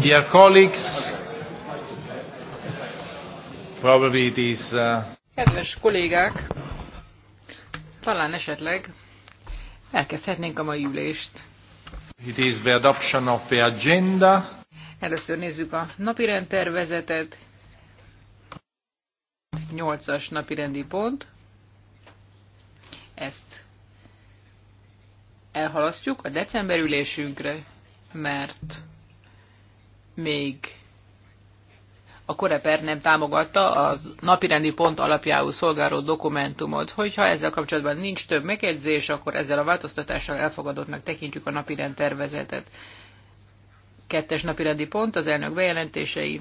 Dear colleagues, probably it is, uh... Kedves kollégák, talán esetleg elkezdhetnénk a mai ülést. It is the adoption of the agenda. Először nézzük a napirend tervezetet. 8-as napirendi pont. Ezt elhalasztjuk a december ülésünkre, mert még a Koreper nem támogatta a napirendi pont alapjául szolgáló dokumentumot. Hogyha ezzel kapcsolatban nincs több megjegyzés, akkor ezzel a változtatással elfogadottnak tekintjük a napirend tervezetet. Kettes napirendi pont az elnök bejelentései.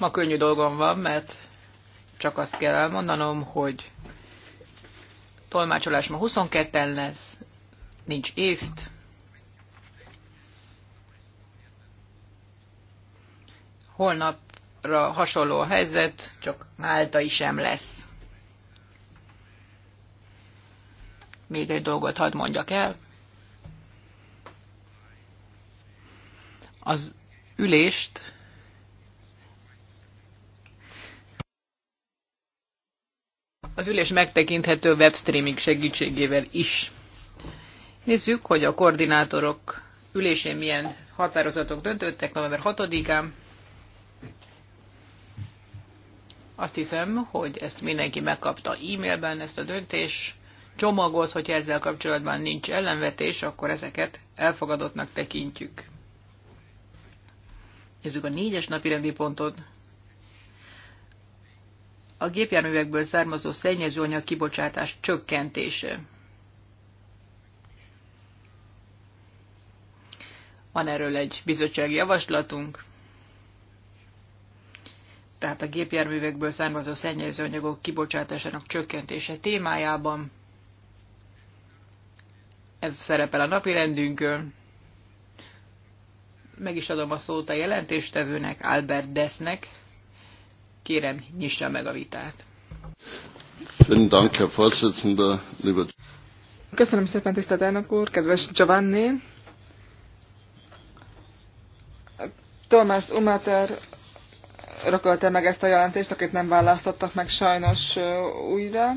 Ma könnyű dolgom van, mert csak azt kell elmondanom, hogy tolmácsolás ma 22-en lesz, nincs észt. Holnapra hasonló a helyzet, csak Máltai sem lesz. Még egy dolgot hadd mondjak el. Az ülést Az ülés megtekinthető webstreaming segítségével is. Nézzük, hogy a koordinátorok ülésén milyen határozatok döntöttek november 6-án. Azt hiszem, hogy ezt mindenki megkapta e-mailben, ezt a döntés csomagot, hogyha ezzel kapcsolatban nincs ellenvetés, akkor ezeket elfogadottnak tekintjük. Nézzük a négyes napi rendi pontot a gépjárművekből származó szennyezőanyag kibocsátás csökkentése. Van erről egy bizottsági javaslatunk, tehát a gépjárművekből származó szennyezőanyagok kibocsátásának csökkentése témájában. Ez szerepel a napi rendünkön. Meg is adom a szót a jelentéstevőnek, Albert Desznek. Kérem, nyissa meg a vitát. Köszönöm szépen, tisztelt elnök úr, kedves Giovanni. Thomas Umater rökölte meg ezt a jelentést, akit nem választottak meg sajnos újra.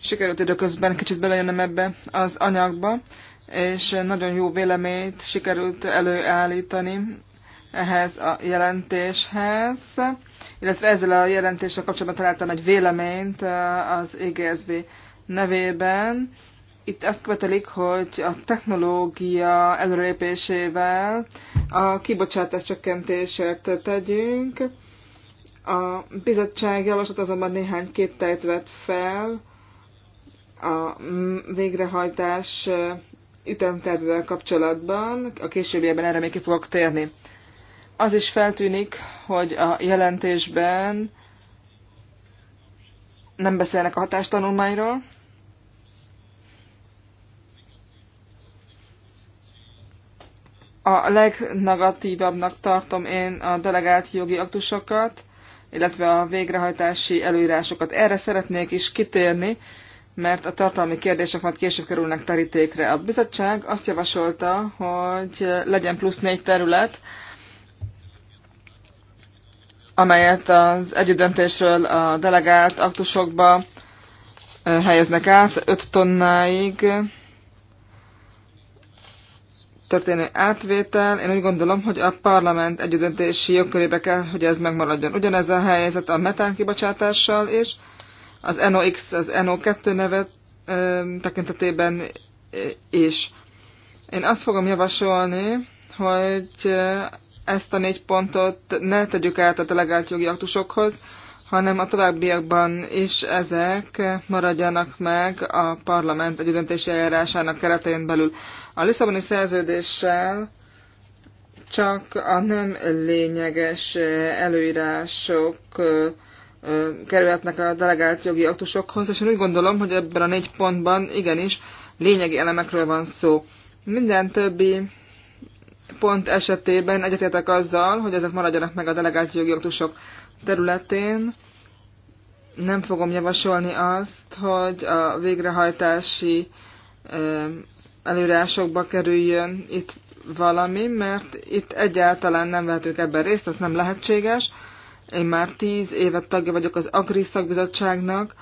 Sikerült időközben kicsit belejönnem ebbe az anyagba, és nagyon jó véleményt sikerült előállítani ehhez a jelentéshez, illetve ezzel a jelentéssel kapcsolatban találtam egy véleményt az EGSB nevében. Itt azt követelik, hogy a technológia előrépésével a kibocsátás csökkentésért tegyünk. A bizottság javaslat azonban néhány kételyt vett fel a végrehajtás ütemtervvel kapcsolatban. A későbbiekben erre még ki fogok térni. Az is feltűnik, hogy a jelentésben nem beszélnek a hatástanulmányról. A legnegatívabbnak tartom én a delegált jogi aktusokat, illetve a végrehajtási előírásokat. Erre szeretnék is kitérni, mert a tartalmi kérdések majd később kerülnek terítékre. A bizottság azt javasolta, hogy legyen plusz négy terület, amelyet az együttdöntésről a delegált aktusokba helyeznek át, 5 tonnáig történő átvétel. Én úgy gondolom, hogy a parlament együttdöntési jogkörébe kell, hogy ez megmaradjon. Ugyanez a helyzet a metán kibocsátással és az NOx, az NO2 nevet ö, tekintetében is. Én azt fogom javasolni, hogy ezt a négy pontot ne tegyük át a delegált jogi aktusokhoz, hanem a továbbiakban is ezek maradjanak meg a parlament döntési eljárásának keretein belül. A Lisszaboni szerződéssel csak a nem lényeges előírások kerülhetnek a delegált jogi aktusokhoz, és én úgy gondolom, hogy ebben a négy pontban igenis lényegi elemekről van szó. Minden többi pont esetében egyetértek azzal, hogy ezek maradjanak meg a delegált jogi területén. Nem fogom javasolni azt, hogy a végrehajtási előrásokba kerüljön itt valami, mert itt egyáltalán nem vehetünk ebben részt, az nem lehetséges. Én már tíz évet tagja vagyok az Agri szakbizottságnak,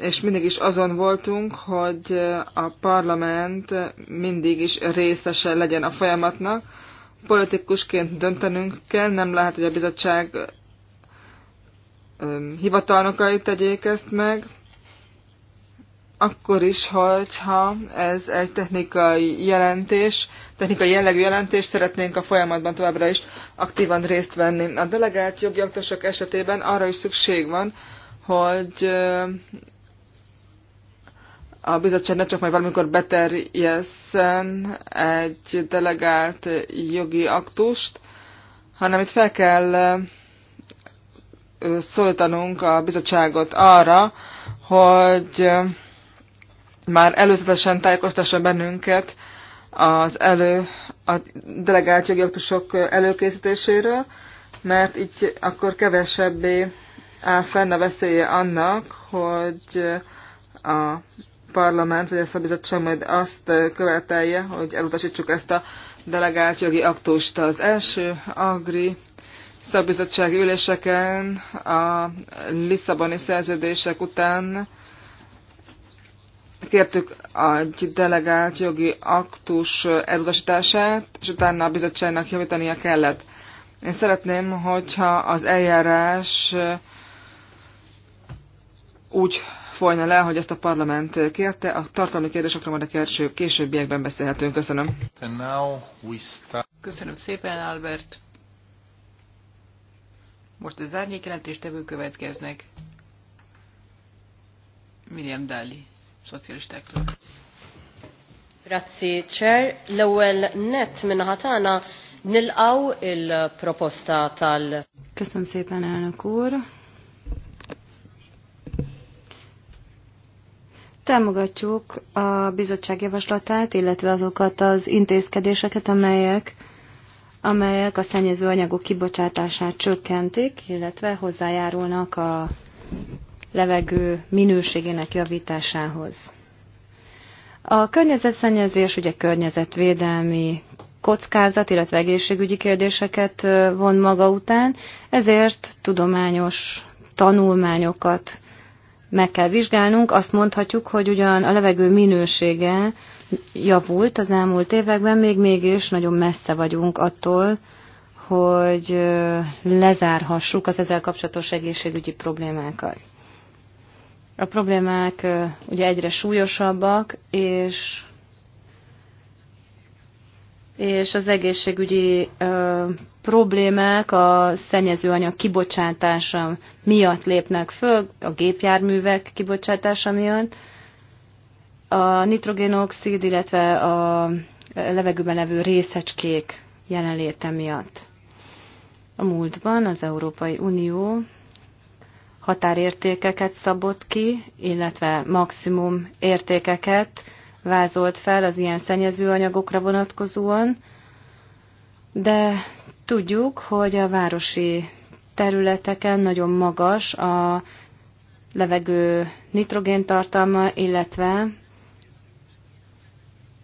és mindig is azon voltunk, hogy a parlament mindig is részese legyen a folyamatnak, politikusként döntenünk kell, nem lehet, hogy a bizottság hivatalnokai tegyék ezt meg, akkor is, hogyha ez egy technikai jelentés, technikai jellegű jelentés, szeretnénk a folyamatban továbbra is aktívan részt venni. A delegált jogi aktusok esetében arra is szükség van, hogy a bizottság ne csak majd valamikor beterjeszen egy delegált jogi aktust, hanem itt fel kell szólítanunk a bizottságot arra, hogy már előzetesen tájékoztasson bennünket az elő, a delegált jogi aktusok előkészítéséről, mert így akkor kevesebbé áll fenn a veszélye annak, hogy a parlament, vagy ezt a bizottság majd azt követelje, hogy elutasítsuk ezt a delegált jogi aktust. Az első agri szakbizottsági üléseken a Lisszaboni szerződések után kértük a delegált jogi aktus elutasítását, és utána a bizottságnak javítania kellett. Én szeretném, hogyha az eljárás úgy folyna le, hogy ezt a parlament kérte. A tartalmi kérdésekről majd a később, későbbiekben beszélhetünk. Köszönöm. Köszönöm szépen, Albert. Most az tevő következnek. Miriam Dali, szocialistáktól. Grazzi, Chair. L-ewwel net minnaħa tagħna il-proposta tal. Köszönöm szépen, elnök úr. Támogatjuk a bizottság javaslatát, illetve azokat az intézkedéseket, amelyek, amelyek a szennyező anyagok kibocsátását csökkentik, illetve hozzájárulnak a levegő minőségének javításához. A környezetszennyezés ugye környezetvédelmi kockázat, illetve egészségügyi kérdéseket von maga után, ezért tudományos tanulmányokat meg kell vizsgálnunk. Azt mondhatjuk, hogy ugyan a levegő minősége javult az elmúlt években, még mégis nagyon messze vagyunk attól, hogy lezárhassuk az ezzel kapcsolatos egészségügyi problémákat. A problémák ugye egyre súlyosabbak, és és az egészségügyi ö, problémák a szennyezőanyag kibocsátása miatt lépnek föl, a gépjárművek kibocsátása miatt. A nitrogénoxid, illetve a levegőben levő részecskék jelenléte miatt. A múltban az Európai Unió határértékeket szabott ki, illetve maximum értékeket vázolt fel az ilyen szennyezőanyagokra vonatkozóan, de tudjuk, hogy a városi területeken nagyon magas a levegő nitrogéntartalma, illetve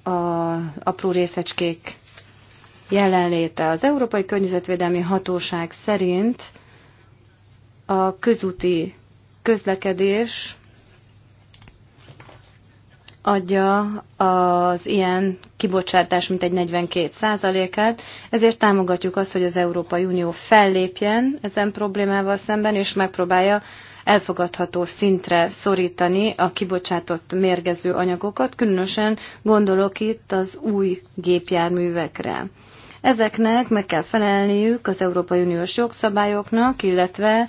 a apró részecskék jelenléte. Az Európai Környezetvédelmi Hatóság szerint a közúti közlekedés adja az ilyen kibocsátás mint egy 42 százalékát. ezért támogatjuk azt, hogy az Európai Unió fellépjen ezen problémával szemben, és megpróbálja elfogadható szintre szorítani a kibocsátott mérgező anyagokat, különösen gondolok itt az új gépjárművekre. Ezeknek meg kell felelniük az Európai Uniós jogszabályoknak, illetve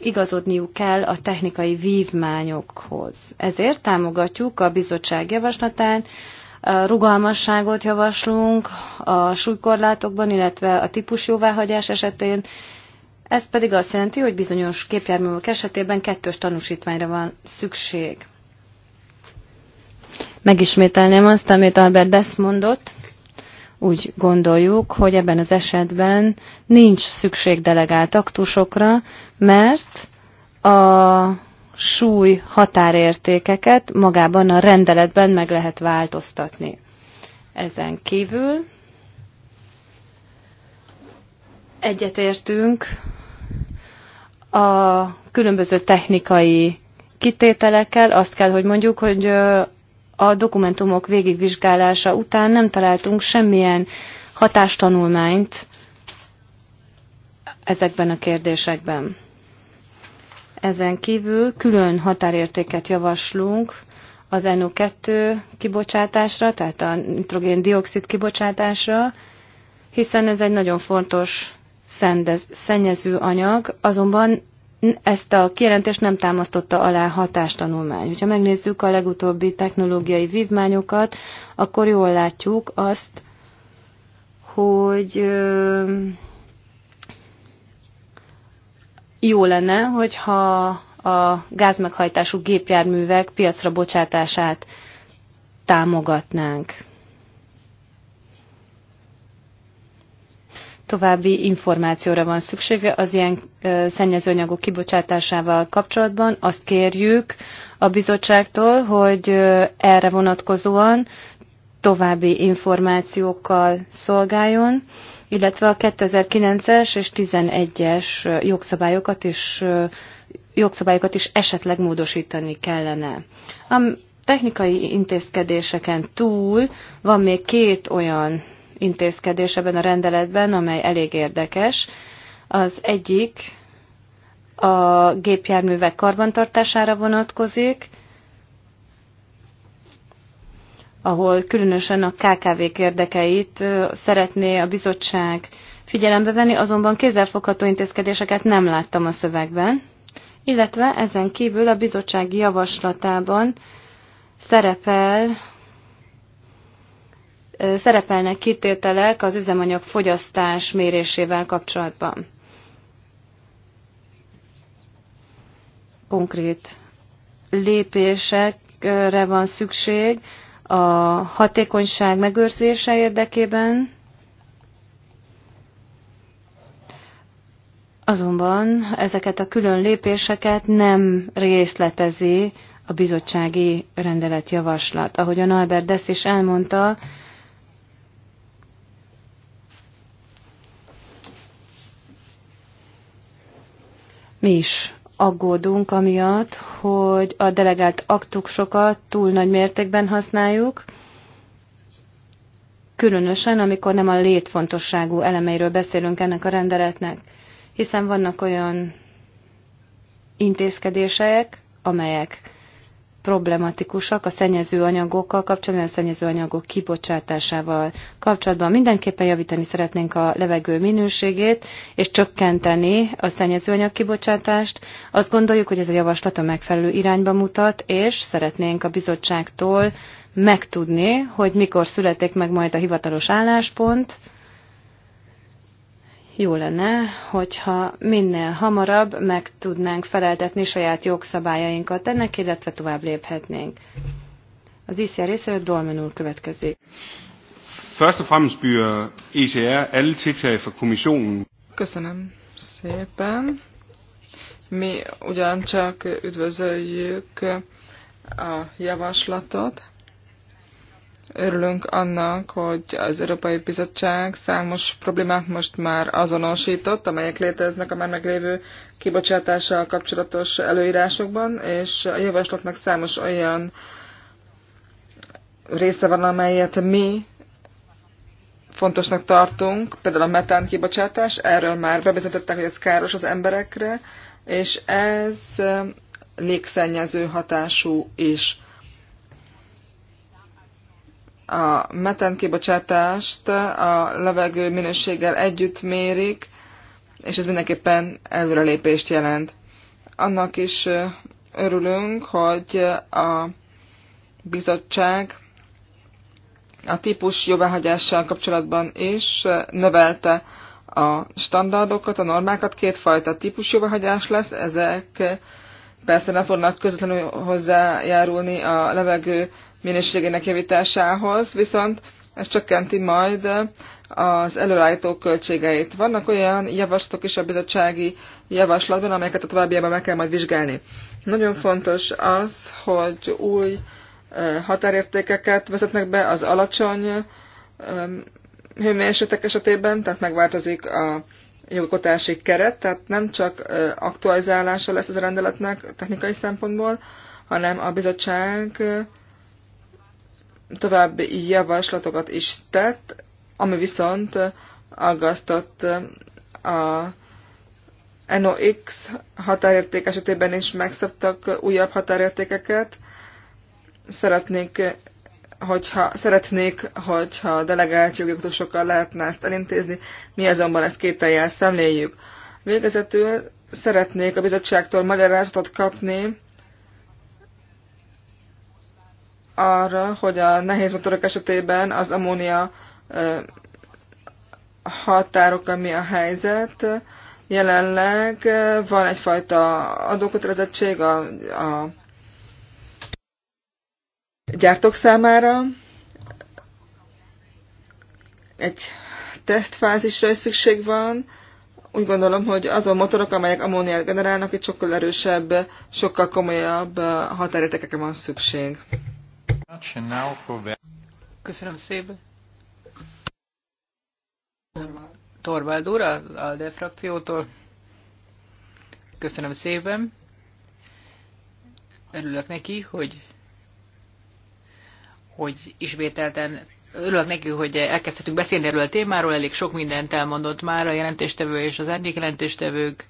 igazodniuk kell a technikai vívmányokhoz. Ezért támogatjuk a bizottság javaslatát, a rugalmasságot javaslunk a súlykorlátokban, illetve a típus jóváhagyás esetén, ez pedig azt jelenti, hogy bizonyos képjárművek esetében kettős tanúsítványra van szükség. Megismételném azt, amit Albert Dess mondott úgy gondoljuk, hogy ebben az esetben nincs szükség delegált aktusokra, mert a súly határértékeket magában a rendeletben meg lehet változtatni. Ezen kívül egyetértünk a különböző technikai kitételekkel. Azt kell, hogy mondjuk, hogy a dokumentumok végigvizsgálása után nem találtunk semmilyen hatástanulmányt ezekben a kérdésekben. Ezen kívül külön határértéket javaslunk az NO2 kibocsátásra, tehát a nitrogén-dioxid kibocsátásra, hiszen ez egy nagyon fontos szennyező anyag, azonban ezt a kijelentést nem támasztotta alá hatástanulmány. Ha megnézzük a legutóbbi technológiai vívmányokat, akkor jól látjuk azt, hogy jó lenne, hogyha a gázmeghajtású gépjárművek piacra bocsátását támogatnánk. további információra van szüksége az ilyen szennyezőanyagok kibocsátásával kapcsolatban. Azt kérjük a bizottságtól, hogy erre vonatkozóan további információkkal szolgáljon, illetve a 2009-es és 11-es jogszabályokat is, jogszabályokat is esetleg módosítani kellene. A technikai intézkedéseken túl van még két olyan intézkedés ebben a rendeletben, amely elég érdekes. Az egyik a gépjárművek karbantartására vonatkozik, ahol különösen a KKV-k érdekeit szeretné a bizottság figyelembe venni, azonban kézzelfogható intézkedéseket nem láttam a szövegben, illetve ezen kívül a bizottsági javaslatában szerepel szerepelnek kitételek az üzemanyag fogyasztás mérésével kapcsolatban. Konkrét lépésekre van szükség a hatékonyság megőrzése érdekében, Azonban ezeket a külön lépéseket nem részletezi a bizottsági rendeletjavaslat. Ahogyan Albert Dess is elmondta, Mi is aggódunk amiatt, hogy a delegált aktusokat túl nagy mértékben használjuk, különösen, amikor nem a létfontosságú elemeiről beszélünk ennek a rendeletnek, hiszen vannak olyan intézkedések, amelyek problematikusak a szennyező anyagokkal kapcsolatban, a szennyező anyagok kibocsátásával kapcsolatban. Mindenképpen javítani szeretnénk a levegő minőségét, és csökkenteni a szennyezőanyag kibocsátást. Azt gondoljuk, hogy ez a javaslat a megfelelő irányba mutat, és szeretnénk a bizottságtól megtudni, hogy mikor születik meg majd a hivatalos álláspont, jó lenne, hogyha minél hamarabb meg tudnánk feleltetni saját jogszabályainkat ennek, illetve tovább léphetnénk. Az ICR részéről Dolmen úr következik. Først og fremmest byr ECR alle tiltag fra kommissionen. Köszönöm szépen. Mi ugyancsak üdvözöljük a javaslatot, Örülünk annak, hogy az Európai Bizottság számos problémát most már azonosított, amelyek léteznek a már meglévő kibocsátással kapcsolatos előírásokban, és a javaslatnak számos olyan része van, amelyet mi fontosnak tartunk, például a metán kibocsátás, erről már bevezetettek, hogy ez káros az emberekre, és ez légszennyező hatású is a metán kibocsátást a levegő minőséggel együtt mérik, és ez mindenképpen előrelépést jelent. Annak is örülünk, hogy a bizottság a típus jóváhagyással kapcsolatban is növelte a standardokat, a normákat, kétfajta típus jóváhagyás lesz, ezek persze nem fognak közvetlenül hozzájárulni a levegő minőségének javításához, viszont ez csökkenti majd az előállító költségeit. Vannak olyan javaslatok is a bizottsági javaslatban, amelyeket a továbbiában meg kell majd vizsgálni. Nagyon fontos az, hogy új határértékeket vezetnek be az alacsony hőmérsékletek esetében, tehát megváltozik a jogokotási keret, tehát nem csak aktualizálása lesz az a rendeletnek technikai szempontból, hanem a bizottság további javaslatokat is tett, ami viszont aggasztott a NOx határérték esetében is megszabtak újabb határértékeket. Szeretnék, hogyha, szeretnék, hogyha delegált jogjogosokkal lehetne ezt elintézni, mi azonban ezt kételjel szemléljük. Végezetül szeretnék a bizottságtól magyarázatot kapni arra, hogy a nehéz motorok esetében az ammónia határok, mi a helyzet. Jelenleg van egyfajta adókötelezettség a, a gyártók számára. Egy tesztfázisra is szükség van. Úgy gondolom, hogy azon motorok, amelyek ammóniát generálnak, itt sokkal erősebb, sokkal komolyabb határértékekre van szükség much. And now for... Köszönöm szépen. Torvald úr, az ALDE frakciótól. Köszönöm szépen. Örülök neki, hogy, hogy ismételten örülök neki, hogy elkezdhetünk beszélni erről a témáról. Elég sok mindent elmondott már a jelentéstevő és az árnyék jelentéstevők.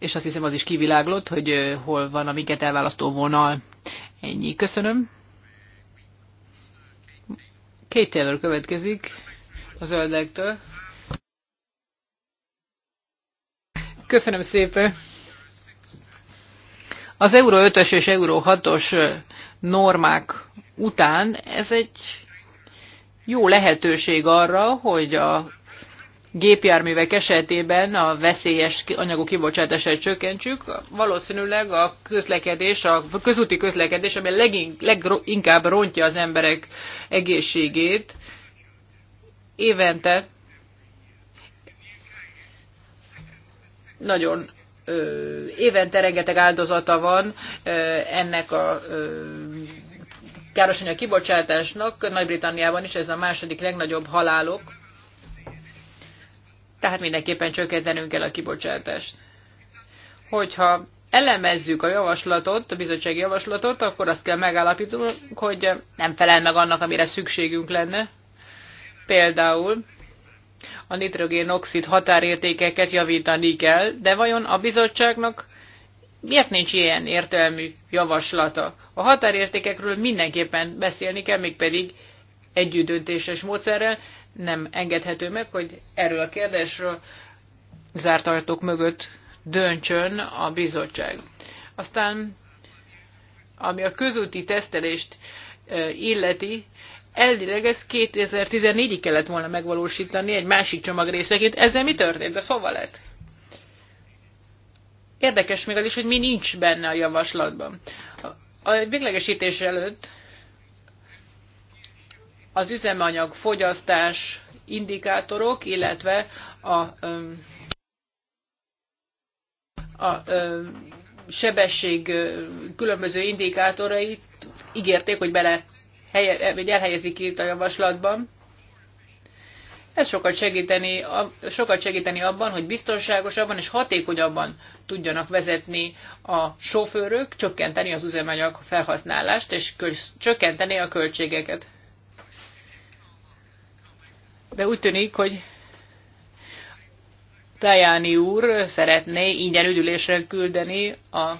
és azt hiszem az is kiviláglott, hogy hol van a minket elválasztó vonal. Ennyi. Köszönöm. Két Taylor következik a zöldektől. Köszönöm szépen. Az Euró 5-ös és Euró 6-os normák után ez egy jó lehetőség arra, hogy a gépjárművek esetében a veszélyes anyagok kibocsátását csökkentsük, valószínűleg a közlekedés, a közúti közlekedés, ami leginkább rontja az emberek egészségét, évente nagyon ö, évente rengeteg áldozata van ö, ennek a ö, károsanyag kibocsátásnak. Nagy-Britanniában is ez a második legnagyobb halálok tehát mindenképpen csökkentenünk kell a kibocsátást. Hogyha elemezzük a javaslatot, a bizottsági javaslatot, akkor azt kell megállapítanunk, hogy nem felel meg annak, amire szükségünk lenne. Például a nitrogén-oxid határértékeket javítani kell, de vajon a bizottságnak miért nincs ilyen értelmű javaslata? A határértékekről mindenképpen beszélni kell, mégpedig együttdöntéses módszerrel, nem engedhető meg, hogy erről a kérdésről zárt ajtók mögött döntsön a bizottság. Aztán, ami a közúti tesztelést illeti, elvileg ezt 2014-ig kellett volna megvalósítani egy másik csomag részeként. Ezzel mi történt? De szóval lett. Érdekes még az is, hogy mi nincs benne a javaslatban. A véglegesítés előtt az üzemanyag fogyasztás indikátorok, illetve a, a sebesség különböző indikátorait ígérték, hogy bele eh, vagy elhelyezik itt a javaslatban. Ez sokat segíteni, sokat segíteni abban, hogy biztonságosabban és hatékonyabban tudjanak vezetni a sofőrök, csökkenteni az üzemanyag felhasználást és csökkenteni a költségeket de úgy tűnik, hogy Tajani úr szeretné ingyen üdülésre küldeni a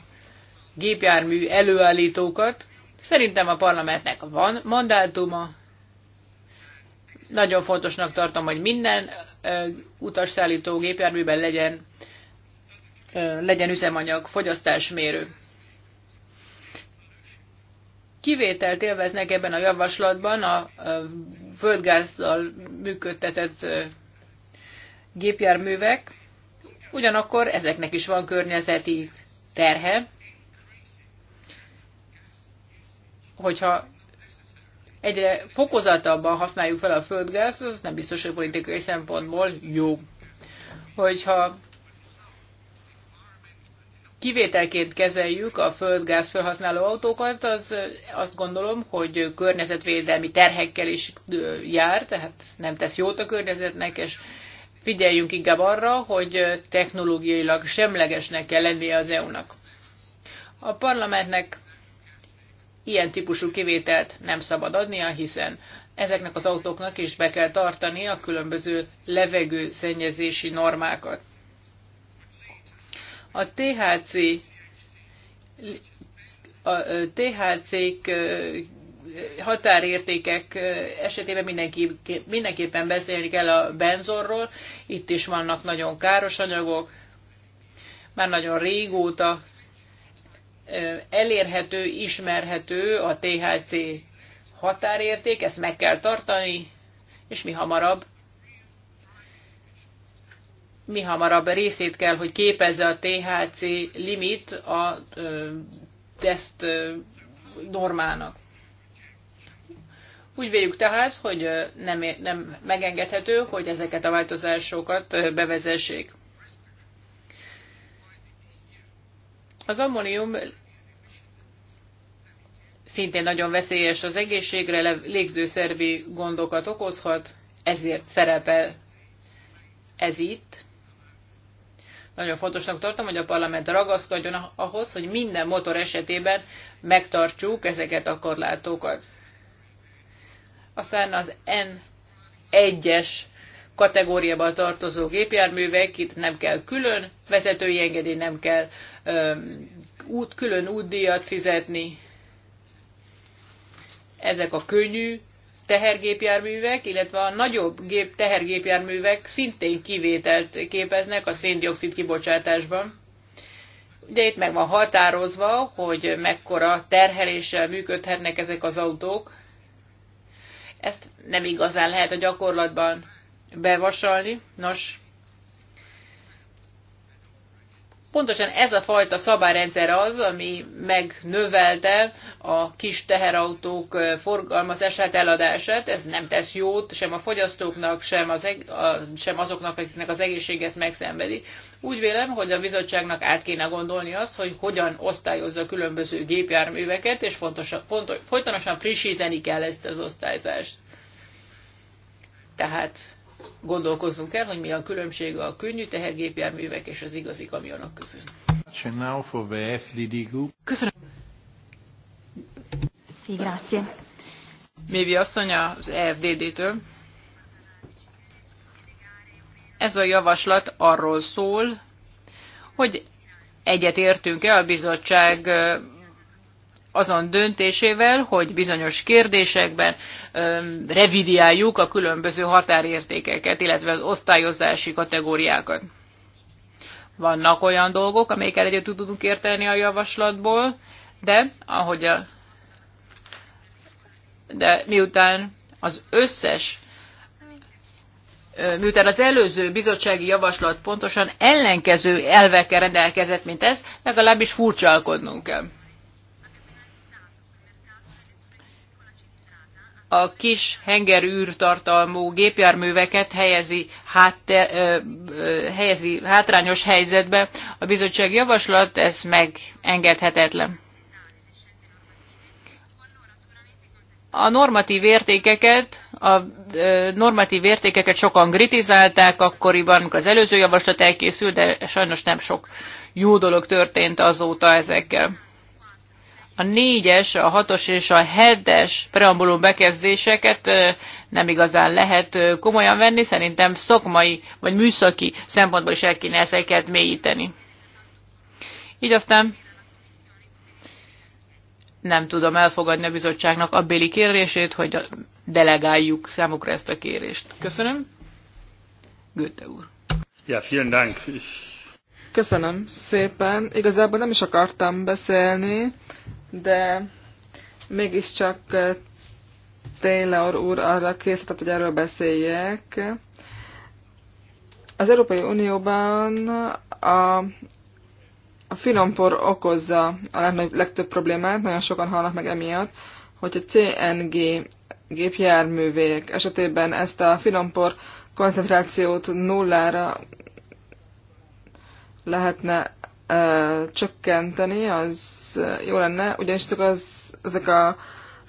gépjármű előállítókat. Szerintem a parlamentnek van mandátuma. Nagyon fontosnak tartom, hogy minden utasszállító gépjárműben legyen, legyen üzemanyag fogyasztásmérő. Kivételt élveznek ebben a javaslatban a földgázzal működtetett gépjárművek, ugyanakkor ezeknek is van környezeti terhe, hogyha egyre fokozatabban használjuk fel a földgáz, az nem biztos, hogy politikai szempontból jó. Hogyha kivételként kezeljük a földgáz felhasználó autókat, az azt gondolom, hogy környezetvédelmi terhekkel is jár, tehát nem tesz jót a környezetnek, és figyeljünk inkább arra, hogy technológiailag semlegesnek kell lennie az EU-nak. A parlamentnek ilyen típusú kivételt nem szabad adnia, hiszen ezeknek az autóknak is be kell tartani a különböző levegőszennyezési normákat. A THC a THC-k határértékek esetében mindenki, mindenképpen beszélni kell a benzorról. Itt is vannak nagyon káros anyagok. Már nagyon régóta elérhető, ismerhető a THC határérték, ezt meg kell tartani, és mi hamarabb mi hamarabb részét kell, hogy képezze a THC limit a ö, teszt ö, normának. Úgy véljük tehát, hogy nem, nem megengedhető, hogy ezeket a változásokat bevezessék. Az ammónium szintén nagyon veszélyes az egészségre, légzőszervi gondokat okozhat, ezért szerepel ez itt. Nagyon fontosnak tartom, hogy a parlament ragaszkodjon ahhoz, hogy minden motor esetében megtartsuk ezeket a korlátokat. Aztán az N1-es kategóriába tartozó gépjárművek, itt nem kell külön vezetői engedély, nem kell öm, út, külön útdíjat fizetni. Ezek a könnyű tehergépjárművek, illetve a nagyobb gép, tehergépjárművek szintén kivételt képeznek a széndiokszid kibocsátásban. Ugye itt meg van határozva, hogy mekkora terheléssel működhetnek ezek az autók. Ezt nem igazán lehet a gyakorlatban bevasalni. Nos, Pontosan ez a fajta szabályrendszer az, ami megnövelte a kis teherautók forgalmazását, eladását. Ez nem tesz jót sem a fogyasztóknak, sem, az, a, sem azoknak, akiknek az egészség ezt megszenvedi. Úgy vélem, hogy a bizottságnak át kéne gondolni azt, hogy hogyan osztályozza a különböző gépjárműveket, és fontos fontos, folytonosan frissíteni kell ezt az osztályzást. Tehát gondolkozzunk el, hogy mi a különbség a könnyű tehergépjárművek és az igazi kamionok között. Köszönöm. Sí, grazie. Mévi asszony az EFDD-től. Ez a javaslat arról szól, hogy egyetértünk-e a bizottság azon döntésével, hogy bizonyos kérdésekben revidiáljuk a különböző határértékeket, illetve az osztályozási kategóriákat. Vannak olyan dolgok, amelyeket egyet tudunk érteni a javaslatból, de ahogy a, de miután az összes miután az előző bizottsági javaslat pontosan ellenkező elvekkel rendelkezett, mint ez, legalábbis furcsálkodnunk kell. a kis henger űrtartalmú gépjárműveket helyezi, hátte, ö, ö, helyezi hátrányos helyzetbe. A bizottság javaslat ez megengedhetetlen. A normatív értékeket, a normatív értékeket sokan kritizálták akkoriban, amikor az előző javaslat elkészült, de sajnos nem sok jó dolog történt azóta ezekkel a négyes, a hatos és a hetes preambulum bekezdéseket nem igazán lehet komolyan venni, szerintem szakmai vagy műszaki szempontból is el kéne ezeket mélyíteni. Így aztán nem tudom elfogadni a bizottságnak a béli kérését, hogy delegáljuk számukra ezt a kérést. Köszönöm. Göte úr. Ja, vielen Dank. Köszönöm szépen. Igazából nem is akartam beszélni, de mégiscsak eh, Taylor úr arra készített, hogy erről beszéljek. Az Európai Unióban a, a finompor okozza a legtöbb problémát, nagyon sokan halnak meg emiatt, hogy a CNG gépjárművék esetében ezt a finompor koncentrációt nullára lehetne csökkenteni, az jó lenne, ugyanis ezek, az, ezek a,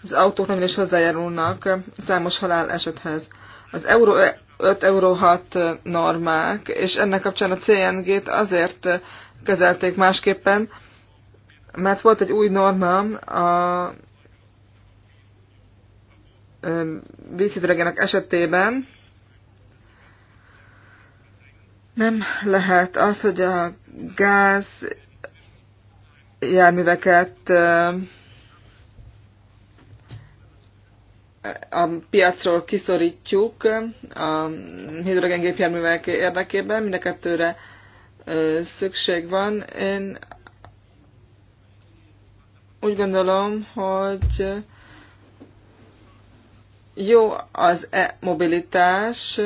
az autók nagyon is hozzájárulnak számos halál esethez. Az euró 5 euró 6 normák, és ennek kapcsán a CNG-t azért kezelték másképpen, mert volt egy új norma a vízhidrogenek esetében, nem lehet az, hogy a gáz járműveket a piacról kiszorítjuk a járművek érdekében, mind a kettőre szükség van. Én úgy gondolom, hogy jó az e-mobilitás,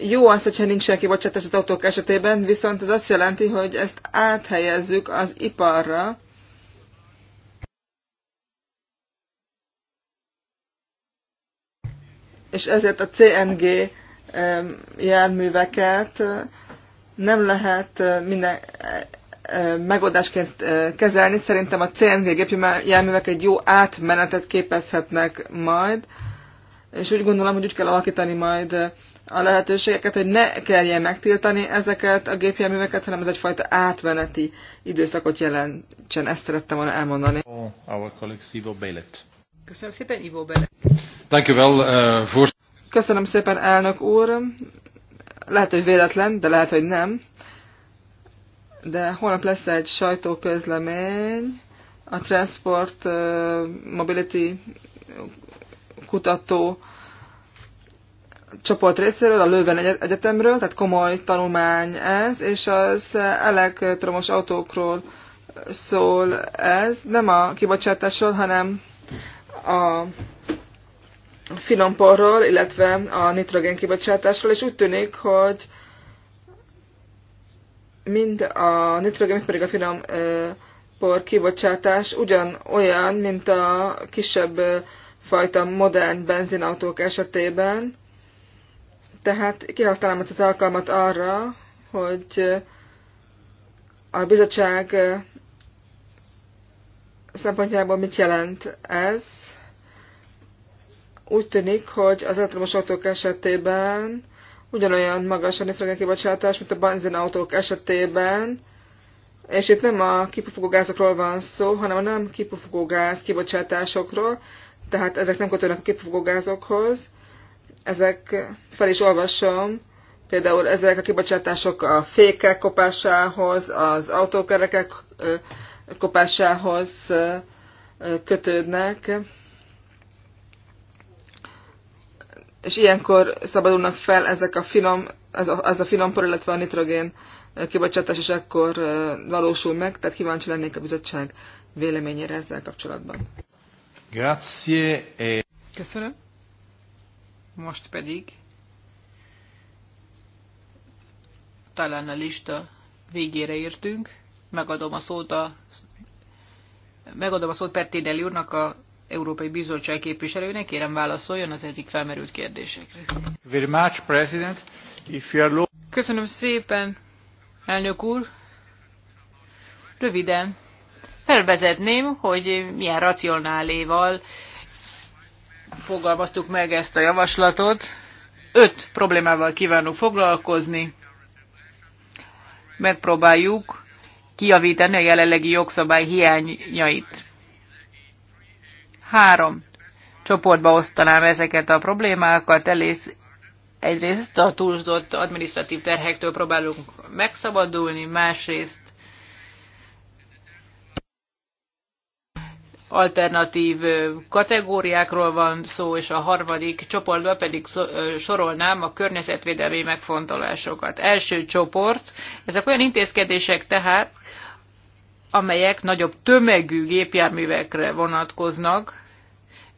jó az, hogyha senki bocsátás az autók esetében, viszont ez azt jelenti, hogy ezt áthelyezzük az iparra, és ezért a CNG járműveket nem lehet minden megoldásként kezelni. Szerintem a CNG járművek egy jó átmenetet képezhetnek majd, és úgy gondolom, hogy úgy kell alakítani majd a lehetőségeket, hogy ne kelljen megtiltani ezeket a gépjárműveket, hanem ez egyfajta átmeneti időszakot jelentsen. Ezt szerettem volna elmondani. Köszönöm szépen, Ivo Bellet. Uh, Köszönöm szépen, elnök úr. Lehet, hogy véletlen, de lehet, hogy nem. De holnap lesz egy sajtóközlemény a Transport uh, Mobility kutató csoport részéről, a Löwen Egyetemről, tehát komoly tanulmány ez, és az elektromos autókról szól ez, nem a kibocsátásról, hanem a finomporról, illetve a nitrogén kibocsátásról, és úgy tűnik, hogy mind a nitrogén, mind pedig a finom por kibocsátás ugyan olyan, mint a kisebb fajta modern benzinautók esetében, tehát kihasználom ezt az alkalmat arra, hogy a bizottság szempontjából mit jelent ez. Úgy tűnik, hogy az elektromos autók esetében ugyanolyan magas a nitrogén kibocsátás, mint a benzinautók esetében, és itt nem a kipufogó gázokról van szó, hanem a nem kipufogó gáz kibocsátásokról, tehát ezek nem kötődnek a kipufogó gázokhoz, ezek, fel is olvasom, például ezek a kibocsátások a fékek kopásához, az autókerekek kopásához kötődnek, és ilyenkor szabadulnak fel ezek a finom, az a, finom a finompor, illetve a nitrogén kibocsátás, és akkor valósul meg, tehát kíváncsi lennék a bizottság véleményére ezzel kapcsolatban. Grazie. E- Köszönöm. Most pedig talán a lista végére értünk. Megadom a szót a megadom a szót Pertédeli úrnak a Európai Bizottság képviselőnek, kérem válaszoljon az eddig felmerült kérdésekre. Very much, President. If you are Köszönöm szépen, elnök úr. Röviden felvezetném, hogy milyen racionáléval fogalmaztuk meg ezt a javaslatot. Öt problémával kívánunk foglalkozni. Megpróbáljuk kijavítani a jelenlegi jogszabály hiányait. Három csoportba osztanám ezeket a problémákat. Elész, egyrészt a túlzott administratív terhektől próbálunk megszabadulni, másrészt alternatív kategóriákról van szó, és a harmadik csoportba pedig sorolnám a környezetvédelmi megfontolásokat. Első csoport, ezek olyan intézkedések tehát, amelyek nagyobb tömegű gépjárművekre vonatkoznak.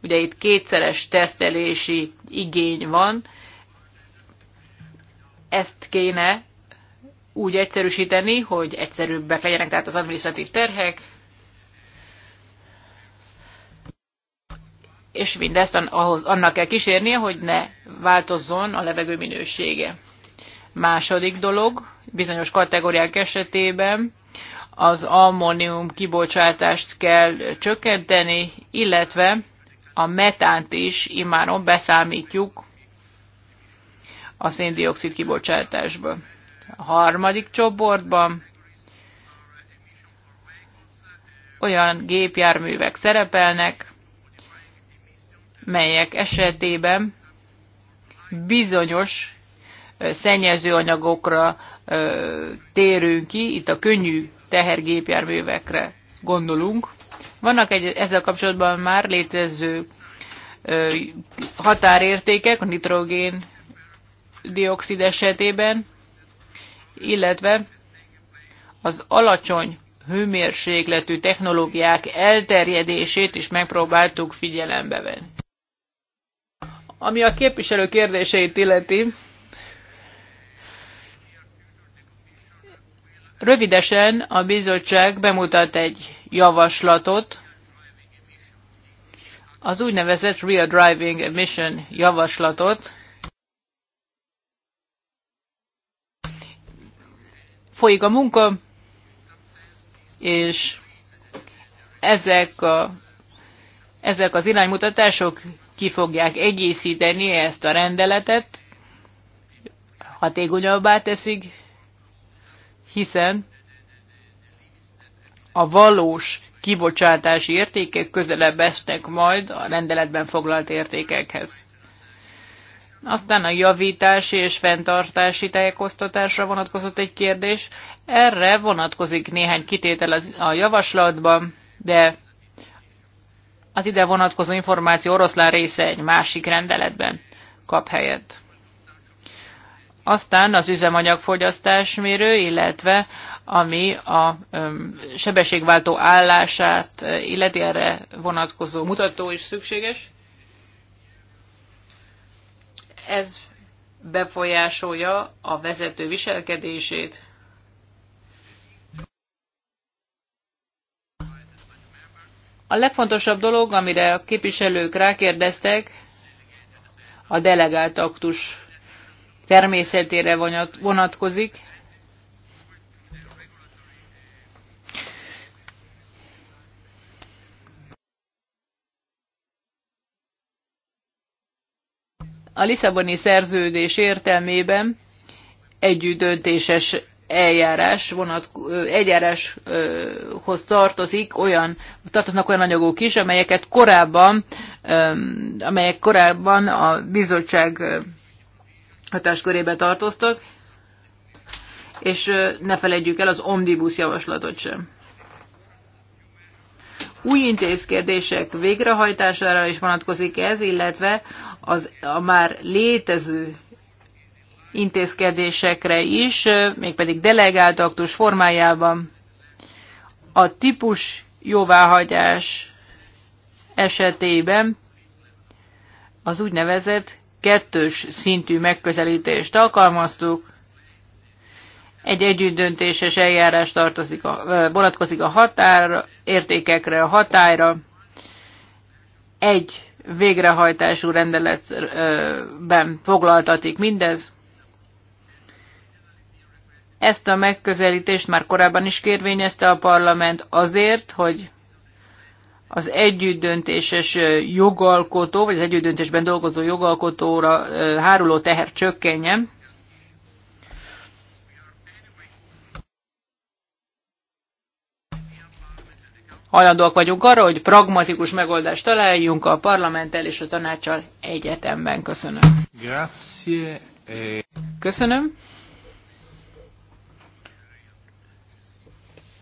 Ugye itt kétszeres tesztelési igény van, ezt kéne úgy egyszerűsíteni, hogy egyszerűbbek legyenek tehát az administratív terhek, és mindezt ahhoz, annak kell kísérnie, hogy ne változzon a levegő minősége. Második dolog, bizonyos kategóriák esetében az ammónium kibocsátást kell csökkenteni, illetve a metánt is imáron beszámítjuk a széndiokszid kibocsátásba. A harmadik csoportban olyan gépjárművek szerepelnek, melyek esetében bizonyos szennyezőanyagokra térünk ki, itt a könnyű tehergépjárművekre gondolunk. Vannak egy, ezzel kapcsolatban már létező határértékek a nitrogén dioxid esetében, illetve az alacsony hőmérsékletű technológiák elterjedését is megpróbáltuk figyelembe venni. Ami a képviselő kérdéseit illeti, rövidesen a bizottság bemutat egy javaslatot, az úgynevezett Real Driving Emission javaslatot, folyik a munka, és ezek, a, ezek az iránymutatások ki fogják egészíteni ezt a rendeletet, hatékonyabbá teszik, hiszen a valós kibocsátási értékek közelebb esnek majd a rendeletben foglalt értékekhez. Aztán a javítási és fenntartási tájékoztatásra vonatkozott egy kérdés. Erre vonatkozik néhány kitétel a javaslatban, de az ide vonatkozó információ oroszlán része egy másik rendeletben kap helyet. Aztán az mérő, illetve ami a sebességváltó állását illeti erre vonatkozó mutató is szükséges. Ez befolyásolja a vezető viselkedését, A legfontosabb dolog, amire a képviselők rákérdeztek, a delegált aktus természetére vonatkozik. A Lisszaboni szerződés értelmében együtt döntéses eljárás vonat, eljáráshoz tartozik olyan, tartoznak olyan anyagok is, amelyeket korábban, amelyek korábban a bizottság hatáskörébe tartoztak, és ne felejtjük el az omnibus javaslatot sem. Új intézkedések végrehajtására is vonatkozik ez, illetve az, a már létező intézkedésekre is, mégpedig delegált aktus formájában a típus jóváhagyás esetében az úgynevezett kettős szintű megközelítést alkalmaztuk. Egy együttdöntéses eljárás tartozik a, vonatkozik a határ értékekre, a hatályra. Egy végrehajtású rendeletben foglaltatik mindez. Ezt a megközelítést már korábban is kérvényezte a parlament azért, hogy az együttdöntéses jogalkotó, vagy az együttdöntésben dolgozó jogalkotóra háruló teher csökkenjen. Hajlandóak vagyunk arra, hogy pragmatikus megoldást találjunk a parlamenttel és a tanácssal egyetemben. Köszönöm. Köszönöm.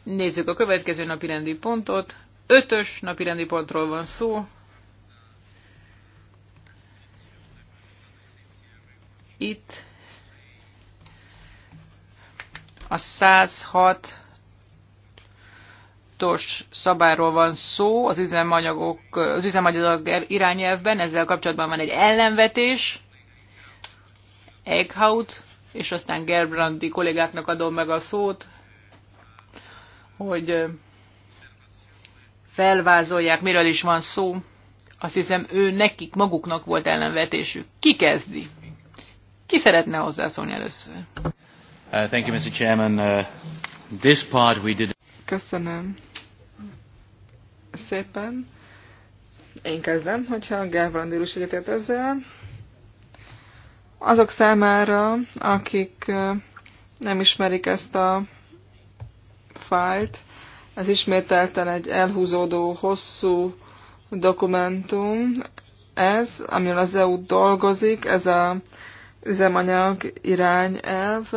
Nézzük a következő napi rendi pontot. Ötös napi rendi pontról van szó. Itt a 106 os szabályról van szó az üzemanyagok, az üzemanyagok irányelvben, ezzel kapcsolatban van egy ellenvetés, Eckhout, és aztán Gerbrandi kollégáknak adom meg a szót, hogy felvázolják, miről is van szó. Azt hiszem, ő nekik maguknak volt ellenvetésük. Ki kezdi? Ki szeretne hozzászólni először? Uh, thank you, Mr. Chairman. Uh, this part we did... Köszönöm szépen. Én kezdem, hogyha Gábor Andél egyetért ezzel. Azok számára, akik nem ismerik ezt a fájt. Ez ismételten egy elhúzódó, hosszú dokumentum. Ez, amiről az EU dolgozik, ez a üzemanyag irányelv.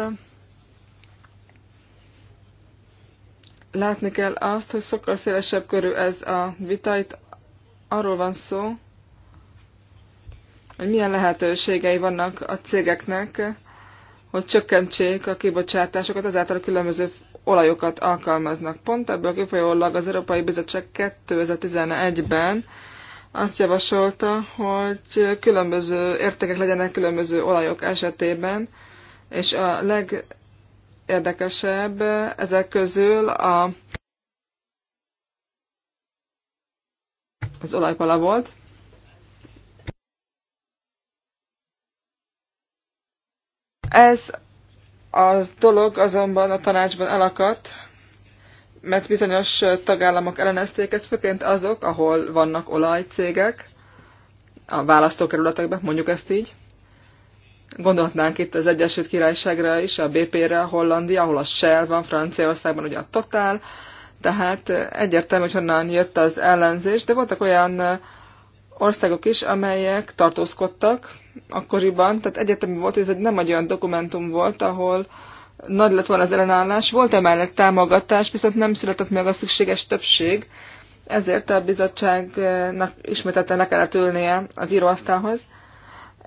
Látni kell azt, hogy sokkal szélesebb körül ez a vita. arról van szó, hogy milyen lehetőségei vannak a cégeknek, hogy csökkentsék a kibocsátásokat, ezáltal a különböző olajokat alkalmaznak. Pont ebből kifolyólag az Európai Bizottság 2011-ben azt javasolta, hogy különböző értékek legyenek különböző olajok esetében, és a legérdekesebb ezek közül a, az olajpala volt. Ez a dolog azonban a tanácsban elakadt, mert bizonyos tagállamok ellenezték ezt, főként azok, ahol vannak olajcégek, a választókerületekben, mondjuk ezt így. Gondolhatnánk itt az Egyesült Királyságra is, a BP-re, a Hollandia, ahol a Shell van, Franciaországban ugye a Total, tehát egyértelmű, hogy honnan jött az ellenzés, de voltak olyan országok is, amelyek tartózkodtak, akkoriban, tehát egyetemi volt, ez egy nem egy olyan dokumentum volt, ahol nagy lett volna az ellenállás, volt emellett támogatás, viszont nem született meg a szükséges többség, ezért a bizottságnak ismételten le kellett ülnie az íróasztalhoz,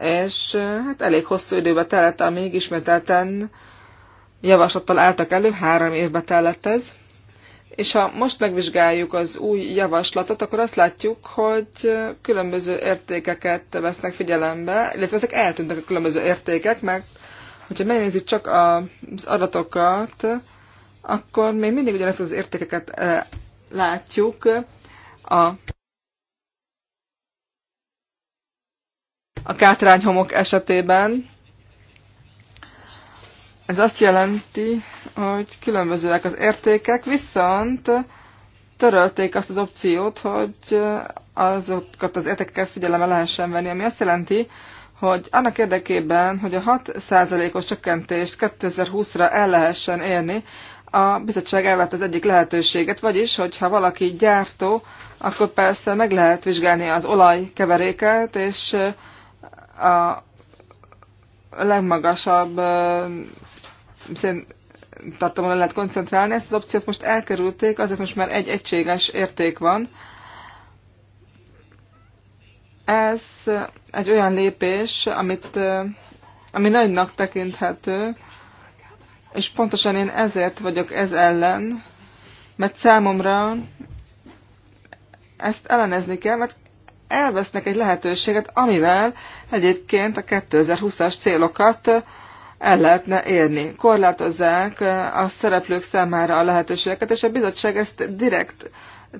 és hát elég hosszú időbe tellett, amíg ismételten javaslattal álltak elő, három évbe telett ez, és ha most megvizsgáljuk az új javaslatot, akkor azt látjuk, hogy különböző értékeket vesznek figyelembe, illetve ezek eltűntek a különböző értékek, mert hogyha megnézzük csak az adatokat, akkor még mindig ugyanazt az értékeket eh, látjuk. A, a kátrányhomok esetében ez azt jelenti, hogy különbözőek az értékek, viszont törölték azt az opciót, hogy azokat az értékeket figyelembe lehessen venni, ami azt jelenti, hogy annak érdekében, hogy a 6%-os csökkentést 2020-ra el lehessen érni, a bizottság elvett az egyik lehetőséget, vagyis, hogyha valaki gyártó, akkor persze meg lehet vizsgálni az olajkeveréket, és a legmagasabb széntartalomra lehet koncentrálni. Ezt az opciót most elkerülték, azért most már egy egységes érték van. Ez egy olyan lépés, amit, eh, ami nagynak tekinthető, és pontosan én ezért vagyok ez ellen, mert számomra ezt ellenezni kell, mert elvesznek egy lehetőséget, amivel egyébként a 2020-as célokat el lehetne érni. Korlátozzák a szereplők számára a lehetőségeket, és a bizottság ezt direkt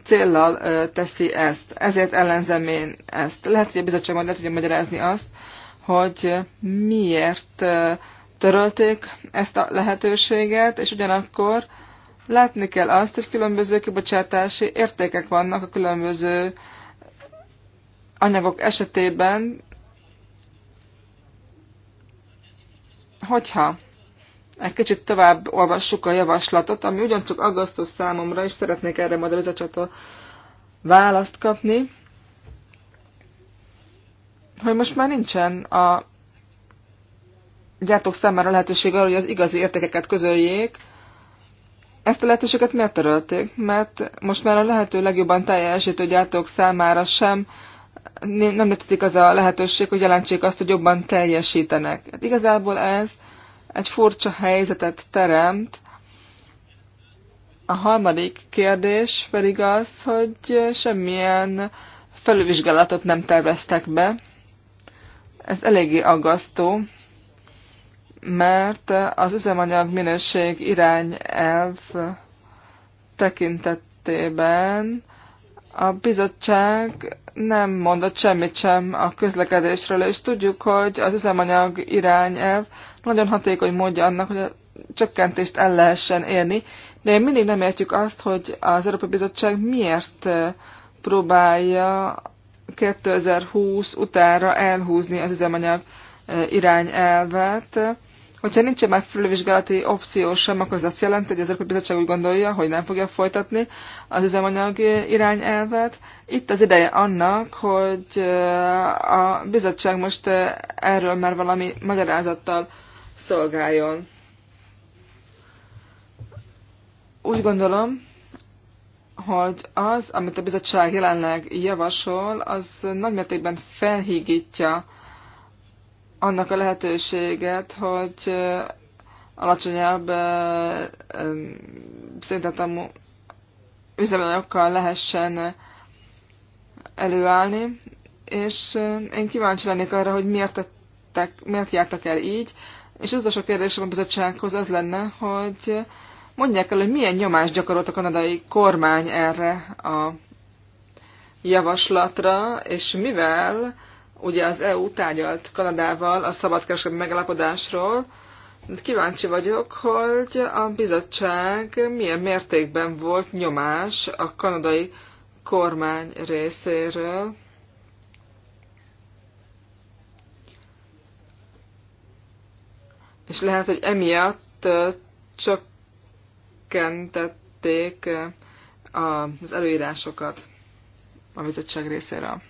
céllal teszi ezt. Ezért ellenzem én ezt. Lehet, hogy a bizottság majd le tudja magyarázni azt, hogy miért törölték ezt a lehetőséget, és ugyanakkor látni kell azt, hogy különböző kibocsátási értékek vannak a különböző anyagok esetében, hogyha egy kicsit tovább olvassuk a javaslatot, ami ugyancsak aggasztó számomra, és szeretnék erre majd a bizottságtól választ kapni, hogy most már nincsen a gyártók számára lehetőség arra, hogy az igazi értékeket közöljék. Ezt a lehetőséget miért törölték? Mert most már a lehető legjobban teljesítő gyártók számára sem nem létezik az a lehetőség, hogy jelentsék azt, hogy jobban teljesítenek. Hát igazából ez egy furcsa helyzetet teremt. A harmadik kérdés pedig az, hogy semmilyen felülvizsgálatot nem terveztek be. Ez eléggé aggasztó, mert az üzemanyag minőség irányelv tekintetében a bizottság nem mondott semmit sem a közlekedésről, és tudjuk, hogy az üzemanyag irányelv nagyon hatékony módja annak, hogy a csökkentést el lehessen érni, de én mindig nem értjük azt, hogy az Európai Bizottság miért próbálja 2020 utára elhúzni az üzemanyag irányelvet. Hogyha nincsen már fölvizsgálati opció sem, akkor ez azt jelenti, hogy az Európai Bizottság úgy gondolja, hogy nem fogja folytatni az üzemanyag irányelvet. Itt az ideje annak, hogy eh, a bizottság most eh, erről már valami magyarázattal szolgáljon. Úgy gondolom, hogy az, amit a bizottság jelenleg javasol, az nagymértékben felhígítja annak a lehetőséget, hogy alacsonyabb szintetamú üzemanyagokkal lehessen előállni, és én kíváncsi lennék arra, hogy miért, tettek, miért jártak el így, és az utolsó kérdésem a bizottsághoz az lenne, hogy mondják el, hogy milyen nyomást gyakorolt a kanadai kormány erre a javaslatra, és mivel Ugye az EU tárgyalt Kanadával a szabadkereskedelmi megállapodásról. Kíváncsi vagyok, hogy a bizottság milyen mértékben volt nyomás a kanadai kormány részéről. És lehet, hogy emiatt csökkentették az előírásokat a bizottság részéről.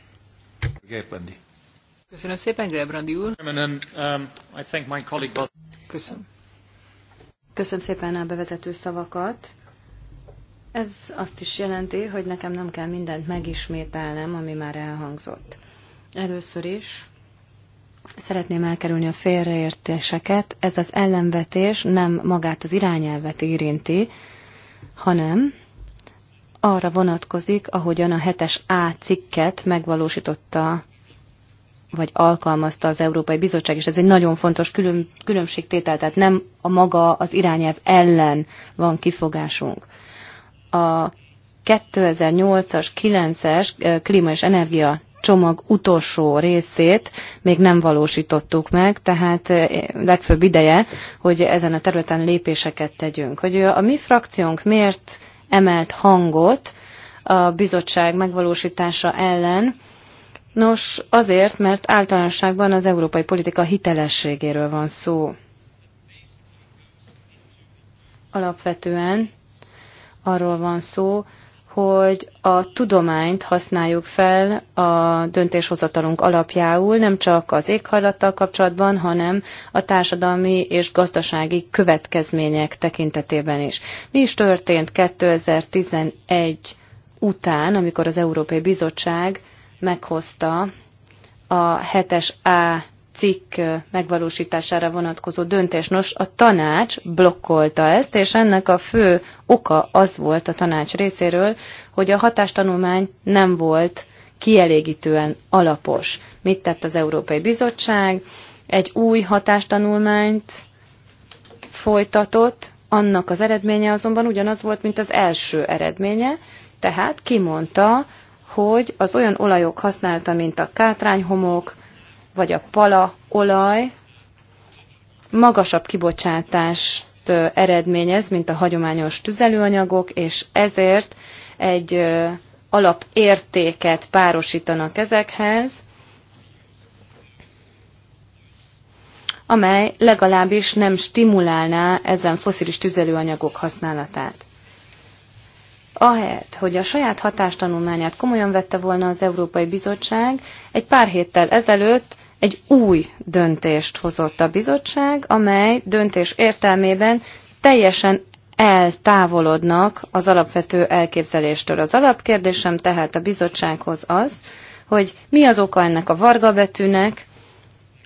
Gerbendi. Köszönöm szépen, Grebrandi úr. Um, Köszönöm. Köszönöm szépen a bevezető szavakat. Ez azt is jelenti, hogy nekem nem kell mindent megismételnem, ami már elhangzott. Először is szeretném elkerülni a félreértéseket. Ez az ellenvetés nem magát az irányelvet érinti, hanem arra vonatkozik, ahogyan a 7-es A cikket megvalósította vagy alkalmazta az Európai Bizottság, és ez egy nagyon fontos külön, különbségtétel, tehát nem a maga az irányelv ellen van kifogásunk. A 2008-as, 9-es klíma és energia csomag utolsó részét még nem valósítottuk meg, tehát legfőbb ideje, hogy ezen a területen lépéseket tegyünk. Hogy a mi frakciónk miért emelt hangot a bizottság megvalósítása ellen, Nos, azért, mert általánosságban az európai politika hitelességéről van szó. Alapvetően arról van szó, hogy a tudományt használjuk fel a döntéshozatalunk alapjául, nem csak az éghajlattal kapcsolatban, hanem a társadalmi és gazdasági következmények tekintetében is. Mi is történt 2011 után, amikor az Európai Bizottság meghozta a 7-es A cikk megvalósítására vonatkozó döntés. Nos, a tanács blokkolta ezt, és ennek a fő oka az volt a tanács részéről, hogy a hatástanulmány nem volt kielégítően alapos. Mit tett az Európai Bizottság? Egy új hatástanulmányt folytatott, annak az eredménye azonban ugyanaz volt, mint az első eredménye, tehát kimondta, hogy az olyan olajok használta, mint a kátrányhomok, vagy a pala olaj magasabb kibocsátást eredményez, mint a hagyományos tüzelőanyagok, és ezért egy alapértéket párosítanak ezekhez, amely legalábbis nem stimulálná ezen foszilis tüzelőanyagok használatát. Ahelyett, hogy a saját hatástanulmányát komolyan vette volna az Európai Bizottság, egy pár héttel ezelőtt egy új döntést hozott a bizottság, amely döntés értelmében teljesen eltávolodnak az alapvető elképzeléstől. Az alapkérdésem tehát a bizottsághoz az, hogy mi az oka ennek a varga betűnek,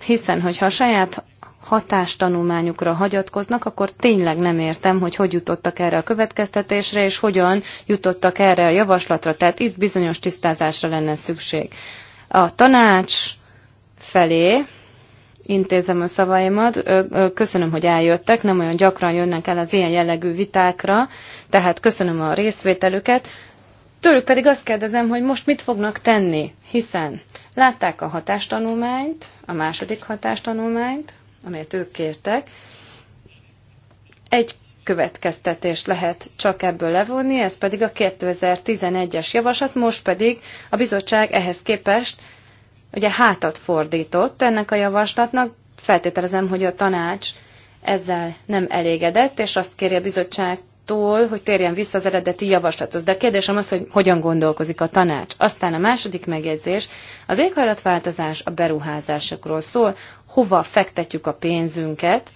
hiszen hogyha a saját hatástanulmányukra hagyatkoznak, akkor tényleg nem értem, hogy hogy jutottak erre a következtetésre, és hogyan jutottak erre a javaslatra. Tehát itt bizonyos tisztázásra lenne szükség. A tanács felé intézem a szavaimat. Köszönöm, hogy eljöttek, nem olyan gyakran jönnek el az ilyen jellegű vitákra, tehát köszönöm a részvételüket. Tőlük pedig azt kérdezem, hogy most mit fognak tenni, hiszen látták a hatástanulmányt, a második hatástanulmányt, amelyet ők kértek. Egy következtetést lehet csak ebből levonni, ez pedig a 2011-es javaslat, most pedig a bizottság ehhez képest ugye hátat fordított ennek a javaslatnak, feltételezem, hogy a tanács ezzel nem elégedett, és azt kéri a bizottságtól, hogy térjen vissza az eredeti javaslathoz. De a kérdésem az, hogy hogyan gondolkozik a tanács. Aztán a második megjegyzés, az éghajlatváltozás a beruházásokról szól, hova fektetjük a pénzünket,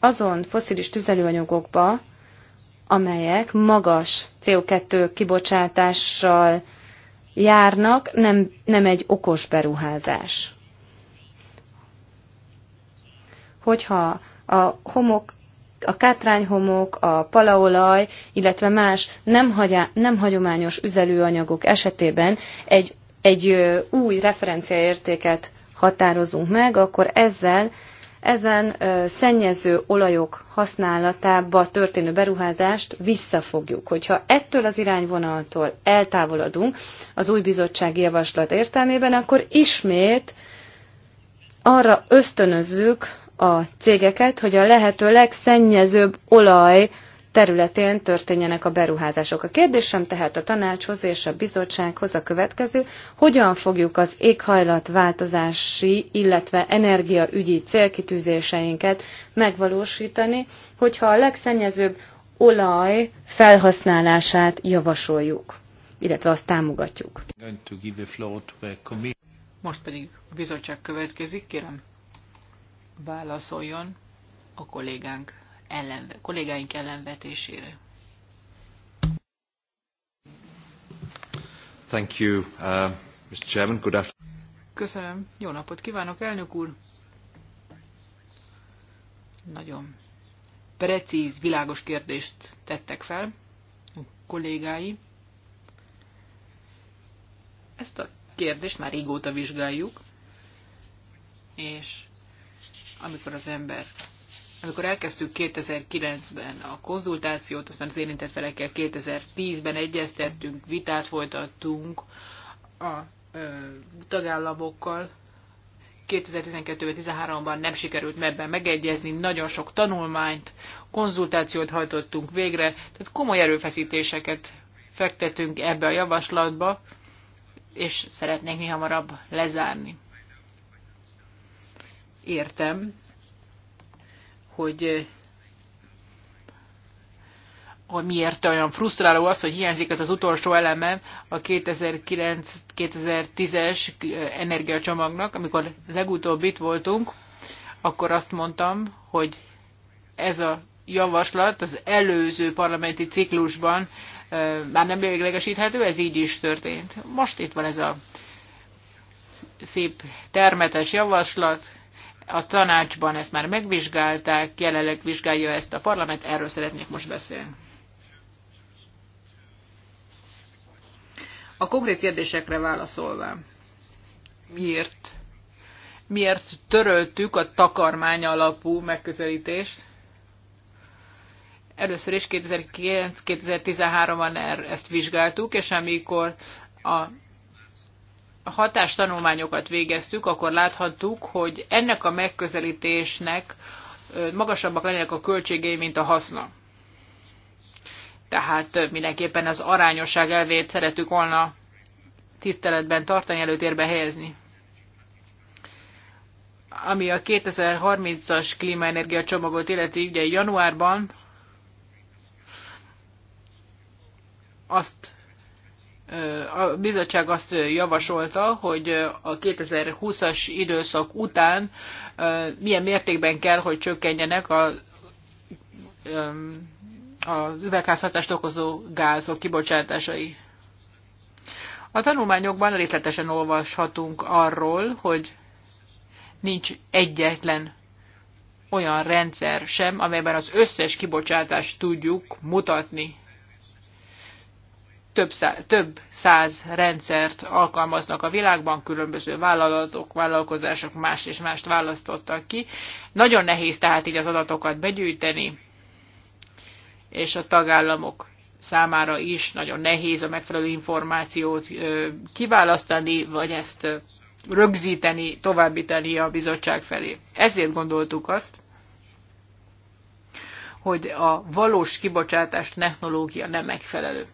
azon foszilis tüzelőanyagokba, amelyek magas CO2 kibocsátással járnak, nem, nem egy okos beruházás. Hogyha a homok, a kátrányhomok, a palaolaj, illetve más nem, hagyá, nem hagyományos üzelőanyagok esetében egy, egy új referenciaértéket határozunk meg, akkor ezzel ezen szennyező olajok használatába történő beruházást visszafogjuk. Hogyha ettől az irányvonaltól eltávolodunk az új bizottsági javaslat értelmében, akkor ismét arra ösztönözzük a cégeket, hogy a lehető legszennyezőbb olaj területén történjenek a beruházások. A kérdésem tehát a tanácshoz és a bizottsághoz a következő, hogyan fogjuk az éghajlatváltozási, illetve energiaügyi célkitűzéseinket megvalósítani, hogyha a legszennyezőbb olaj felhasználását javasoljuk, illetve azt támogatjuk. Most pedig a bizottság következik, kérem válaszoljon a kollégánk ellen, kollégáink ellenvetésére. Thank you, uh, Mr. Chairman. Good afternoon. Köszönöm. Jó napot kívánok, elnök úr. Nagyon precíz, világos kérdést tettek fel a kollégái. Ezt a kérdést már régóta vizsgáljuk, és amikor az ember amikor elkezdtük 2009-ben a konzultációt, aztán az érintett felekkel 2010-ben egyeztettünk, vitát folytattunk a ö, tagállamokkal, 2012-13-ban nem sikerült ebben megegyezni, nagyon sok tanulmányt, konzultációt hajtottunk végre, tehát komoly erőfeszítéseket fektetünk ebbe a javaslatba, és szeretnénk mi hamarabb lezárni. Értem, hogy hogy eh, miért olyan frusztráló az, hogy hiányzik az utolsó eleme a 2009-2010-es eh, energiacsomagnak. Amikor legutóbb itt voltunk, akkor azt mondtam, hogy ez a javaslat az előző parlamenti ciklusban eh, már nem véglegesíthető, ez így is történt. Most itt van ez a szép termetes javaslat, a tanácsban ezt már megvizsgálták, jelenleg vizsgálja ezt a parlament, erről szeretnék most beszélni. A konkrét kérdésekre válaszolva. Miért? Miért töröltük a takarmány alapú megközelítést? Először is 2009-2013-ban er-, ezt vizsgáltuk, és amikor a hatástanulmányokat végeztük, akkor láthattuk, hogy ennek a megközelítésnek magasabbak lennének a költségei, mint a haszna. Tehát mindenképpen az arányosság elvét szeretük volna tiszteletben tartani, előtérbe helyezni. Ami a 2030-as klímaenergia csomagot illeti, ugye januárban azt a bizottság azt javasolta, hogy a 2020-as időszak után milyen mértékben kell, hogy csökkenjenek a az üvegházhatást okozó gázok kibocsátásai. A tanulmányokban részletesen olvashatunk arról, hogy nincs egyetlen olyan rendszer sem, amelyben az összes kibocsátást tudjuk mutatni több száz, több száz rendszert alkalmaznak a világban, különböző vállalatok, vállalkozások más és mást választottak ki. Nagyon nehéz tehát így az adatokat begyűjteni, és a tagállamok számára is nagyon nehéz a megfelelő információt kiválasztani, vagy ezt rögzíteni, továbbítani a bizottság felé. Ezért gondoltuk azt, hogy a valós kibocsátás technológia nem megfelelő.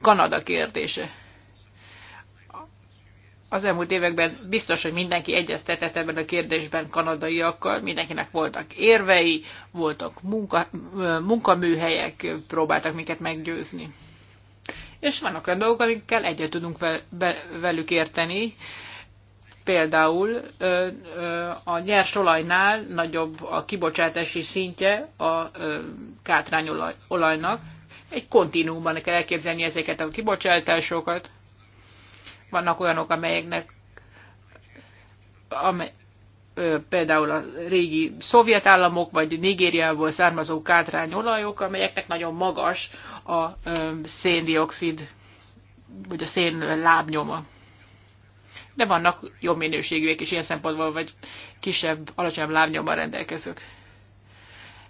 Kanada kérdése. Az elmúlt években biztos, hogy mindenki egyeztetett ebben a kérdésben kanadaiakkal, mindenkinek voltak érvei, voltak munka, munkaműhelyek, próbáltak minket meggyőzni. És vannak olyan dolgok, amikkel egyet tudunk velük érteni, például a nyers olajnál nagyobb a kibocsátási szintje a kátrányolajnak, egy kontinúmban kell elképzelni ezeket a kibocsátásokat. Vannak olyanok, amelyeknek amely, ö, például a régi szovjet államok, vagy Nigériából származó kátrányolajok, amelyeknek nagyon magas a ö, széndiokszid, vagy a szén lábnyoma. De vannak jobb minőségűek is ilyen szempontból, vagy kisebb, alacsonyabb lábnyommal rendelkezők.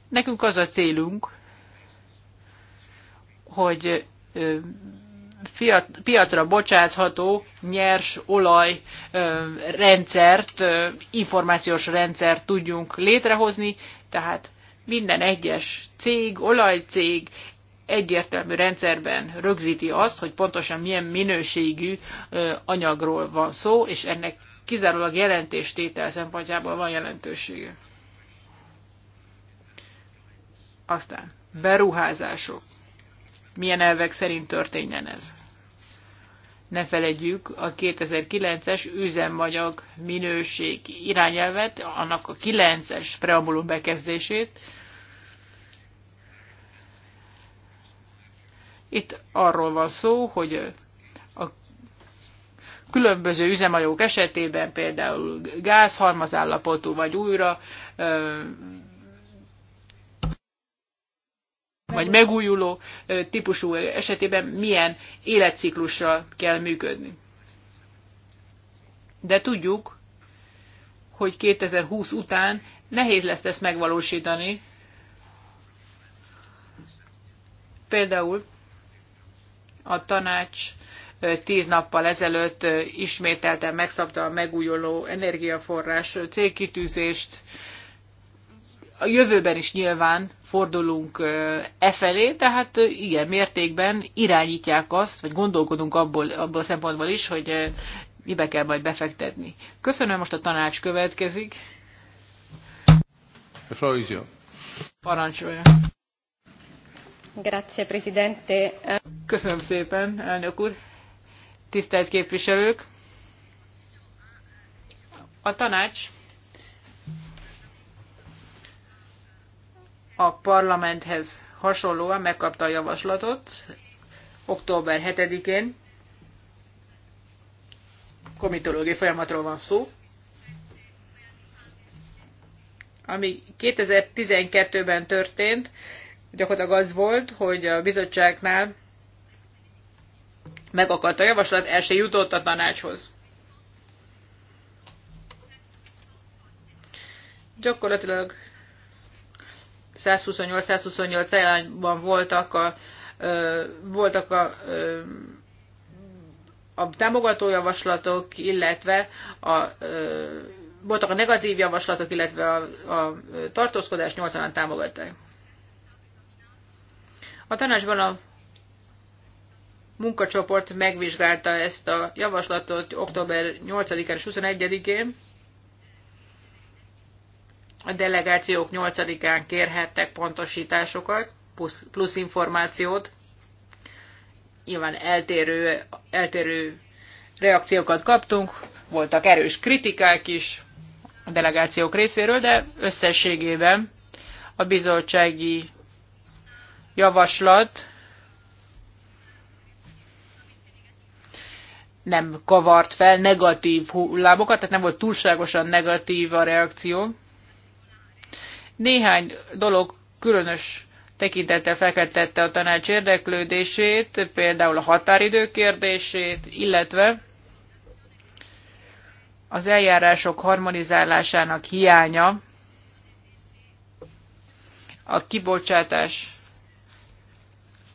Nekünk az a célunk, hogy piacra bocsátható nyers olaj rendszert, információs rendszert tudjunk létrehozni, tehát minden egyes cég, olajcég egyértelmű rendszerben rögzíti azt, hogy pontosan milyen minőségű anyagról van szó, és ennek kizárólag jelentéstétel szempontjából van jelentősége. Aztán beruházások milyen elvek szerint történjen ez. Ne felejtjük a 2009-es üzemanyag minőség irányelvet, annak a 9-es preambulum bekezdését. Itt arról van szó, hogy a különböző üzemanyagok esetében például gáz harmazállapotú vagy újra vagy megújuló típusú esetében milyen életciklussal kell működni. De tudjuk, hogy 2020 után nehéz lesz ezt megvalósítani. Például a tanács tíz nappal ezelőtt ismételten megszabta a megújuló energiaforrás célkitűzést, a jövőben is nyilván fordulunk e felé, tehát igen, mértékben irányítják azt, vagy gondolkodunk abból, abból a szempontból is, hogy mibe kell majd befektetni. Köszönöm, most a tanács következik. Parancsolja. Grazie, Presidente. Köszönöm szépen, elnök úr. Tisztelt képviselők! A tanács a parlamenthez hasonlóan megkapta a javaslatot október 7-én. Komitológiai folyamatról van szó. Ami 2012-ben történt, gyakorlatilag az volt, hogy a bizottságnál megakadt a javaslat, el se jutott a tanácshoz. Gyakorlatilag 128-128 elányban voltak a, voltak a, a támogató javaslatok, illetve a, voltak a negatív javaslatok, illetve a, a tartózkodás 80-an támogatták. A tanácsban a munkacsoport megvizsgálta ezt a javaslatot október 8-án és 21-én, a delegációk 8-án kérhettek pontosításokat, plusz, plusz információt. Nyilván eltérő, eltérő reakciókat kaptunk, voltak erős kritikák is a delegációk részéről, de összességében a bizottsági javaslat nem kavart fel negatív hullámokat, tehát nem volt túlságosan negatív a reakció. Néhány dolog különös tekintettel felkeltette a tanács érdeklődését, például a határidő kérdését, illetve az eljárások harmonizálásának hiánya, a kibocsátás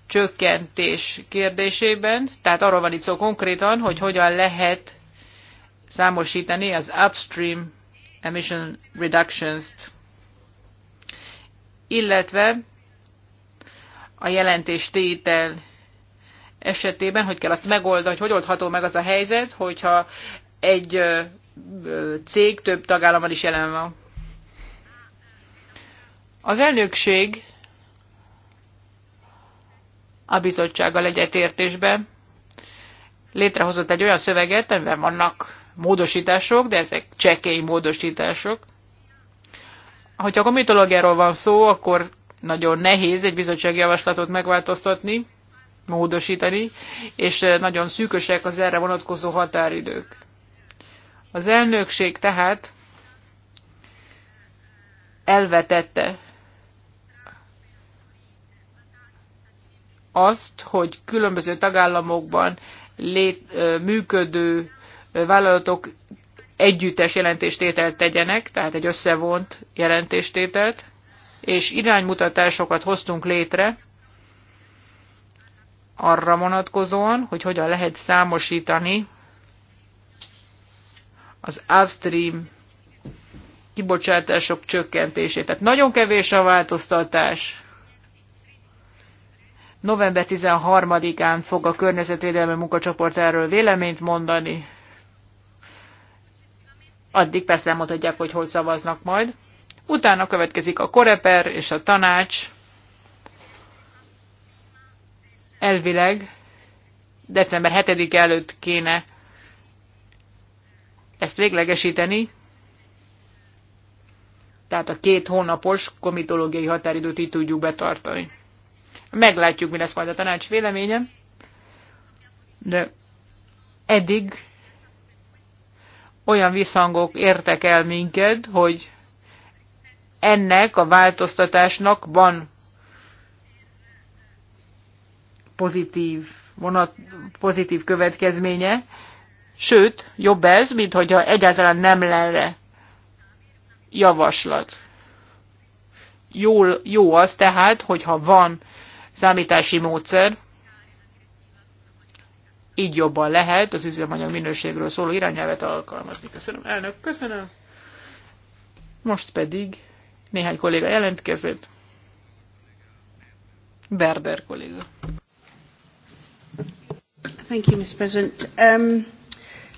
csökkentés kérdésében, tehát arról van itt szó konkrétan, hogy hogyan lehet számosítani az upstream emission reductions-t illetve a jelentéstétel esetében, hogy kell azt megoldani, hogy hogy oldható meg az a helyzet, hogyha egy cég több tagállammal is jelen van. Az elnökség a bizottsággal egyetértésben létrehozott egy olyan szöveget, amiben vannak módosítások, de ezek csekély módosítások hogyha mitológiáról van szó, akkor nagyon nehéz egy bizottsági javaslatot megváltoztatni, módosítani, és eh, nagyon szűkösek az erre vonatkozó határidők. Az elnökség tehát elvetette azt, hogy különböző tagállamokban lét, eh, működő eh, vállalatok együttes jelentéstételt tegyenek, tehát egy összevont jelentéstételt, és iránymutatásokat hoztunk létre arra vonatkozóan, hogy hogyan lehet számosítani az upstream kibocsátások csökkentését. Tehát nagyon kevés a változtatás. November 13-án fog a környezetvédelmi munkacsoport erről véleményt mondani. Addig persze nem mondhatják, hogy hogy szavaznak majd. Utána következik a koreper és a tanács. Elvileg december 7 előtt kéne ezt véglegesíteni, tehát a két hónapos komitológiai határidőt így tudjuk betartani. Meglátjuk, mi lesz majd a tanács véleménye, de eddig olyan visszhangok értek el minket, hogy ennek a változtatásnak van pozitív, vonat, pozitív következménye, sőt, jobb ez, mint hogyha egyáltalán nem lenne javaslat. Jól, jó az tehát, hogyha van számítási módszer, így jobban lehet az üzemanyag minőségről szóló irányelvet alkalmazni. Köszönöm, elnök, köszönöm. Most pedig néhány kolléga jelentkezett. Berder kolléga. Thank you, Mr. President. Um,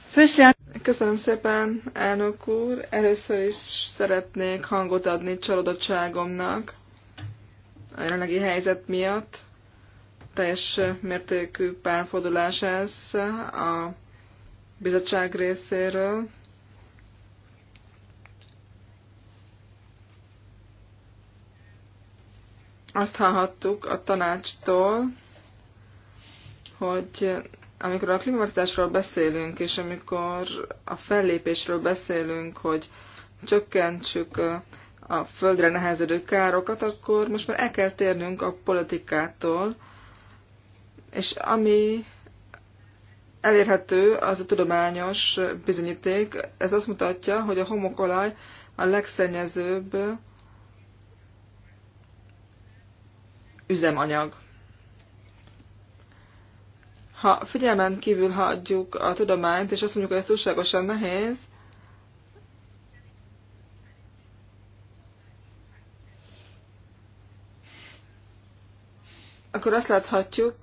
firstly, Köszönöm szépen, elnök úr. Először is szeretnék hangot adni csalódottságomnak a jelenlegi helyzet miatt teljes mértékű párfordulás ez a bizottság részéről. Azt hallhattuk a tanácstól, hogy amikor a klímaváltozásról beszélünk, és amikor a fellépésről beszélünk, hogy csökkentsük a földre nehezedő károkat, akkor most már el kell térnünk a politikától, és ami elérhető, az a tudományos bizonyíték. Ez azt mutatja, hogy a homokolaj a legszennyezőbb üzemanyag. Ha figyelmen kívül hagyjuk a tudományt, és azt mondjuk, hogy ez túlságosan nehéz, akkor azt láthatjuk,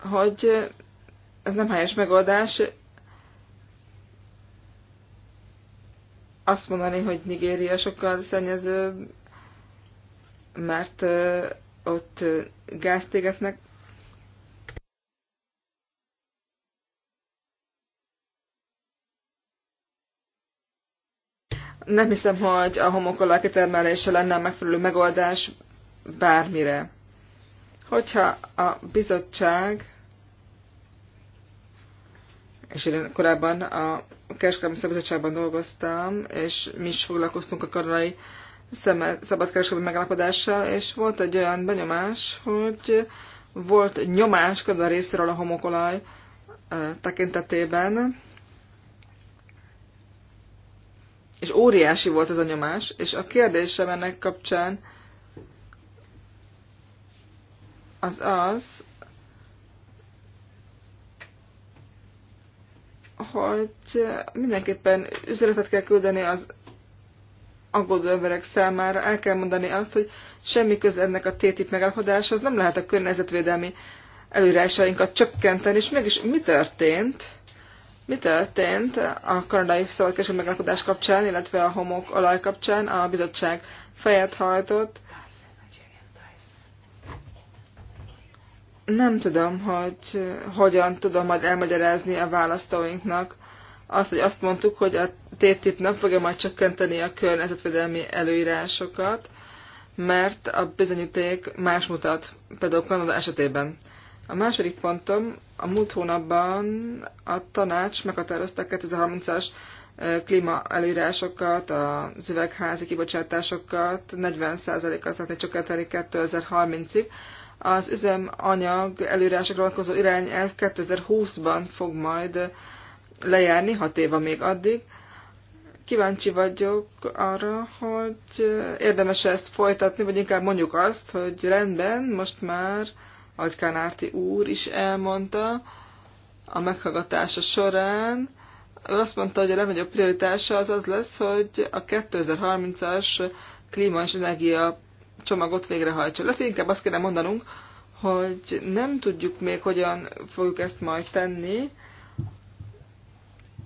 hogy ez nem helyes megoldás azt mondani, hogy Nigéria sokkal szennyezőbb, mert ott gázt égetnek. Nem hiszem, hogy a homokolaki termelése lenne a megfelelő megoldás bármire. Hogyha a bizottság, és én korábban a kereskedelmi szabadságban dolgoztam, és mi is foglalkoztunk a karolai szabadkereskedelmi megállapodással, és volt egy olyan benyomás, hogy volt nyomás a részéről a homokolaj tekintetében, és óriási volt ez a nyomás, és a kérdésem ennek kapcsán az az, hogy mindenképpen üzenetet kell küldeni az aggódó emberek számára, el kell mondani azt, hogy semmi köze ennek a TTIP megállapodáshoz, nem lehet a környezetvédelmi előírásainkat csökkenteni, és mégis mi történt? Mi történt a kanadai szabadkereskedelmi megállapodás kapcsán, illetve a homok olaj kapcsán? A bizottság fejet hajtott, nem tudom, hogy eh, hogyan tudom majd elmagyarázni a választóinknak azt, hogy azt mondtuk, hogy a TTIP nem fogja majd csökkenteni a környezetvédelmi előírásokat, mert a bizonyíték más mutat, például Kanada esetében. A második pontom, a múlt hónapban a tanács meghatározta 2030-as eh, klíma előírásokat, a üvegházi kibocsátásokat 40%-kal szeretné csökkenteni 2030-ig, az üzemanyag előírásokra vonatkozó irányelv 2020-ban fog majd lejárni, hat éve még addig. Kíváncsi vagyok arra, hogy érdemes -e ezt folytatni, vagy inkább mondjuk azt, hogy rendben, most már Árti úr is elmondta a meghallgatása során, ő azt mondta, hogy a legnagyobb prioritása az az lesz, hogy a 2030-as klíma és energia csomagot végrehajtsa. Lehet, inkább azt kéne mondanunk, hogy nem tudjuk még, hogyan fogjuk ezt majd tenni,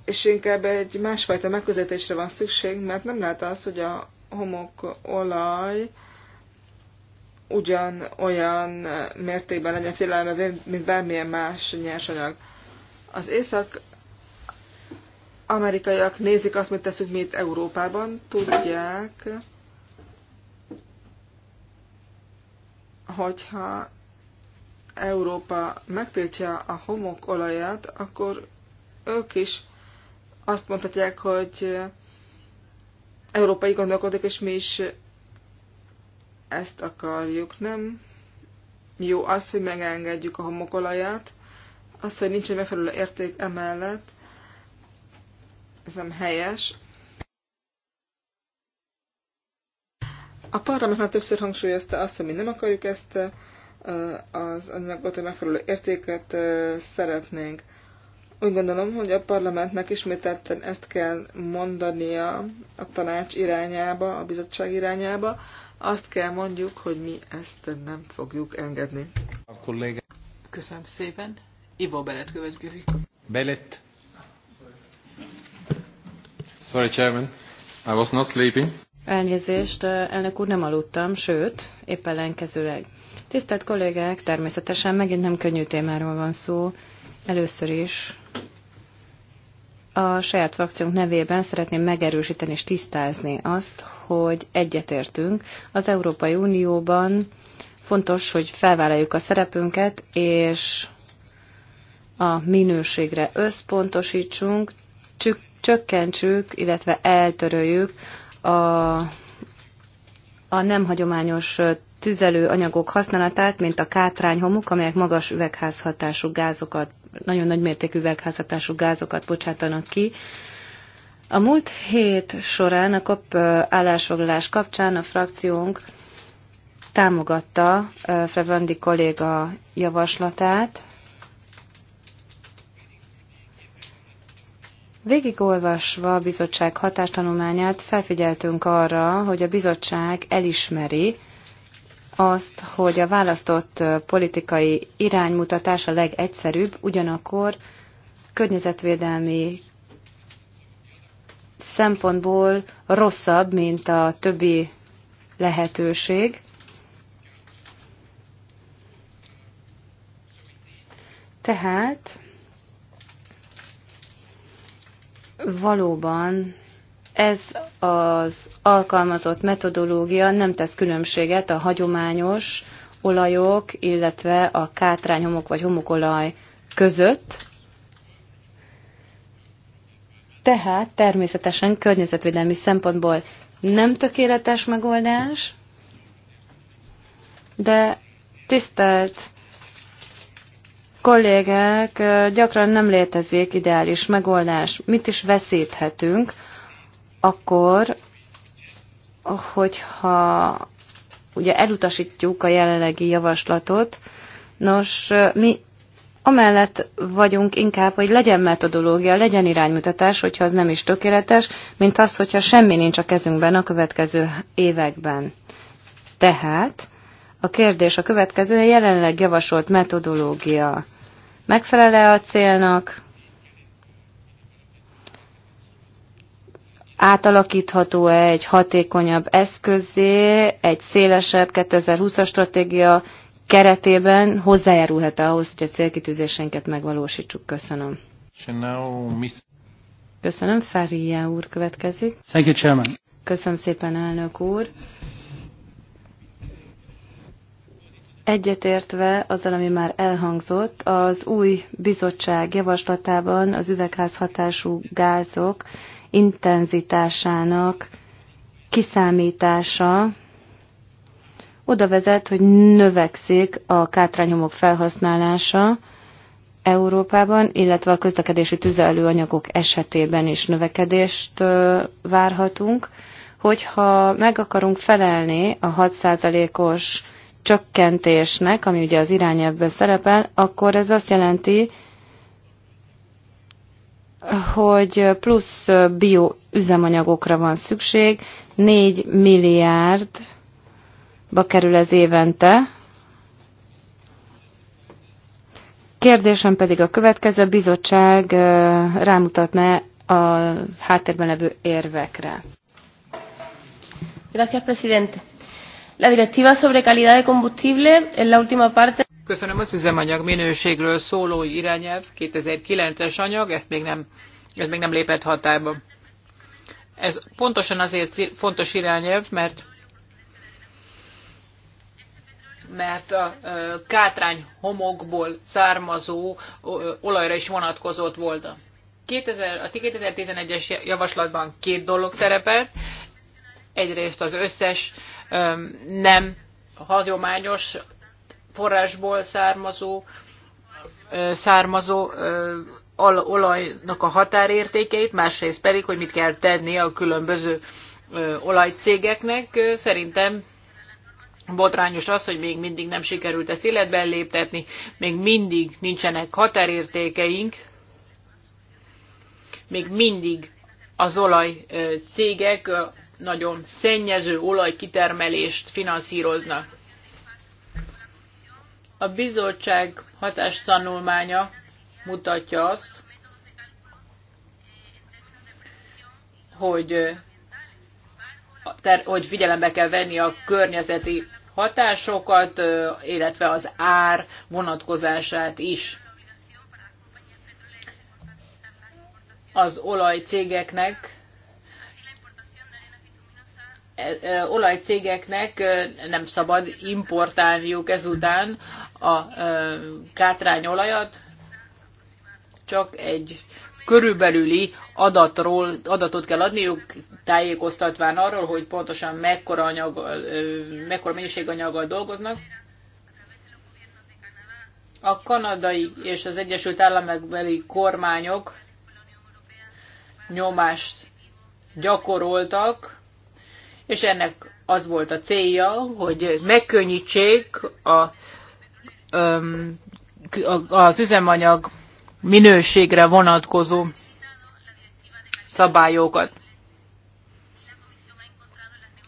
és inkább egy másfajta megközelítésre van szükség, mert nem lehet az, hogy a homokolaj ugyan olyan mértékben legyen félelme, mint bármilyen más nyersanyag. Az észak amerikaiak nézik azt, mit teszünk mi itt Európában, tudják, hogyha Európa megtiltja a homokolajat, akkor ők is azt mondhatják, hogy európai gondolkodik, és mi is ezt akarjuk. Nem jó az, hogy megengedjük a homokolaját, az, hogy nincs egy megfelelő érték emellett, ez nem helyes, A parlament már többször hangsúlyozta azt, hogy mi nem akarjuk ezt az anyagot, hogy megfelelő értéket szeretnénk. Úgy gondolom, hogy a parlamentnek ismételten ezt kell mondania a tanács irányába, a bizottság irányába. Azt kell mondjuk, hogy mi ezt nem fogjuk engedni. A kolléga. Köszönöm szépen. Ivo Belet következik. Belet. Sorry, Chairman. I was not sleeping. Elnézést, elnök úr, nem aludtam, sőt, épp ellenkezőleg. Tisztelt kollégák, természetesen megint nem könnyű témáról van szó. Először is a saját frakciónk nevében szeretném megerősíteni és tisztázni azt, hogy egyetértünk. Az Európai Unióban fontos, hogy felvállaljuk a szerepünket, és a minőségre összpontosítsunk, csökkentsük, illetve eltöröljük a, a nem hagyományos tüzelőanyagok használatát, mint a kátrányhomok, amelyek magas üvegházhatású gázokat, nagyon nagy mértékű üvegházhatású gázokat bocsátanak ki. A múlt hét során a kap állásfoglalás kapcsán a frakciónk támogatta Frevandi kolléga javaslatát, Végigolvasva a bizottság hatástanulmányát felfigyeltünk arra, hogy a bizottság elismeri azt, hogy a választott politikai iránymutatás a legegyszerűbb, ugyanakkor környezetvédelmi szempontból rosszabb, mint a többi lehetőség. Tehát valóban ez az alkalmazott metodológia nem tesz különbséget a hagyományos olajok, illetve a kátrányhomok vagy homokolaj között. Tehát természetesen környezetvédelmi szempontból nem tökéletes megoldás, de tisztelt kollégák, gyakran nem létezik ideális megoldás. Mit is veszíthetünk akkor, hogyha ugye elutasítjuk a jelenlegi javaslatot, nos, mi amellett vagyunk inkább, hogy legyen metodológia, legyen iránymutatás, hogyha az nem is tökéletes, mint az, hogyha semmi nincs a kezünkben a következő években. Tehát a kérdés a következő, a jelenleg javasolt metodológia megfelele a célnak, átalakítható-e egy hatékonyabb eszközé, egy szélesebb 2020-as stratégia keretében hozzájárulhat -e ahhoz, hogy a célkitűzéseinket megvalósítsuk. Köszönöm. Köszönöm, Fária úr következik. Thank you, Chairman. Köszönöm szépen, elnök úr. Egyetértve azzal, ami már elhangzott, az új bizottság javaslatában az üvegházhatású gázok intenzitásának kiszámítása oda vezet, hogy növekszik a kátrányhomok felhasználása Európában, illetve a közlekedési tüzelőanyagok esetében is növekedést várhatunk. Hogyha meg akarunk felelni a 6%-os csökkentésnek, ami ugye az irányelvben szerepel, akkor ez azt jelenti, hogy plusz bioüzemanyagokra van szükség, 4 milliárdba kerül ez évente. Kérdésem pedig a következő, a bizottság rámutatna a háttérben levő érvekre. Gracias, presidente. La directiva sobre calidad de combustible en la última parte. Köszönöm az üzemanyag minőségről szóló irányelv, 2009-es anyag, ezt még nem, ez még nem lépett hatályba. Ez pontosan azért fontos irányelv, mert mert a kátrány homokból származó olajra is vonatkozott volna. 2000, a 2011-es javaslatban két dolog szerepelt, egyrészt az összes nem hagyományos forrásból származó, származó olajnak a határértékeit, másrészt pedig, hogy mit kell tenni a különböző olajcégeknek. Szerintem botrányos az, hogy még mindig nem sikerült ezt életben léptetni, még mindig nincsenek határértékeink, még mindig az olajcégek nagyon szennyező olajkitermelést finanszíroznak. A bizottság hatástanulmánya mutatja azt, hogy, hogy figyelembe kell venni a környezeti hatásokat, illetve az ár vonatkozását is. Az olajcégeknek E, e, olajcégeknek e, nem szabad importálniuk ezután a kátrányolajat, csak egy körülbelüli adatról, adatot kell adniuk, tájékoztatván arról, hogy pontosan mekkora, anyag, mekkora mennyiséganyaggal dolgoznak. A kanadai és az Egyesült Államokbeli kormányok nyomást gyakoroltak és ennek az volt a célja, hogy megkönnyítsék a, az üzemanyag minőségre vonatkozó szabályokat.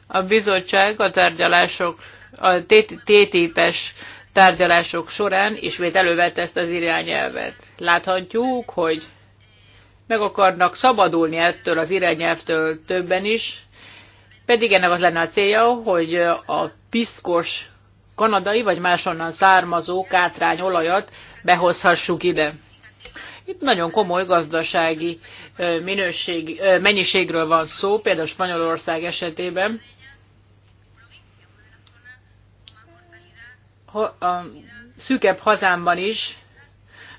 A bizottság a tárgyalások, a TTIP-es tárgyalások során ismét elővette ezt az irányelvet. Láthatjuk, hogy meg akarnak szabadulni ettől az irányelvtől többen is, pedig ennek az lenne a célja, hogy a piszkos kanadai vagy másonnan származó kátrányolajat behozhassuk ide. Itt nagyon komoly gazdasági minőség, mennyiségről van szó, például Spanyolország esetében. A szűkebb hazámban is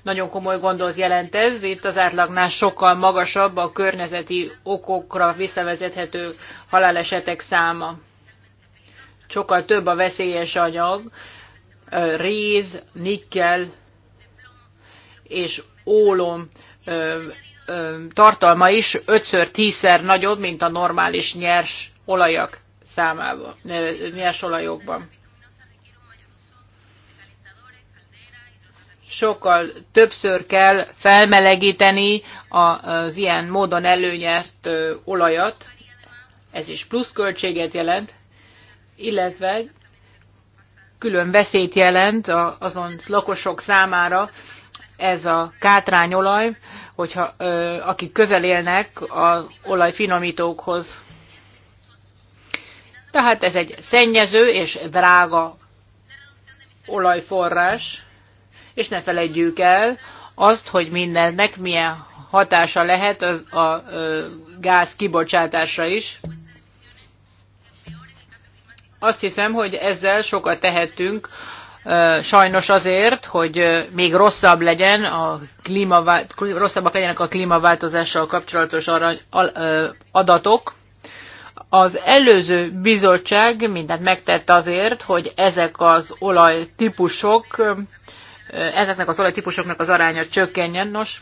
nagyon komoly gondot jelent ez, itt az átlagnál sokkal magasabb a környezeti okokra visszavezethető halálesetek száma. Sokkal több a veszélyes anyag, réz, nikkel és ólom tartalma is 5-10-szer nagyobb, mint a normális nyers olajak számában, nyers olajokban. sokkal többször kell felmelegíteni az ilyen módon előnyert olajat, ez is plusz költséget jelent, illetve külön veszélyt jelent azon lakosok számára ez a kátrányolaj, hogyha, akik közel élnek az olajfinomítókhoz. Tehát ez egy szennyező és drága olajforrás és ne felejtjük el azt, hogy mindennek milyen hatása lehet az, a, a gáz kibocsátásra is. Azt hiszem, hogy ezzel sokat tehetünk, sajnos azért, hogy még rosszabb legyen a klíma rosszabbak legyenek a klímaváltozással kapcsolatos adatok. Az előző bizottság mindent megtett azért, hogy ezek az olajtípusok ezeknek az olajtípusoknak az aránya csökkenjen. Nos,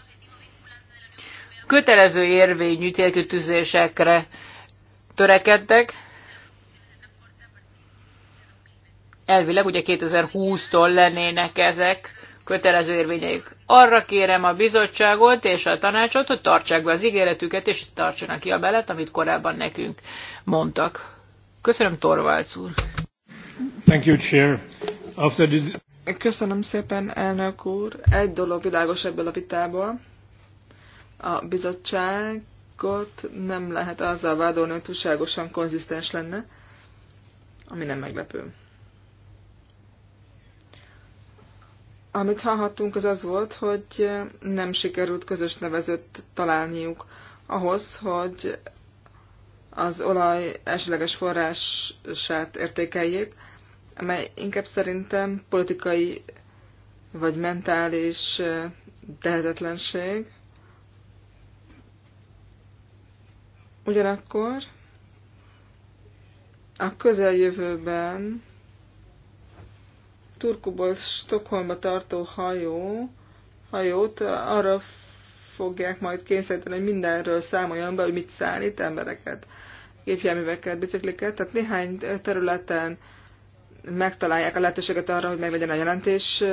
kötelező érvényű célkütőzésekre törekedtek. Elvileg ugye 2020-tól lennének ezek kötelező érvényeik. Arra kérem a bizottságot és a tanácsot, hogy tartsák be az ígéretüket, és tartsanak ki a belet, amit korábban nekünk mondtak. Köszönöm, Torvalds úr. Thank you, Chair. After this... Köszönöm szépen, elnök úr. Egy dolog világos ebből a vitából. A bizottságot nem lehet azzal vádolni, hogy túlságosan konzisztens lenne, ami nem meglepő. Amit hallhattunk, az az volt, hogy nem sikerült közös nevezőt találniuk ahhoz, hogy az olaj esetleges forrását értékeljék, amely inkább szerintem politikai vagy mentális tehetetlenség. Ugyanakkor a közeljövőben Turkuból Stockholmba tartó hajó, hajót arra fogják majd kényszeríteni, hogy mindenről számoljon be, hogy mit szállít embereket, gépjárműveket, bicikliket. Tehát néhány területen megtalálják a lehetőséget arra, hogy meglegyen a jelentés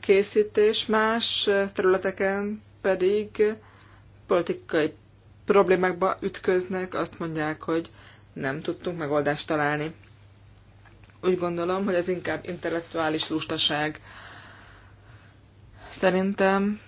készítés, más területeken pedig politikai problémákba ütköznek, azt mondják, hogy nem tudtunk megoldást találni. Úgy gondolom, hogy ez inkább intellektuális lustaság. Szerintem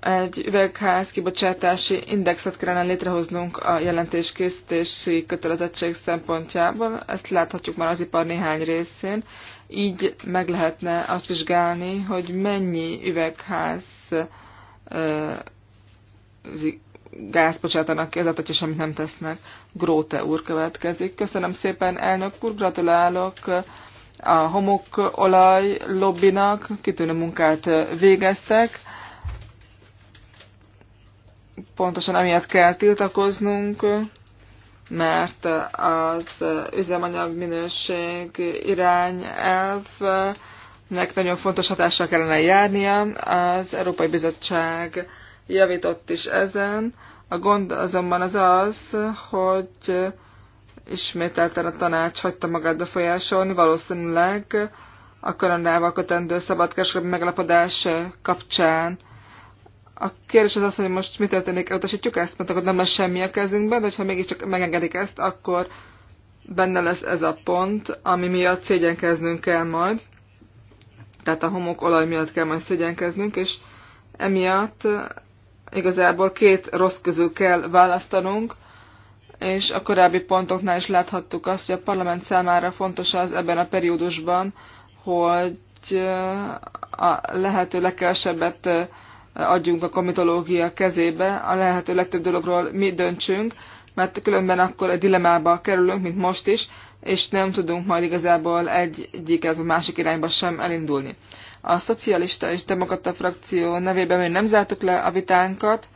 egy üvegház kibocsátási indexet kellene létrehoznunk a jelentés készítési kötelezettség szempontjából. Ezt láthatjuk már az ipar néhány részén. Így meg lehetne azt vizsgálni, hogy mennyi üvegház gáz bocsátanak ki, ezáltal, hogyha semmit nem tesznek. Gróte úr következik. Köszönöm szépen, elnök úr, gratulálok a homokolaj lobbinak, kitűnő munkát végeztek pontosan emiatt kell tiltakoznunk, mert az üzemanyag minőség irányelvnek nagyon fontos hatással kellene járnia. Az Európai Bizottság javított is ezen. A gond azonban az az, hogy ismételten a tanács hagyta magát befolyásolni, valószínűleg a Kanadával kötendő szabadkereskedelmi megalapodás kapcsán a kérdés az az, hogy most mi történik, elutasítjuk ezt, mert akkor nem lesz semmi a kezünkben, de ha mégiscsak megengedik ezt, akkor benne lesz ez a pont, ami miatt szégyenkeznünk kell majd. Tehát a homok olaj miatt kell majd szégyenkeznünk, és emiatt eh, igazából két rossz közül kell választanunk, és a korábbi pontoknál is láthattuk azt, hogy a parlament számára fontos az ebben a periódusban, hogy eh, a lehető legkevesebbet eh, adjunk a komitológia kezébe, a lehető legtöbb dologról mi döntsünk, mert különben akkor egy dilemába kerülünk, mint most is, és nem tudunk majd igazából egy, egyik, vagy másik irányba sem elindulni. A szocialista és demokrata frakció nevében még nem zártuk le a vitánkat.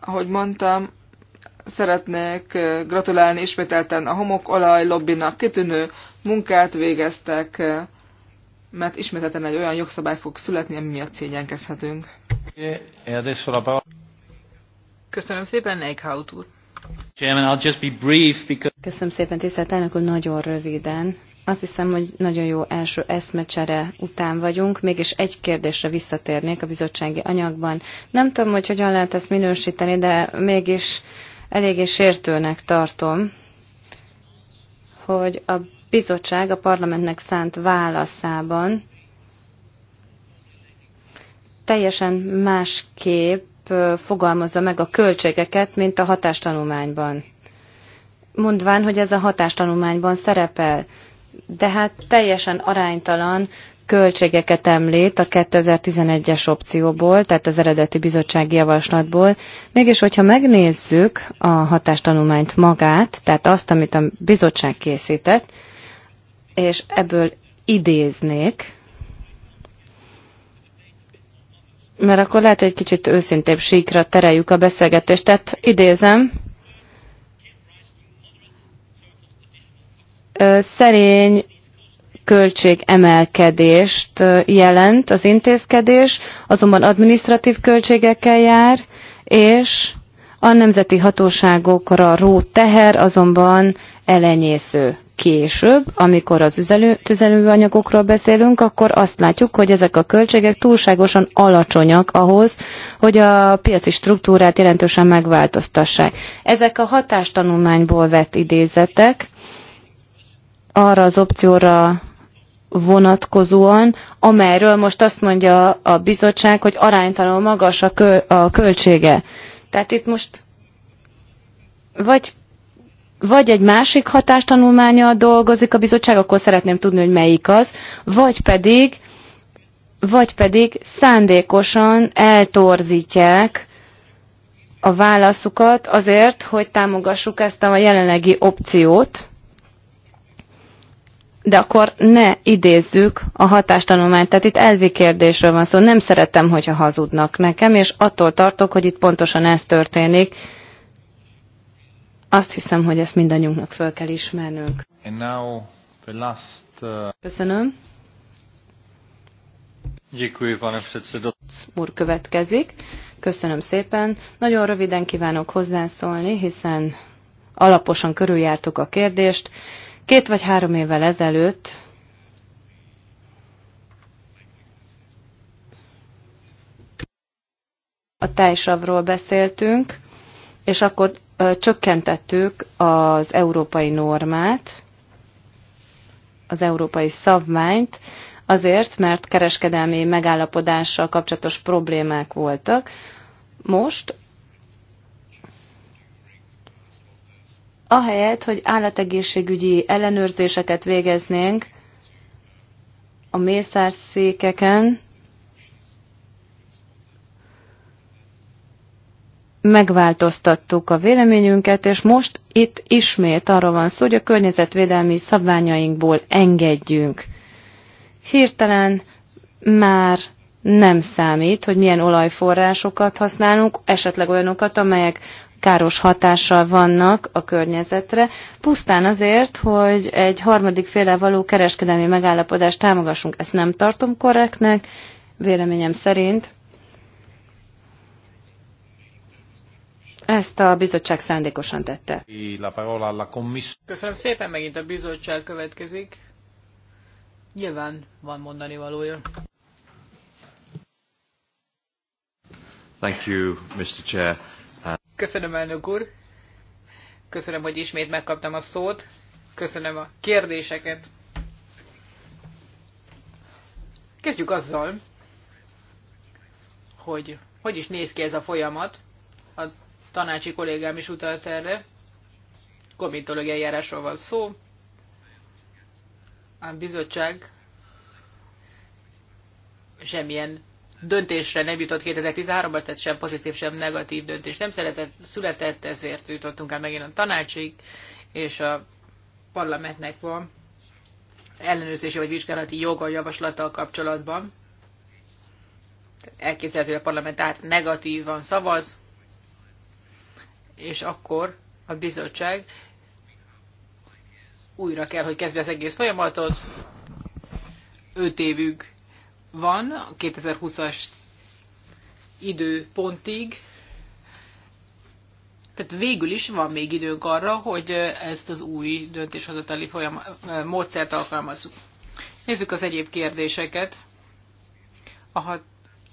Ahogy mondtam, szeretnék gratulálni ismételten a homokolaj lobbinak kitűnő munkát végeztek, mert ismételten egy olyan jogszabály fog születni, ami miatt szégyenkezhetünk. Köszönöm szépen, Eichhaut úr. Chairman, I'll just be brief because... Köszönöm szépen, tisztelt elnök úr, nagyon röviden. Azt hiszem, hogy nagyon jó első eszmecsere után vagyunk, mégis egy kérdésre visszatérnék a bizottsági anyagban. Nem tudom, hogy hogyan lehet ezt minősíteni, de mégis eléggé sértőnek tartom, hogy a bizottság a parlamentnek szánt válaszában teljesen másképp fogalmazza meg a költségeket, mint a hatástanulmányban. Mondván, hogy ez a hatástanulmányban szerepel, de hát teljesen aránytalan költségeket említ a 2011-es opcióból, tehát az eredeti bizottsági javaslatból. Mégis, hogyha megnézzük a hatástanulmányt magát, tehát azt, amit a bizottság készített, és ebből idéznék, mert akkor lehet, hogy egy kicsit őszintébb síkra tereljük a beszélgetést. Tehát idézem, szerény költségemelkedést jelent az intézkedés, azonban administratív költségekkel jár, és a nemzeti hatóságokra ró teher azonban elenyésző később, amikor az üzelő, tüzelőanyagokról beszélünk, akkor azt látjuk, hogy ezek a költségek túlságosan alacsonyak ahhoz, hogy a piaci struktúrát jelentősen megváltoztassák. Ezek a hatástanulmányból vett idézetek arra az opcióra vonatkozóan, amelyről most azt mondja a bizottság, hogy aránytalanul magas a, kö, a költsége. Tehát itt most vagy vagy egy másik hatástanulmánya dolgozik a bizottság, akkor szeretném tudni, hogy melyik az, vagy pedig, vagy pedig szándékosan eltorzítják a válaszukat azért, hogy támogassuk ezt a jelenlegi opciót, de akkor ne idézzük a hatástanulmányt. Tehát itt elvi kérdésről van szó. Nem szeretem, hogyha hazudnak nekem, és attól tartok, hogy itt pontosan ez történik. Azt hiszem, hogy ezt mindannyiunknak fel kell ismernünk. And now the last, uh... Köszönöm. Děkuji, pane předsedo. Úr következik. Köszönöm szépen. Nagyon röviden kívánok hozzászólni, hiszen alaposan körüljártuk a kérdést. Két vagy három évvel ezelőtt a tájsavról beszéltünk, és akkor csökkentettük az európai normát, az európai szabványt, azért, mert kereskedelmi megállapodással kapcsolatos problémák voltak. Most ahelyett, hogy állategészségügyi ellenőrzéseket végeznénk a mészárszékeken, megváltoztattuk a véleményünket, és most itt ismét arról van szó, hogy a környezetvédelmi szabványainkból engedjünk. Hirtelen már nem számít, hogy milyen olajforrásokat használunk, esetleg olyanokat, amelyek káros hatással vannak a környezetre, pusztán azért, hogy egy harmadik féle való kereskedelmi megállapodást támogassunk. Ezt nem tartom korrektnek, véleményem szerint Ezt a bizottság szándékosan tette. Köszönöm szépen, megint a bizottság következik. Nyilván van mondani valója. Thank you, Mr. Chair. Köszönöm, elnök úr. Köszönöm, hogy ismét megkaptam a szót. Köszönöm a kérdéseket. Kezdjük azzal, hogy hogy is néz ki ez a folyamat, tanácsi kollégám is utalt erre. Komitológiai járásról van szó. A bizottság semmilyen döntésre nem jutott 2013-ban, tehát sem pozitív, sem negatív döntés nem született, született, ezért jutottunk el megint a tanácsig, és a parlamentnek van ellenőrzési vagy vizsgálati joga a javaslattal kapcsolatban. Elképzelhető, hogy a parlament át negatívan szavaz, és akkor a bizottság újra kell, hogy kezdje az egész folyamatot. 5 évük van, a 2020-as időpontig. Tehát végül is van még időnk arra, hogy ezt az új döntéshozatali módszert alkalmazzuk. Nézzük az egyéb kérdéseket. A hat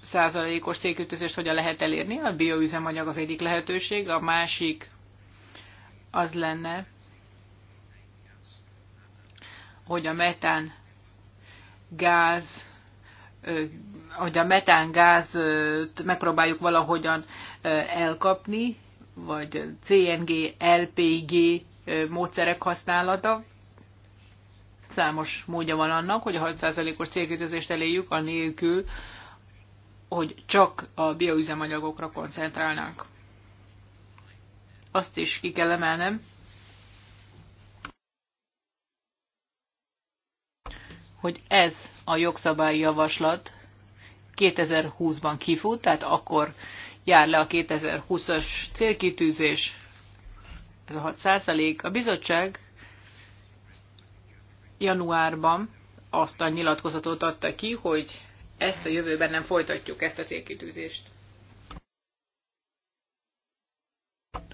százalékos cégkütőzést hogyan lehet elérni. A bioüzemanyag az egyik lehetőség, a másik az lenne, hogy a metán gáz hogy a metán gáz megpróbáljuk valahogyan elkapni, vagy CNG, LPG módszerek használata. Számos módja van annak, hogy a 6%-os célkütőzést eléjük, anélkül, hogy csak a bioüzemanyagokra koncentrálnánk. Azt is ki kell emelnem, hogy ez a jogszabályi javaslat 2020-ban kifut, tehát akkor jár le a 2020-as célkitűzés, ez a 6 százalék. A bizottság januárban azt a nyilatkozatot adta ki, hogy ezt a jövőben nem folytatjuk, ezt a célkitűzést.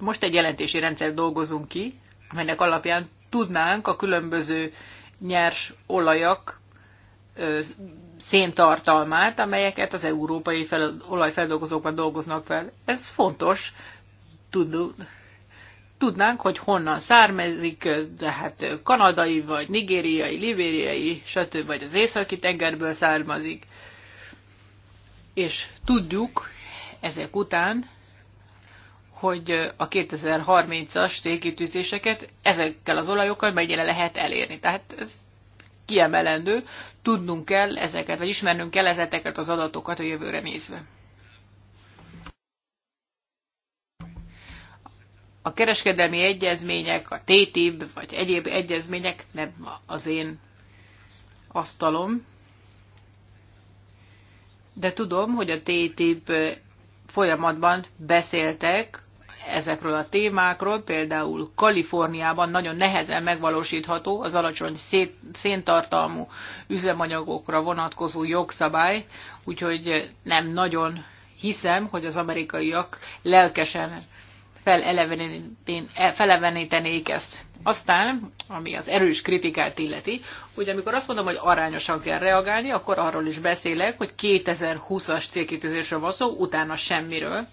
Most egy jelentési rendszer dolgozunk ki, amelynek alapján tudnánk a különböző nyers olajak széntartalmát, amelyeket az európai fel, olajfeldolgozókban dolgoznak fel. Ez fontos. Tud, tudnánk, hogy honnan származik, tehát kanadai, vagy nigériai, libériai, stb. vagy az északi tengerből származik és tudjuk ezek után, hogy a 2030-as tégítőzéseket ezekkel az olajokkal mennyire lehet elérni. Tehát ez kiemelendő, tudnunk kell ezeket, vagy ismernünk kell ezeket az adatokat a jövőre nézve. A kereskedelmi egyezmények, a TTIP, vagy egyéb egyezmények nem az én asztalom, de tudom, hogy a TTIP folyamatban beszéltek ezekről a témákról, például Kaliforniában nagyon nehezen megvalósítható az alacsony széntartalmú üzemanyagokra vonatkozó jogszabály, úgyhogy nem nagyon hiszem, hogy az amerikaiak lelkesen felevenítenék ezt. Aztán, ami az erős kritikát illeti, hogy amikor azt mondom, hogy arányosan kell reagálni, akkor arról is beszélek, hogy 2020-as célkitűzésről van szó, utána semmiről.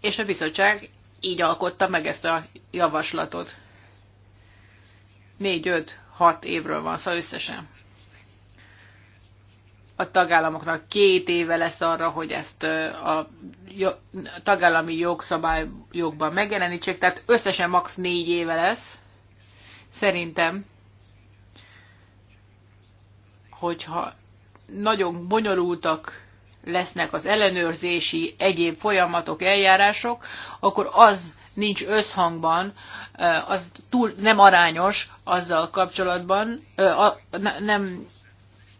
És a bizottság így alkotta meg ezt a javaslatot. 4-5-6 évről van szó összesen a tagállamoknak két éve lesz arra, hogy ezt a tagállami jogszabály jogban megjelenítsék, tehát összesen max. négy éve lesz. Szerintem, hogyha nagyon bonyolultak lesznek az ellenőrzési egyéb folyamatok, eljárások, akkor az nincs összhangban, az túl nem arányos azzal kapcsolatban, nem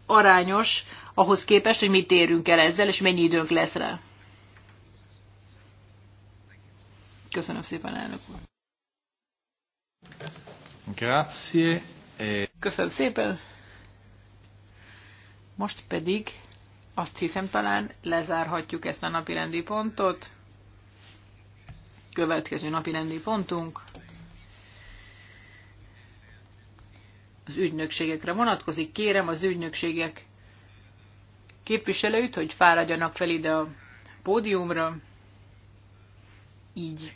arányos ahhoz képest, hogy mit érünk el ezzel, és mennyi időnk lesz rá. Köszönöm szépen, elnök úr. Grazie. E- Köszönöm szépen. Most pedig azt hiszem talán lezárhatjuk ezt a napi rendi pontot. Következő napi rendi pontunk az ügynökségekre vonatkozik. Kérem az ügynökségek képviselőt, hogy fáradjanak fel ide a pódiumra. Így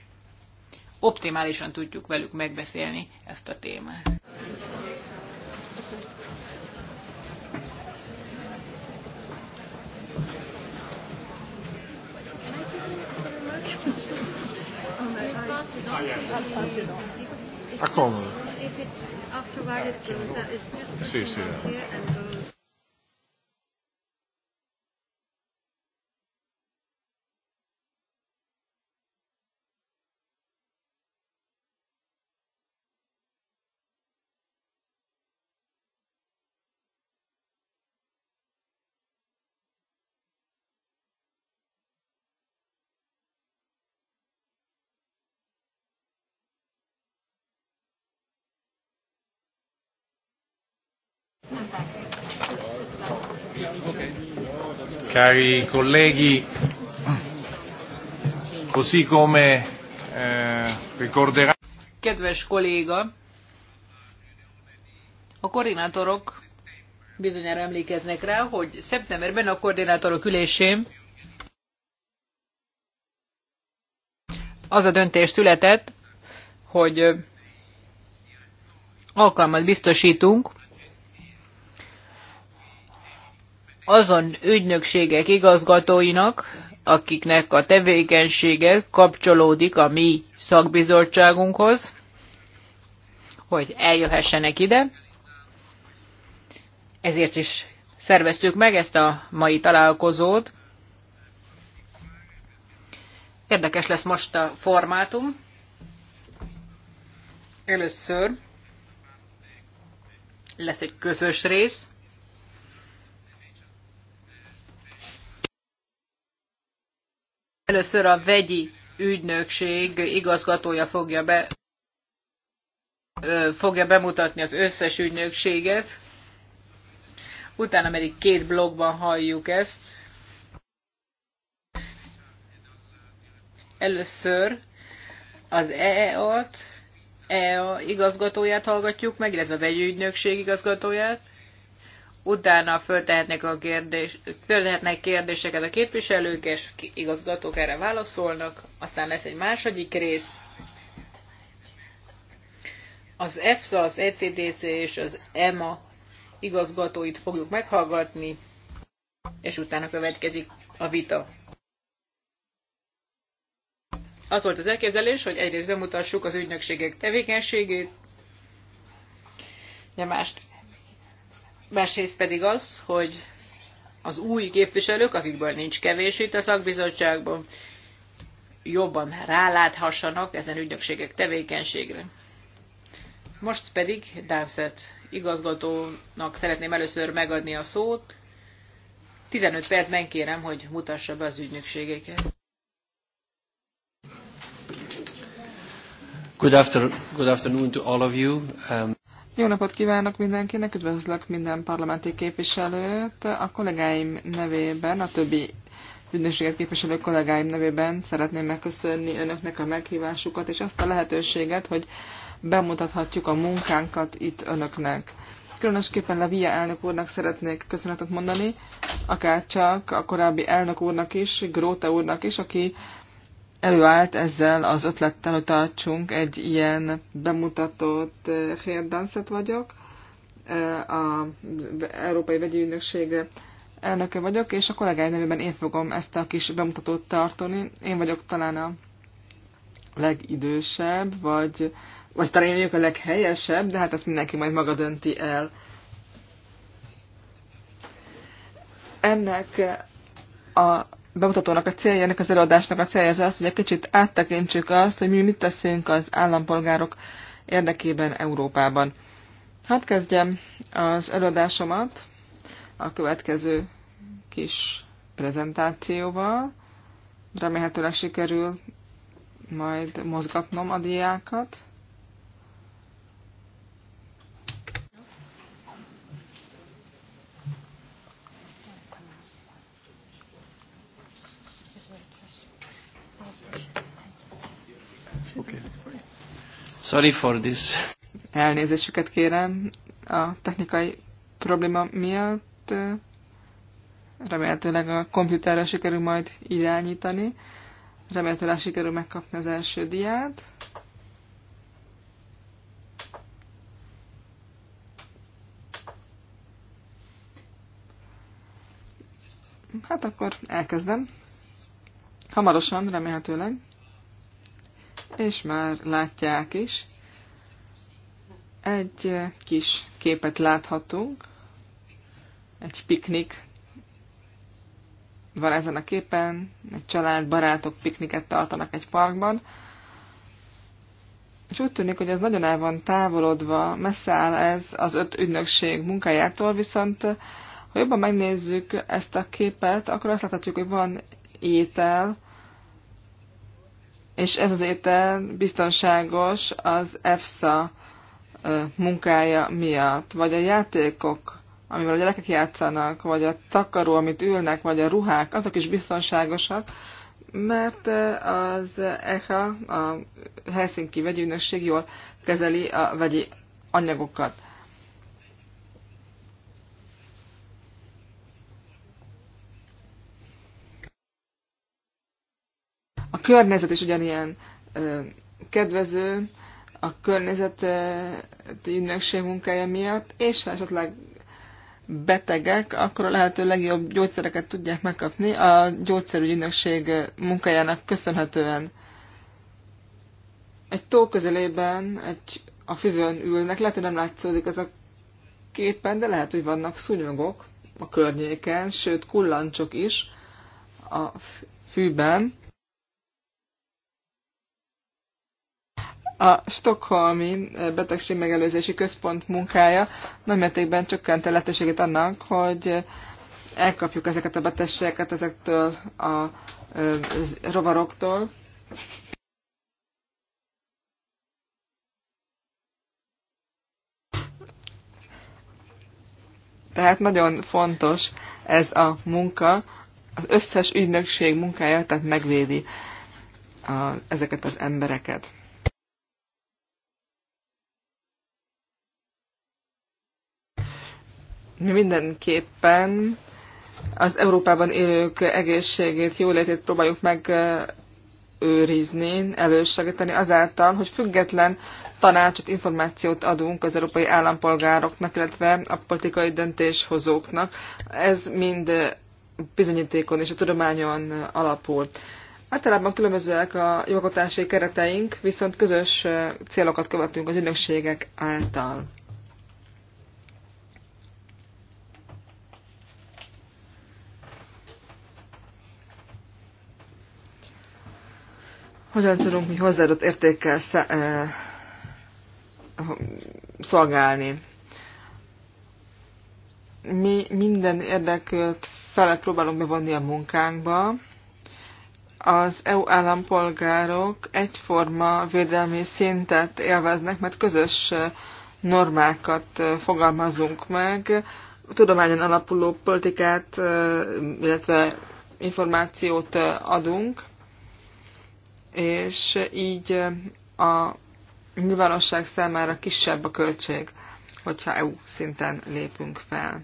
optimálisan tudjuk velük megbeszélni ezt a témát. Akkor. sí, sí. Cari colleghi, così come eh, ricorderà... Kedves kolléga, a koordinátorok bizonyára emlékeznek rá, hogy szeptemberben a koordinátorok ülésén az a döntés született, hogy alkalmat biztosítunk azon ügynökségek igazgatóinak, akiknek a tevékenysége kapcsolódik a mi szakbizottságunkhoz, hogy eljöhessenek ide. Ezért is szerveztük meg ezt a mai találkozót. Érdekes lesz most a formátum. Először lesz egy közös rész, Először a vegyi ügynökség igazgatója fogja, be, fogja bemutatni az összes ügynökséget. Utána pedig két blogban halljuk ezt. Először az EEA-t, EEA igazgatóját hallgatjuk meg, illetve a vegyi ügynökség igazgatóját utána föltehetnek, a kérdés, föltehetnek kérdéseket a képviselők, és igazgatók erre válaszolnak, aztán lesz egy második rész. Az EFSA, az ECDC és az EMA igazgatóit fogjuk meghallgatni, és utána következik a vita. Az volt az elképzelés, hogy egyrészt bemutassuk az ügynökségek tevékenységét, de mást másrészt pedig az, hogy az új képviselők, akikből nincs kevés itt a szakbizottságban, jobban ráláthassanak ezen ügynökségek tevékenységre. Most pedig Dánszet igazgatónak szeretném először megadni a szót. 15 percben kérem, hogy mutassa be az ügynökségeket. Good, after, good afternoon to all of you. Um... Jó napot kívánok mindenkinek, üdvözlök minden parlamenti képviselőt. A kollégáim nevében, a többi ügynökséget képviselő kollégáim nevében szeretném megköszönni önöknek a meghívásukat, és azt a lehetőséget, hogy bemutathatjuk a munkánkat itt önöknek. Különösképpen VIA elnök úrnak szeretnék köszönetet mondani, akár csak a korábbi elnök úrnak is, Gróta úrnak is, aki előállt ezzel az ötlettel, hogy tartsunk egy ilyen bemutatót. Hérdanszet eh, vagyok, eh, a Európai Vegyi Ügynökség elnöke vagyok, és a kollégáim nevében én fogom ezt a kis bemutatót tartani. Én vagyok talán a legidősebb, vagy, vagy talán én vagyok a leghelyesebb, de hát ezt mindenki majd maga dönti el. Ennek a bemutatónak a célja, ennek az előadásnak a célja az az, hogy egy kicsit áttekintsük azt, hogy mi mit teszünk az állampolgárok érdekében Európában. Hát kezdjem az előadásomat a következő kis prezentációval. Remélhetőleg sikerül majd mozgatnom a diákat. Sorry for this. Elnézésüket kérem a technikai probléma miatt. Remélhetőleg a komputerre sikerül majd irányítani. Remélhetőleg sikerül megkapni az első diát. Hát akkor elkezdem. Hamarosan, remélhetőleg és már látják is. Egy kis képet láthatunk, egy piknik van ezen a képen, egy család, barátok pikniket tartanak egy parkban, és úgy tűnik, hogy ez nagyon el van távolodva, messze áll ez az öt ügynökség munkájától, viszont ha jobban megnézzük ezt a képet, akkor azt láthatjuk, hogy van étel, és ez az étel biztonságos az EFSA munkája miatt, vagy a játékok, amivel a gyerekek játszanak, vagy a takaró, amit ülnek, vagy a ruhák, azok is biztonságosak, mert az EHA, a Helsinki vegyügynökség jól kezeli a vegyi anyagokat. A környezet is ugyanilyen kedvező, a környezet ünnepség munkája miatt, és ha esetleg betegek, akkor a lehető legjobb gyógyszereket tudják megkapni a gyógyszerügyi ünnepség munkájának köszönhetően. Egy tó közelében egy, a füvön ülnek, lehet, hogy nem látszódik az a képen, de lehet, hogy vannak szúnyogok a környéken, sőt kullancsok is a fűben, A Stockholmi megelőzési Központ munkája nagymértékben csökkent a lehetőségét annak, hogy elkapjuk ezeket a betegségeket ezektől a rovaroktól. Tehát nagyon fontos ez a munka, az összes ügynökség munkája, tehát megvédi a, ezeket az embereket. mi mindenképpen az Európában élők egészségét, jólétét próbáljuk megőrizni, elősegíteni azáltal, hogy független tanácsot, információt adunk az európai állampolgároknak, illetve a politikai döntéshozóknak. Ez mind bizonyítékon és a tudományon alapul. Általában különbözőek a jogotási kereteink, viszont közös célokat követünk az ügynökségek által. hogyan tudunk mi hozzáadott értékkel eh, szolgálni. Mi minden érdekült felet próbálunk bevonni a munkánkba. Az EU állampolgárok egyforma védelmi szintet élveznek, mert közös eh, normákat eh, fogalmazunk meg, tudományon alapuló politikát, illetve információt adunk, és így a nyilvánosság számára kisebb a költség, hogyha EU szinten lépünk fel.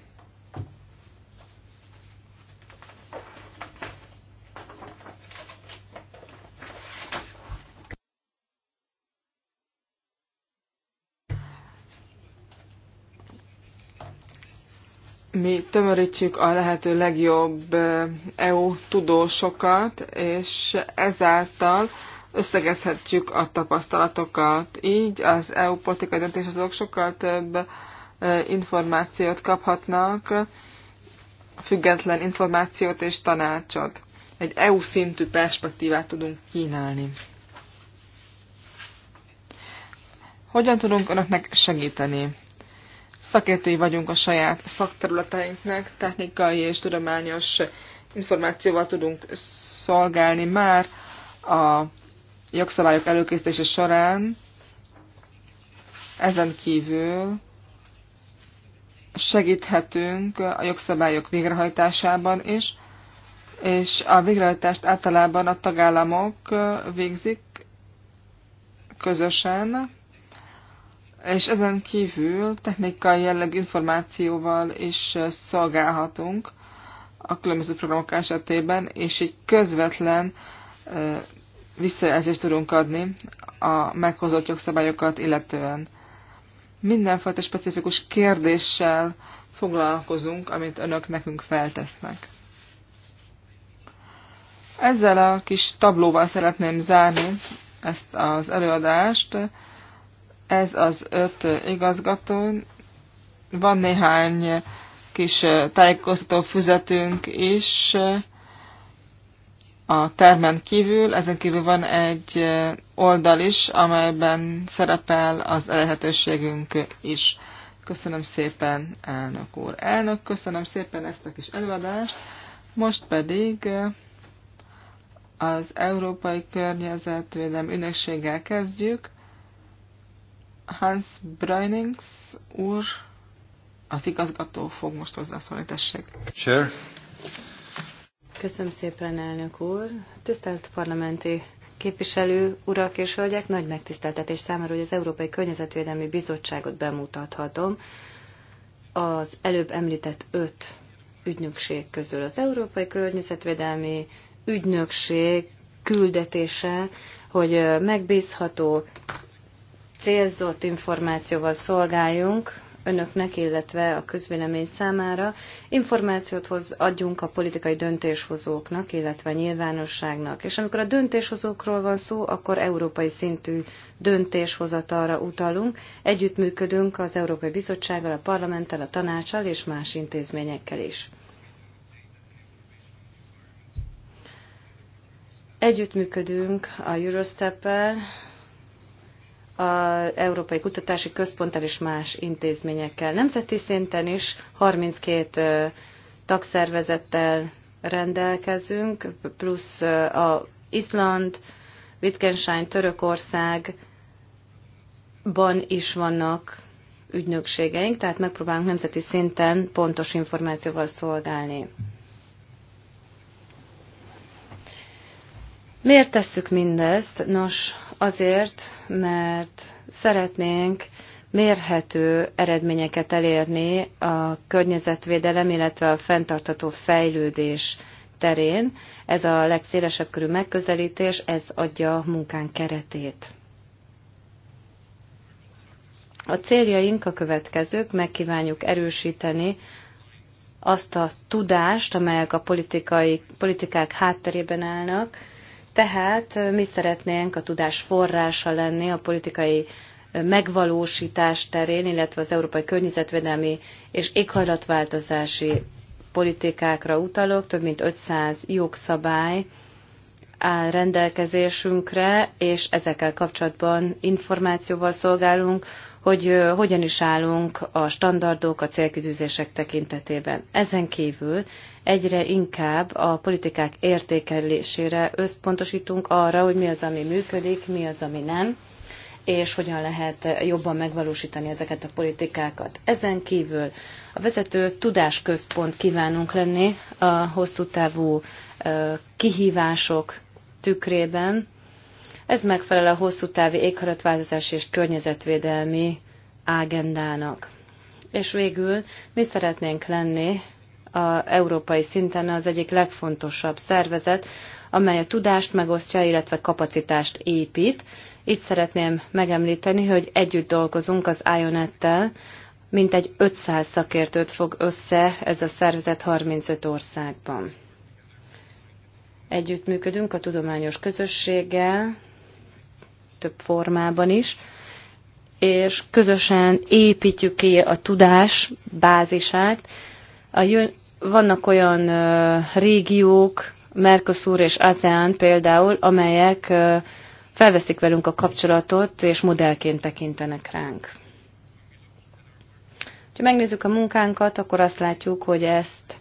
mi tömörítsük a lehető legjobb EU tudósokat, és ezáltal összegezhetjük a tapasztalatokat. Így az EU politikai döntés azok sokkal több információt kaphatnak, független információt és tanácsot. Egy EU szintű perspektívát tudunk kínálni. Hogyan tudunk önöknek segíteni? szakértői vagyunk a saját szakterületeinknek, technikai és tudományos információval tudunk szolgálni már a jogszabályok előkészítése során. Ezen kívül segíthetünk a jogszabályok végrehajtásában is, és a végrehajtást általában a tagállamok végzik közösen, és ezen kívül technikai jellegű információval is szolgálhatunk a különböző programok esetében, és egy közvetlen visszajelzést tudunk adni a meghozott jogszabályokat illetően. Mindenfajta specifikus kérdéssel foglalkozunk, amit önök nekünk feltesznek. Ezzel a kis tablóval szeretném zárni ezt az előadást ez az öt igazgató. Van néhány kis tájékoztató füzetünk is a termen kívül. Ezen kívül van egy oldal is, amelyben szerepel az elérhetőségünk is. Köszönöm szépen, elnök úr. Elnök, köszönöm szépen ezt a kis előadást. Most pedig az Európai Környezetvédelmi Ünökséggel kezdjük. Hans Breunings úr, az igazgató fog most hozzászólni, tessék. Sure. Köszönöm szépen, elnök úr. Tisztelt parlamenti képviselő urak és hölgyek, nagy megtiszteltetés számára, hogy az Európai Környezetvédelmi Bizottságot bemutathatom az előbb említett öt ügynökség közül. Az Európai Környezetvédelmi Ügynökség küldetése, hogy megbízható, célzott információval szolgáljunk önöknek, illetve a közvélemény számára. Információt hoz, adjunk a politikai döntéshozóknak, illetve a nyilvánosságnak. És amikor a döntéshozókról van szó, akkor európai szintű döntéshozatalra utalunk. Együttműködünk az Európai Bizottsággal, a parlamenttel, a tanácsal és más intézményekkel is. Együttműködünk a Eurostep-el, az Európai Kutatási Központtal és más intézményekkel. Nemzeti szinten is 32 tagszervezettel rendelkezünk, plusz a Izland, Wittgenstein, Törökországban is vannak ügynökségeink, tehát megpróbálunk nemzeti szinten pontos információval szolgálni. Miért tesszük mindezt? Nos, Azért, mert szeretnénk mérhető eredményeket elérni a környezetvédelem, illetve a fenntartató fejlődés terén. Ez a legszélesebb körű megközelítés, ez adja a munkán keretét. A céljaink a következők, megkívánjuk erősíteni azt a tudást, amelyek a politikai, politikák hátterében állnak, tehát mi szeretnénk a tudás forrása lenni a politikai megvalósítás terén, illetve az európai környezetvédelmi és éghajlatváltozási politikákra utalok, több mint 500 jogszabály áll rendelkezésünkre, és ezekkel kapcsolatban információval szolgálunk, hogy hogyan is állunk a standardok, a célkitűzések tekintetében. Ezen kívül egyre inkább a politikák értékelésére összpontosítunk arra, hogy mi az, ami működik, mi az, ami nem, és hogyan lehet jobban megvalósítani ezeket a politikákat. Ezen kívül a vezető tudásközpont kívánunk lenni a hosszú távú kihívások tükrében, ez megfelel a hosszú távú éghajlatváltozás és környezetvédelmi ágendának. És végül mi szeretnénk lenni a európai szinten az egyik legfontosabb szervezet, amely a tudást megosztja, illetve kapacitást épít. Itt szeretném megemlíteni, hogy együtt dolgozunk az Ionettel, mint egy 500 szakértőt fog össze ez a szervezet 35 országban. Együttműködünk a tudományos közösséggel, több formában is, és közösen építjük ki a tudás bázisát. A jön, vannak olyan ö, régiók, Mercosur és ASEAN például, amelyek ö, felveszik velünk a kapcsolatot, és modellként tekintenek ránk. Ha megnézzük a munkánkat, akkor azt látjuk, hogy ezt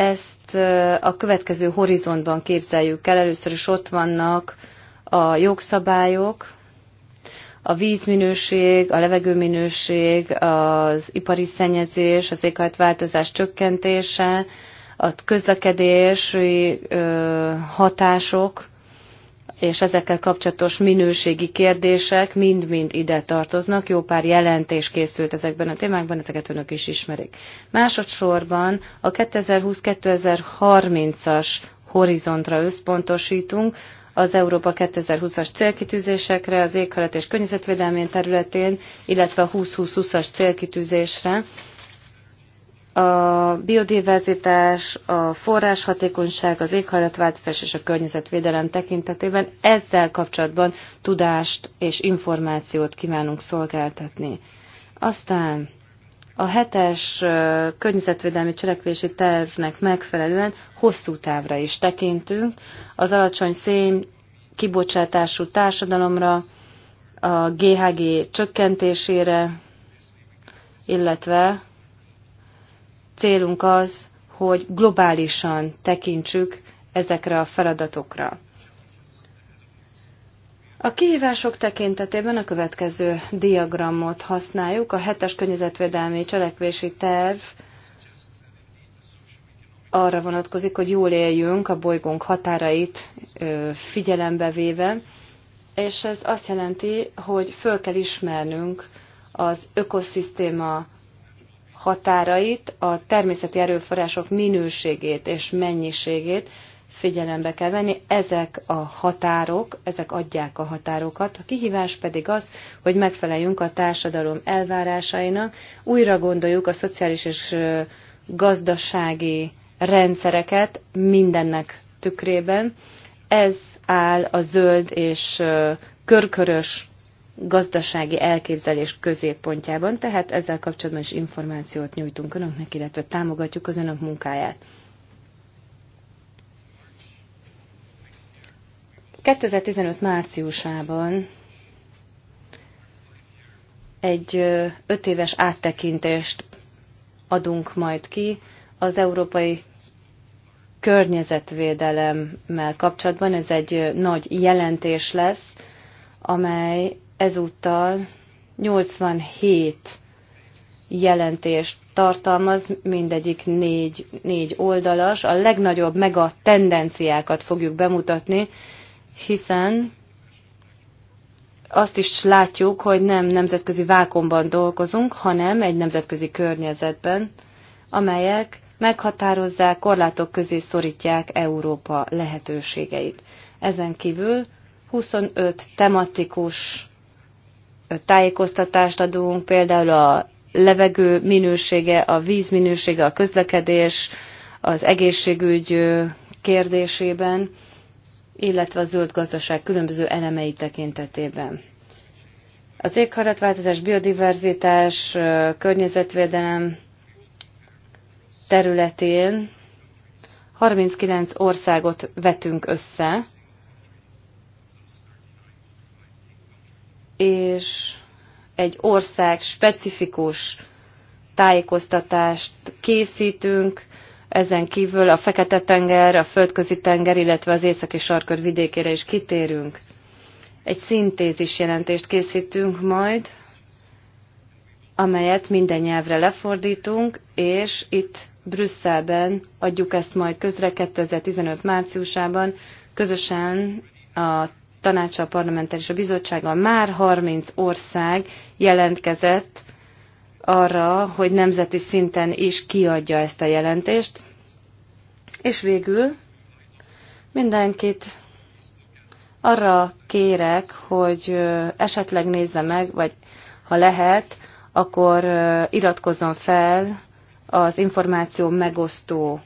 ezt a következő horizontban képzeljük el. Először is ott vannak a jogszabályok, a vízminőség, a levegőminőség, az ipari szennyezés, az éghajlatváltozás csökkentése, a közlekedési hatások, és ezekkel kapcsolatos minőségi kérdések mind-mind ide tartoznak. Jó pár jelentés készült ezekben a témákban, ezeket önök is ismerik. Másodszorban a 2020-2030-as horizontra összpontosítunk, az Európa 2020-as célkitűzésekre, az éghajlat és környezetvédelmén területén, illetve a 2020 as célkitűzésre, a biodiverzitás, a forráshatékonyság, az éghajlatváltozás és a környezetvédelem tekintetében ezzel kapcsolatban tudást és információt kívánunk szolgáltatni. Aztán a hetes környezetvédelmi cselekvési tervnek megfelelően hosszú távra is tekintünk, az alacsony szén kibocsátású társadalomra, a GHG csökkentésére, illetve Célunk az, hogy globálisan tekintsük ezekre a feladatokra. A kihívások tekintetében a következő diagramot használjuk. A hetes környezetvédelmi cselekvési terv arra vonatkozik, hogy jól éljünk a bolygónk határait figyelembe véve, és ez azt jelenti, hogy föl kell ismernünk az ökoszisztéma határait, a természeti erőforrások minőségét és mennyiségét figyelembe kell venni. Ezek a határok, ezek adják a határokat. A kihívás pedig az, hogy megfeleljünk a társadalom elvárásainak, újra gondoljuk a szociális és gazdasági rendszereket mindennek tükrében. Ez áll a zöld és körkörös gazdasági elképzelés középpontjában, tehát ezzel kapcsolatban is információt nyújtunk önöknek, illetve támogatjuk az önök munkáját. 2015 márciusában egy öt éves áttekintést adunk majd ki az európai környezetvédelemmel kapcsolatban. Ez egy nagy jelentés lesz, amely ezúttal 87 jelentést tartalmaz, mindegyik négy, négy oldalas. A legnagyobb meg a tendenciákat fogjuk bemutatni, hiszen azt is látjuk, hogy nem nemzetközi vákonban dolgozunk, hanem egy nemzetközi környezetben, amelyek meghatározzák, korlátok közé szorítják Európa lehetőségeit. Ezen kívül 25 tematikus tájékoztatást adunk, például a levegő minősége, a víz minősége, a közlekedés, az egészségügy kérdésében, illetve a zöld gazdaság különböző elemei tekintetében. Az éghajlatváltozás, biodiverzitás, környezetvédelem területén 39 országot vetünk össze, és egy ország specifikus tájékoztatást készítünk, ezen kívül a Fekete-tenger, a Földközi-tenger, illetve az északi sarkod vidékére is kitérünk. Egy szintézis jelentést készítünk majd, amelyet minden nyelvre lefordítunk, és itt Brüsszelben adjuk ezt majd közre 2015 márciusában, közösen a tanácsa, a parlamenttel és a bizottsággal már 30 ország jelentkezett arra, hogy nemzeti szinten is kiadja ezt a jelentést. És végül mindenkit arra kérek, hogy esetleg nézze meg, vagy ha lehet, akkor iratkozzon fel az információ megosztó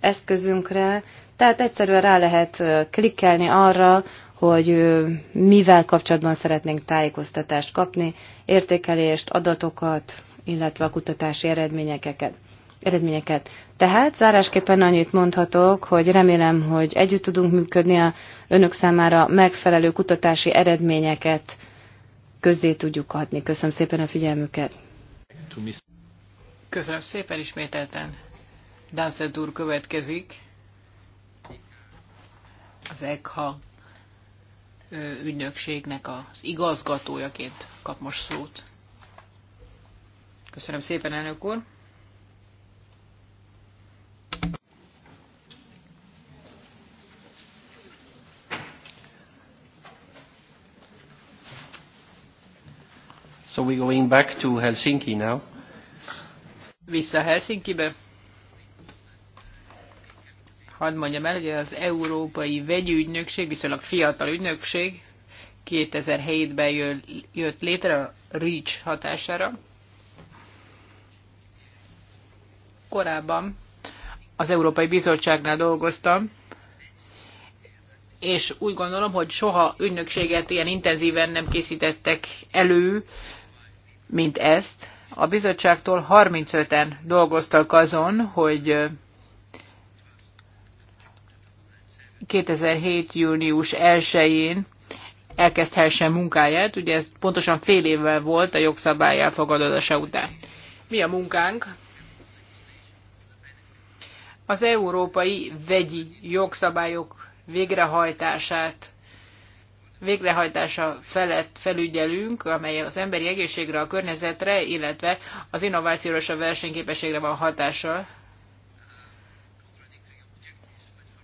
eszközünkre, tehát egyszerűen rá lehet klikkelni arra, hogy mivel kapcsolatban szeretnénk tájékoztatást kapni, értékelést, adatokat, illetve a kutatási eredményeket. eredményeket. Tehát zárásképpen annyit mondhatok, hogy remélem, hogy együtt tudunk működni a önök számára megfelelő kutatási eredményeket közzé tudjuk adni. Köszönöm szépen a figyelmüket. Köszönöm szépen ismételten. Dánszed úr következik. Az EGHA ügynökségnek az igazgatójaként kap most szót. Köszönöm szépen, elnök úr! So we're going back to Helsinki now. Vissza Helsinkibe hadd mondjam el, hogy az Európai Vegyügynökség, viszonylag fiatal ügynökség, 2007-ben jött létre a REACH hatására. Korábban az Európai Bizottságnál dolgoztam, és úgy gondolom, hogy soha ügynökséget ilyen intenzíven nem készítettek elő, mint ezt. A bizottságtól 35-en dolgoztak azon, hogy 2007. június 1-én elkezdhessen munkáját, ugye ez pontosan fél évvel volt a jogszabály elfogadása után. Mi a munkánk? Az európai vegyi jogszabályok végrehajtását végrehajtása felett felügyelünk, amely az emberi egészségre, a környezetre, illetve az innovációra és a versenyképességre van hatással.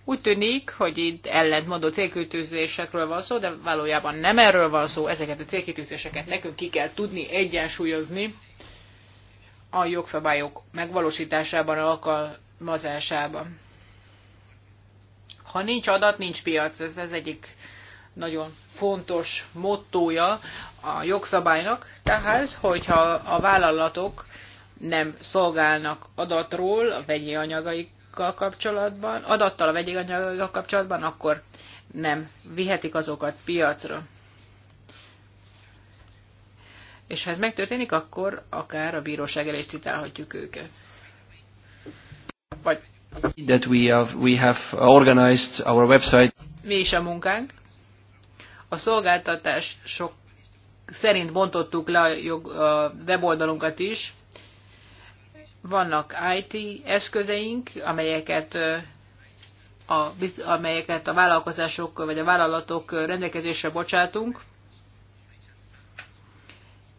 Úgy tűnik, hogy itt ellentmondó célkitűzésekről van szó, de valójában nem erről van szó. Ezeket a célkitűzéseket nekünk ki kell tudni egyensúlyozni a jogszabályok megvalósításában, alkalmazásában. Ha nincs adat, nincs piac. Ez az egyik nagyon fontos mottója a jogszabálynak. Tehát, hogyha a vállalatok nem szolgálnak adatról, a vegyi anyagaik kapcsolatban, adattal a vegyi anyaggal kapcsolatban, akkor nem vihetik azokat piacra. És ha ez megtörténik, akkor akár a bíróság elé is citálhatjuk őket. Vagy that we have, we have organized our website. Mi is a munkánk. A szolgáltatás sok szerint bontottuk le a, jog, a weboldalunkat is, vannak IT eszközeink, amelyeket a, amelyeket a vállalkozások vagy a vállalatok rendelkezésre bocsátunk.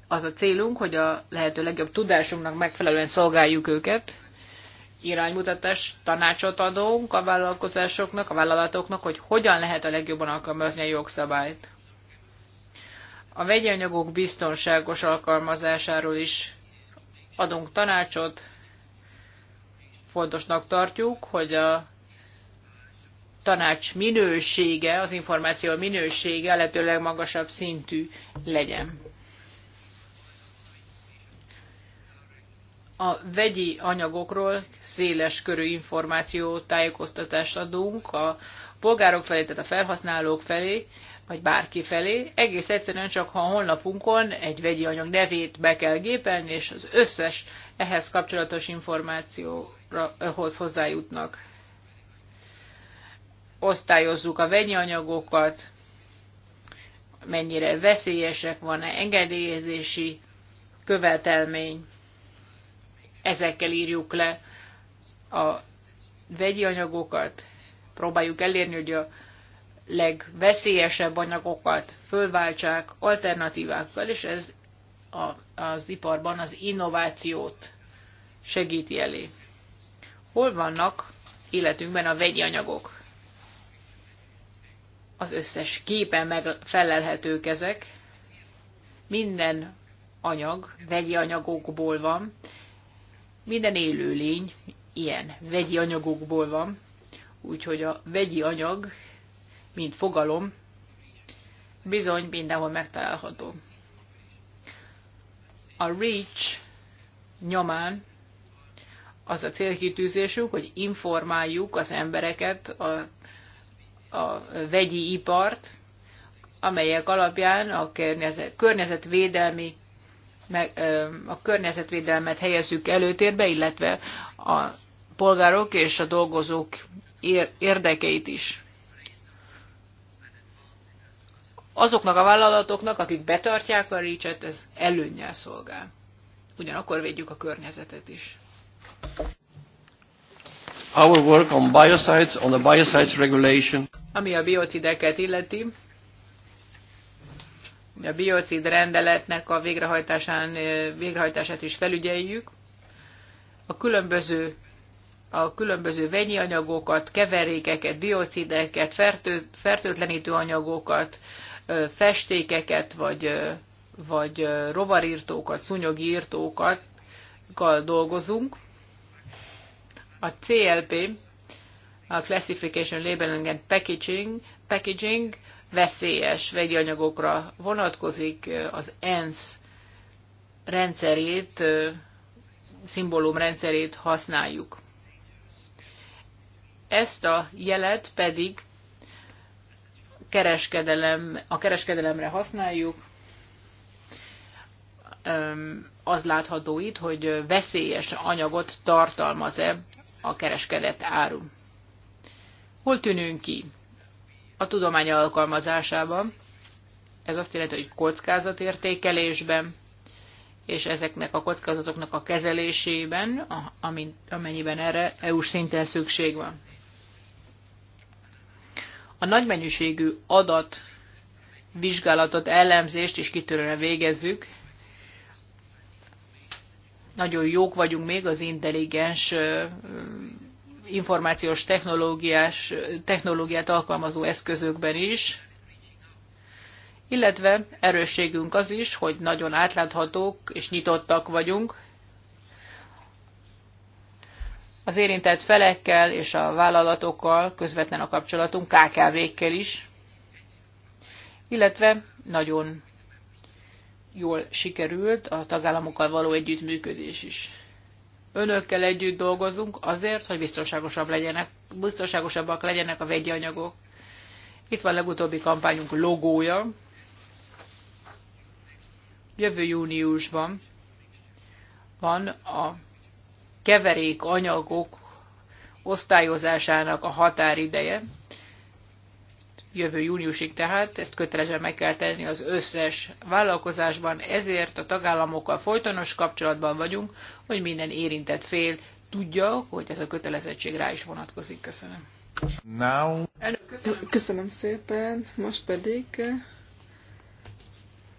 Az a célunk, hogy a lehető legjobb tudásunknak megfelelően szolgáljuk őket. Iránymutatás tanácsot adunk a vállalkozásoknak, a vállalatoknak, hogy hogyan lehet a legjobban alkalmazni a jogszabályt. A vegyi anyagok biztonságos alkalmazásáról is adunk tanácsot, fontosnak tartjuk, hogy a tanács minősége, az információ minősége a magasabb szintű legyen. A vegyi anyagokról széles körű információ tájékoztatást adunk a polgárok felé, tehát a felhasználók felé, vagy bárki felé. Egész egyszerűen csak ha a honlapunkon egy vegyi anyag nevét be kell gépelni, és az összes ehhez kapcsolatos információhoz hozzájutnak. Osztályozzuk a vegyi anyagokat, mennyire veszélyesek, van-e engedélyezési követelmény. Ezekkel írjuk le a vegyi anyagokat, próbáljuk elérni, hogy a legveszélyesebb anyagokat fölváltsák alternatívákkal, és ez a, az iparban az innovációt segíti elé. Hol vannak életünkben a vegyi anyagok? Az összes képen megfelelhetők ezek. Minden anyag vegyi anyagokból van. Minden élőlény ilyen vegyi anyagokból van. Úgyhogy a vegyi anyag, mint fogalom, bizony mindenhol megtalálható. A REACH nyomán az a célkitűzésünk, hogy informáljuk az embereket, a, a vegyi ipart, amelyek alapján a környezet, környezetvédelmi meg, a környezetvédelmet helyezzük előtérbe, illetve a polgárok és a dolgozók érdekeit is. azoknak a vállalatoknak, akik betartják a reach ez előnnyel szolgál. Ugyanakkor védjük a környezetet is. Our work on biocides, on the biocides regulation. Ami a biocideket illeti, a biocid rendeletnek a végrehajtásán, végrehajtását is felügyeljük. A különböző a különböző vegyi anyagokat, keverékeket, biocideket, fertő, fertőtlenítő anyagokat, festékeket, vagy, vagy rovarírtókat, szúnyogírtókat dolgozunk. A CLP, a Classification Labeling and Packaging, packaging veszélyes vegyi anyagokra vonatkozik, az ENSZ rendszerét, szimbólum rendszerét használjuk. Ezt a jelet pedig kereskedelem, a kereskedelemre használjuk, az látható itt, hogy veszélyes anyagot tartalmaz-e a kereskedett áru. Hol tűnünk ki? A tudomány alkalmazásában, ez azt jelenti, hogy kockázatértékelésben, és ezeknek a kockázatoknak a kezelésében, amennyiben erre EU-s szinten szükség van a nagy mennyiségű adat vizsgálatot, ellenzést is kitörően végezzük. Nagyon jók vagyunk még az intelligens információs technológiás, technológiát alkalmazó eszközökben is, illetve erősségünk az is, hogy nagyon átláthatók és nyitottak vagyunk, az érintett felekkel és a vállalatokkal közvetlen a kapcsolatunk, KKV-kkel is, illetve nagyon jól sikerült a tagállamokkal való együttműködés is. Önökkel együtt dolgozunk azért, hogy biztonságosabb legyenek, biztonságosabbak legyenek a vegyi anyagok. Itt van legutóbbi kampányunk logója. Jövő júniusban van a keverék anyagok osztályozásának a határideje. Jövő júniusig tehát ezt kötelezően meg kell tenni az összes vállalkozásban, ezért a tagállamokkal folytonos kapcsolatban vagyunk, hogy minden érintett fél tudja, hogy ez a kötelezettség rá is vonatkozik. Köszönöm. Now... Köszönöm. Köszönöm szépen, most pedig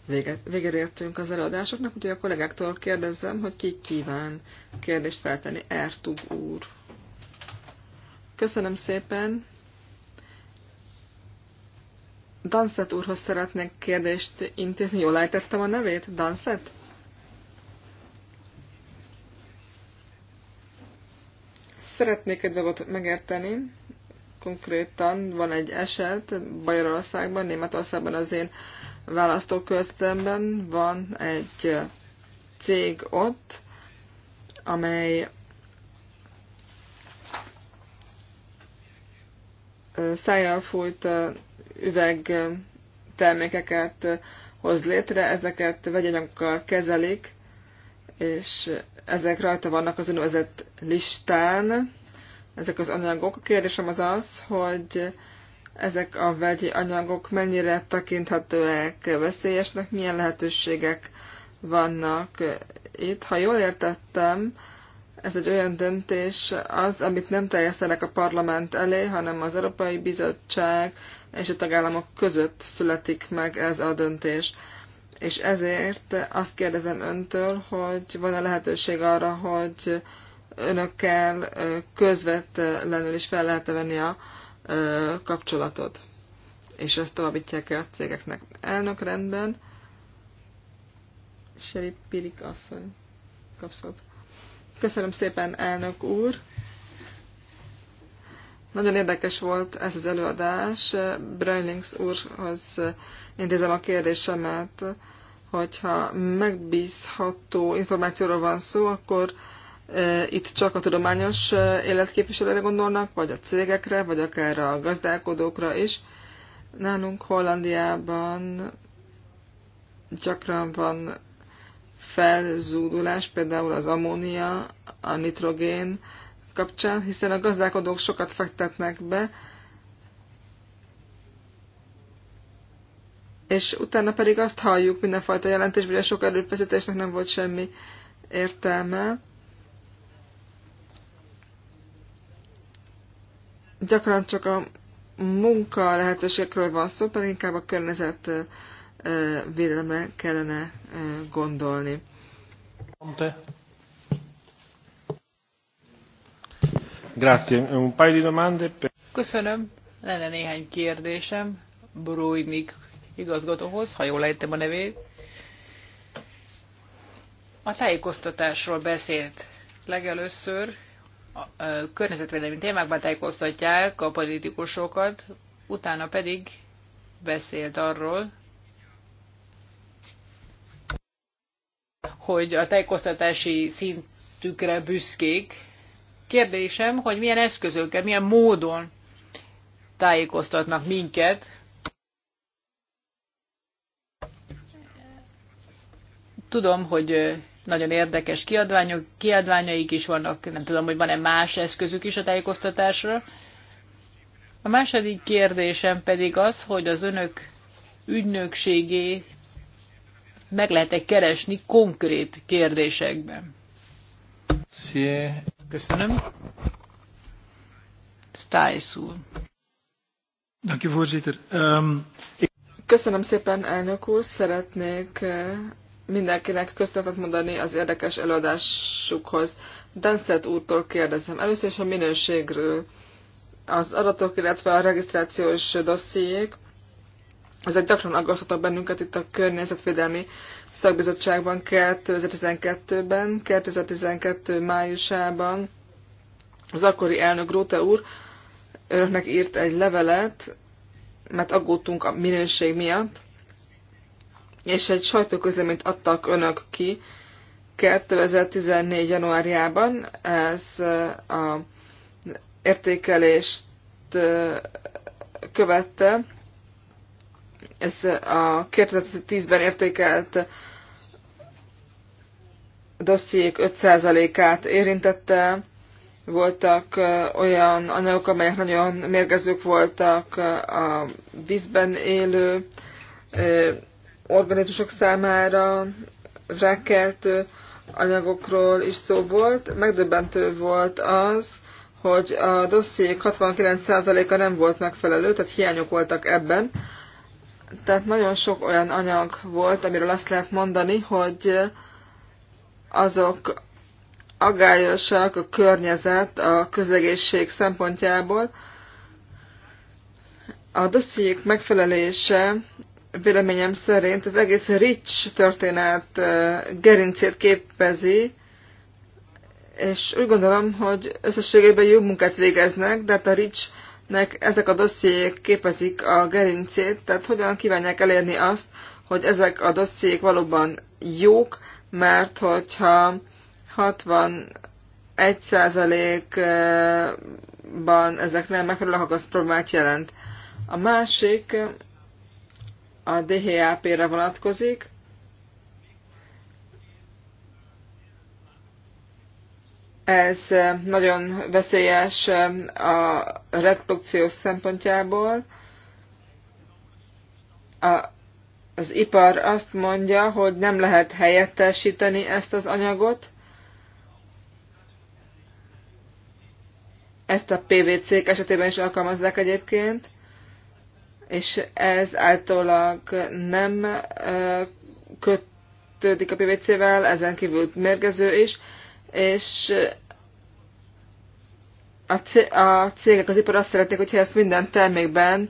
véget, végére értünk az előadásoknak, úgyhogy a kollégáktól kérdezzem, hogy ki kíván kérdést feltenni. Ertug úr. Köszönöm szépen. Danszett úrhoz szeretnék kérdést intézni. Jól ejtettem a nevét? Danszett? Szeretnék egy dolgot megérteni. Konkrétan van egy eset Bajorországban, Németországban az én választóközben van egy cég ott, amely szájjal fújt üveg termékeket hoz létre, ezeket vegyanyagokkal kezelik, és ezek rajta vannak az úgynevezett listán, ezek az anyagok. A kérdésem az az, hogy ezek a vegyi anyagok mennyire tekinthetőek veszélyesnek, milyen lehetőségek vannak itt. Ha jól értettem, ez egy olyan döntés az, amit nem teljesztenek a parlament elé, hanem az Európai Bizottság és a tagállamok között születik meg ez a döntés. És ezért azt kérdezem öntől, hogy van-e lehetőség arra, hogy önökkel közvetlenül is fel lehet venni a kapcsolatot, és ezt továbbítják el a cégeknek. Elnök rendben, Seri Pirik asszony kapszott. Köszönöm szépen, elnök úr! Nagyon érdekes volt ez az előadás. Brönlings úrhoz intézem a kérdésemet, hogyha megbízható információról van szó, akkor itt csak a tudományos életképviselőre gondolnak, vagy a cégekre, vagy akár a gazdálkodókra is. Nálunk Hollandiában gyakran van felzúdulás, például az ammónia, a nitrogén kapcsán, hiszen a gazdálkodók sokat fektetnek be, és utána pedig azt halljuk mindenfajta jelentésben, hogy a sok erőfeszítésnek nem volt semmi értelme. gyakran csak a munka lehetőségekről van szó, pedig inkább a környezet védelemre kellene gondolni. Ponte. Grazie. Un paio di domande. Per... Köszönöm. Lenne néhány kérdésem Bruinig igazgatóhoz, ha jól lejtem a nevét. A tájékoztatásról beszélt legelőször, környezetvédelmi témákban tájékoztatják a politikusokat, utána pedig beszélt arról, hogy a tájékoztatási szintükre büszkék. Kérdésem, hogy milyen eszközökkel, milyen módon tájékoztatnak minket. Tudom, hogy nagyon érdekes kiadványok, kiadványaik is vannak, nem tudom, hogy van-e más eszközük is a tájékoztatásra. A második kérdésem pedig az, hogy az önök ügynökségé meg lehet-e keresni konkrét kérdésekben. Szia. Köszönöm. Stiles úr. Ehm, Köszönöm szépen, elnök úr. Szeretnék eh, mindenkinek köszönetet mondani az érdekes előadásukhoz. Denszett úrtól kérdezem. Először is a minőségről. Az adatok, illetve a regisztrációs dossziék, ezek gyakran aggasztottak bennünket itt a Környezetvédelmi Szakbizottságban 2012-ben, 2012 májusában az akkori elnök Róta úr önöknek írt egy levelet, mert aggódtunk a minőség miatt, és egy sajtóközleményt adtak önök ki 2014. januárjában. Ez a értékelést követte. Ez a 2010-ben értékelt dossziék 5%-át érintette. Voltak olyan anyagok, amelyek nagyon mérgezők voltak a vízben élő organizmusok számára rákeltő anyagokról is szó volt. Megdöbbentő volt az, hogy a dossziék 69%-a nem volt megfelelő, tehát hiányok voltak ebben. Tehát nagyon sok olyan anyag volt, amiről azt lehet mondani, hogy azok agályosak a környezet, a közegészség szempontjából. A dossziék megfelelése véleményem szerint az egész rich történet gerincét képezi, és úgy gondolom, hogy összességében jó munkát végeznek, de hát a Richnek nek ezek a dossziék képezik a gerincét, tehát hogyan kívánják elérni azt, hogy ezek a dossziék valóban jók, mert hogyha 61%-ban ezek nem megfelelőek, akkor az problémát jelent. A másik a DHAP-re vonatkozik. Ez nagyon veszélyes a reprodukció szempontjából. A, az ipar azt mondja, hogy nem lehet helyettesíteni ezt az anyagot, Ezt a PVC-k esetében is alkalmazzák egyébként és ez általában nem kötődik a PVC-vel, ezen kívül mérgező is, és a cégek, az ipar azt szeretnék, hogyha ezt minden termékben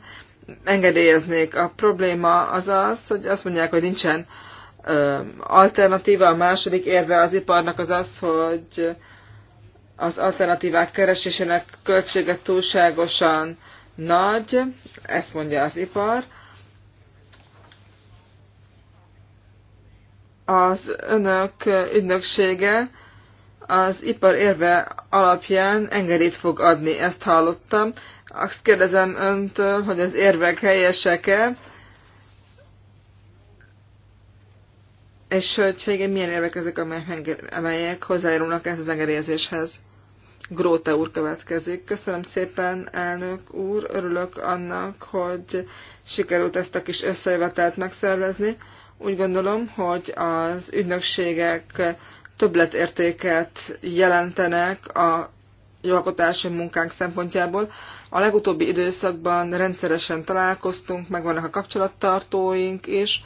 engedélyeznék. A probléma az az, hogy azt mondják, hogy nincsen alternatíva. A második érve az iparnak az az, hogy az alternatívák keresésének költsége túlságosan nagy, ezt mondja az ipar. Az önök ügynöksége az ipar érve alapján engedélyt fog adni, ezt hallottam. Azt kérdezem öntől, hogy az érvek helyesek-e, és hogy végén milyen érvek ezek, amelyek hozzájárulnak ehhez az engedélyezéshez. Gróta úr következik. Köszönöm szépen, elnök úr, örülök annak, hogy sikerült ezt a kis összejövetelt megszervezni. Úgy gondolom, hogy az ügynökségek többletértéket jelentenek a jogalkotási munkánk szempontjából. A legutóbbi időszakban rendszeresen találkoztunk, megvannak a kapcsolattartóink is,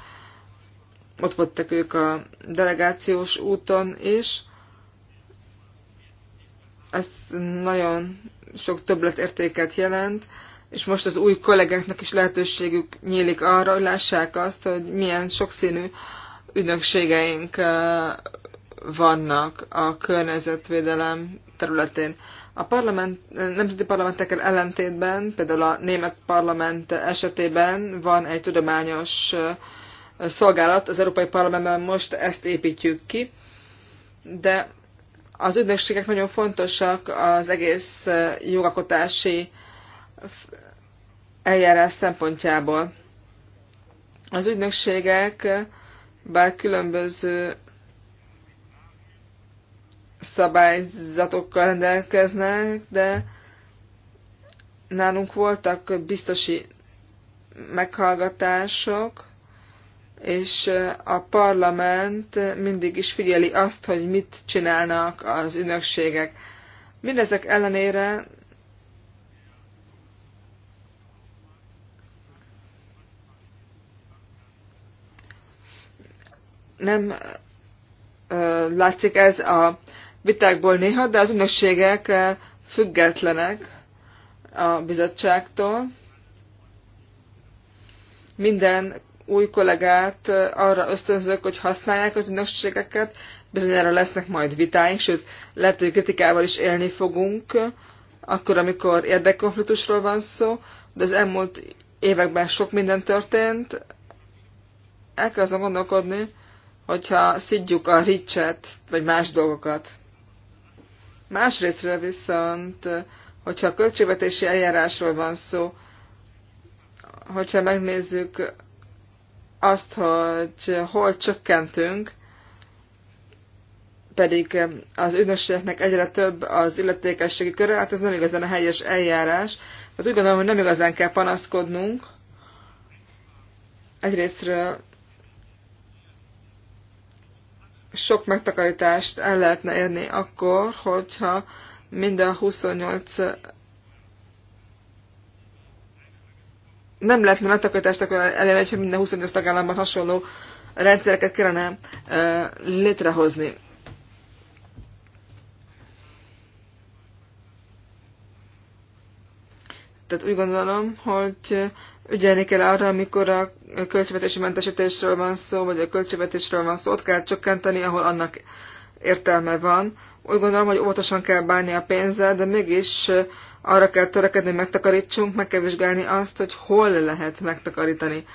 ott voltak ők a delegációs úton is, ez nagyon sok többletértéket jelent, és most az új kollégáknak is lehetőségük nyílik arra, hogy lássák azt, hogy milyen sokszínű ügynökségeink vannak a környezetvédelem területén. A parlament, nemzeti parlamentekkel ellentétben, például a német parlament esetében van egy tudományos szolgálat, az Európai Parlamentben most ezt építjük ki, de az ügynökségek nagyon fontosak az egész jogakotási eljárás szempontjából. Az ügynökségek bár különböző szabályzatokkal rendelkeznek, de nálunk voltak biztosi meghallgatások, és a parlament mindig is figyeli azt, hogy mit csinálnak az ünökségek. Mindezek ellenére nem ö, látszik ez a vitákból néha, de az ügynökségek függetlenek a bizottságtól. Minden új kollégát arra ösztönzök, hogy használják az ünnepségeket, bizonyára lesznek majd vitáink, sőt, lehet, hogy kritikával is élni fogunk, akkor, amikor érdekkonfliktusról van szó, de az elmúlt években sok minden történt. El kell azon gondolkodni, hogyha szidjuk a ricset, vagy más dolgokat. Másrésztről viszont, hogyha a költségvetési eljárásról van szó, hogyha megnézzük azt, hogy hol csökkentünk, pedig az ügynökségeknek egyre több az illetékességi köre, hát ez nem igazán a helyes eljárás. Tehát úgy gondolom, hogy nem igazán kell panaszkodnunk. Egyrésztről sok megtakarítást el lehetne érni akkor, hogyha mind a 28 nem lehetne megtakarítást elérni, hogyha minden 28 tagállamban hasonló rendszereket kellene létrehozni. Tehát úgy gondolom, hogy ügyelni kell arra, amikor a költségvetési mentesítésről van szó, vagy a költségvetésről van szó, ott kell csökkenteni, ahol annak értelme van. Úgy gondolom, hogy óvatosan kell bánni a pénzzel, de mégis arra kell törekedni, hogy megtakarítsunk, meg kell vizsgálni azt, hogy hol lehet megtakarítani.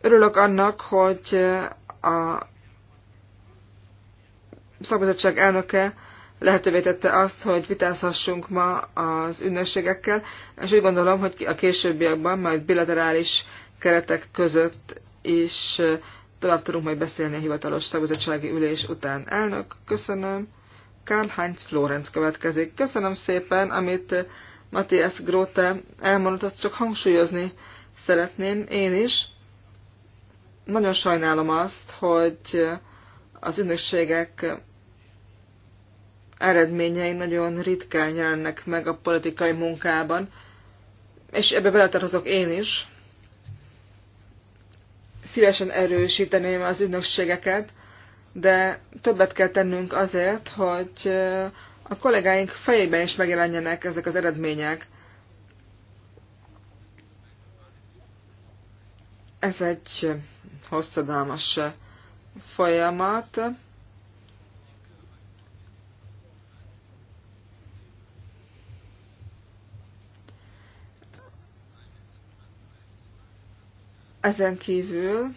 Örülök annak, hogy a szakbizottság elnöke lehetővé tette azt, hogy vitázhassunk ma az ünnepségekkel, és úgy gondolom, hogy a későbbiekben majd bilaterális keretek között is tovább tudunk majd beszélni a hivatalos szakbizottsági ülés után. Elnök, köszönöm. Karl-Heinz Florenz következik. Köszönöm szépen, amit Matthias Grote elmondott, azt csak hangsúlyozni szeretném én is. Nagyon sajnálom azt, hogy az ünnökségek eredményei nagyon ritkán jelennek meg a politikai munkában, és ebbe beletartozok én is. Szívesen erősíteném az ünnökségeket, de többet kell tennünk azért, hogy a kollégáink fejében is megjelenjenek ezek az eredmények. Ez egy hosszadalmas folyamat. Ezen kívül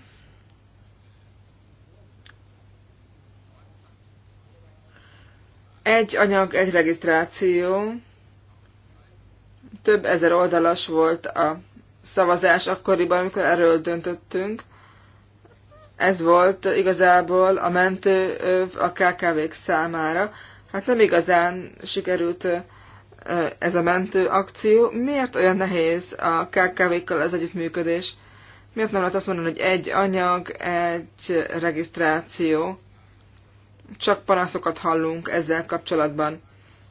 Egy anyag, egy regisztráció. Több ezer oldalas volt a szavazás akkoriban, amikor erről döntöttünk. Ez volt igazából a mentő a KKV-k számára. Hát nem igazán sikerült ez a mentő akció. Miért olyan nehéz a KKV-kkal az együttműködés? Miért nem lehet azt mondani, hogy egy anyag, egy regisztráció? csak panaszokat hallunk ezzel kapcsolatban.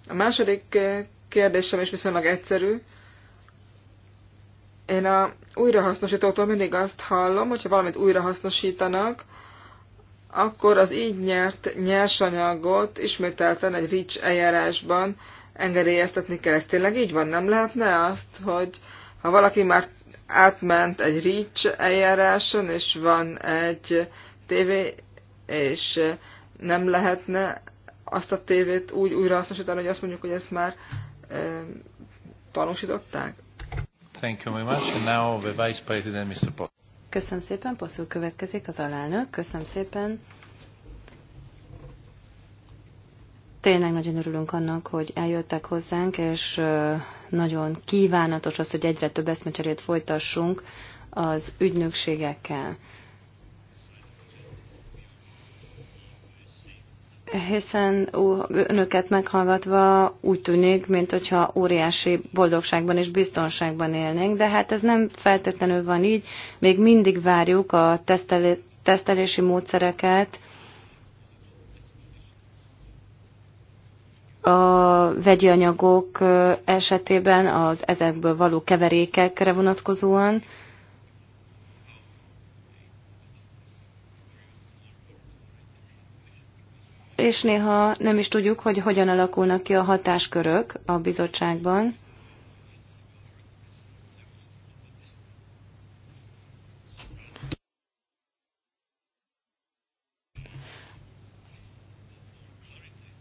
A második eh, kérdésem is viszonylag egyszerű. Én a újrahasznosítótól mindig azt hallom, hogyha valamit újrahasznosítanak, akkor az így nyert nyersanyagot ismételten egy rics eljárásban engedélyeztetni kell. Ez tényleg így van? Nem lehetne azt, hogy ha valaki már átment egy rics eljáráson, és van egy TV és nem lehetne azt a tévét úgy újra hasznosítani, hogy azt mondjuk, hogy ezt már e, tanúsították? Thank you very much. And now the Vice President, Mr. Post. Köszönöm szépen, Poszul következik az alelnök. Köszönöm szépen. Tényleg nagyon örülünk annak, hogy eljöttek hozzánk, és nagyon kívánatos az, hogy egyre több eszmecserét folytassunk az ügynökségekkel. hiszen ó, önöket meghallgatva úgy tűnik, mint hogyha óriási boldogságban és biztonságban élnénk, de hát ez nem feltétlenül van így. Még mindig várjuk a tesztelé, tesztelési módszereket, a vegyi anyagok esetében az ezekből való keverékekre vonatkozóan, és néha nem is tudjuk, hogy hogyan alakulnak ki a hatáskörök a bizottságban.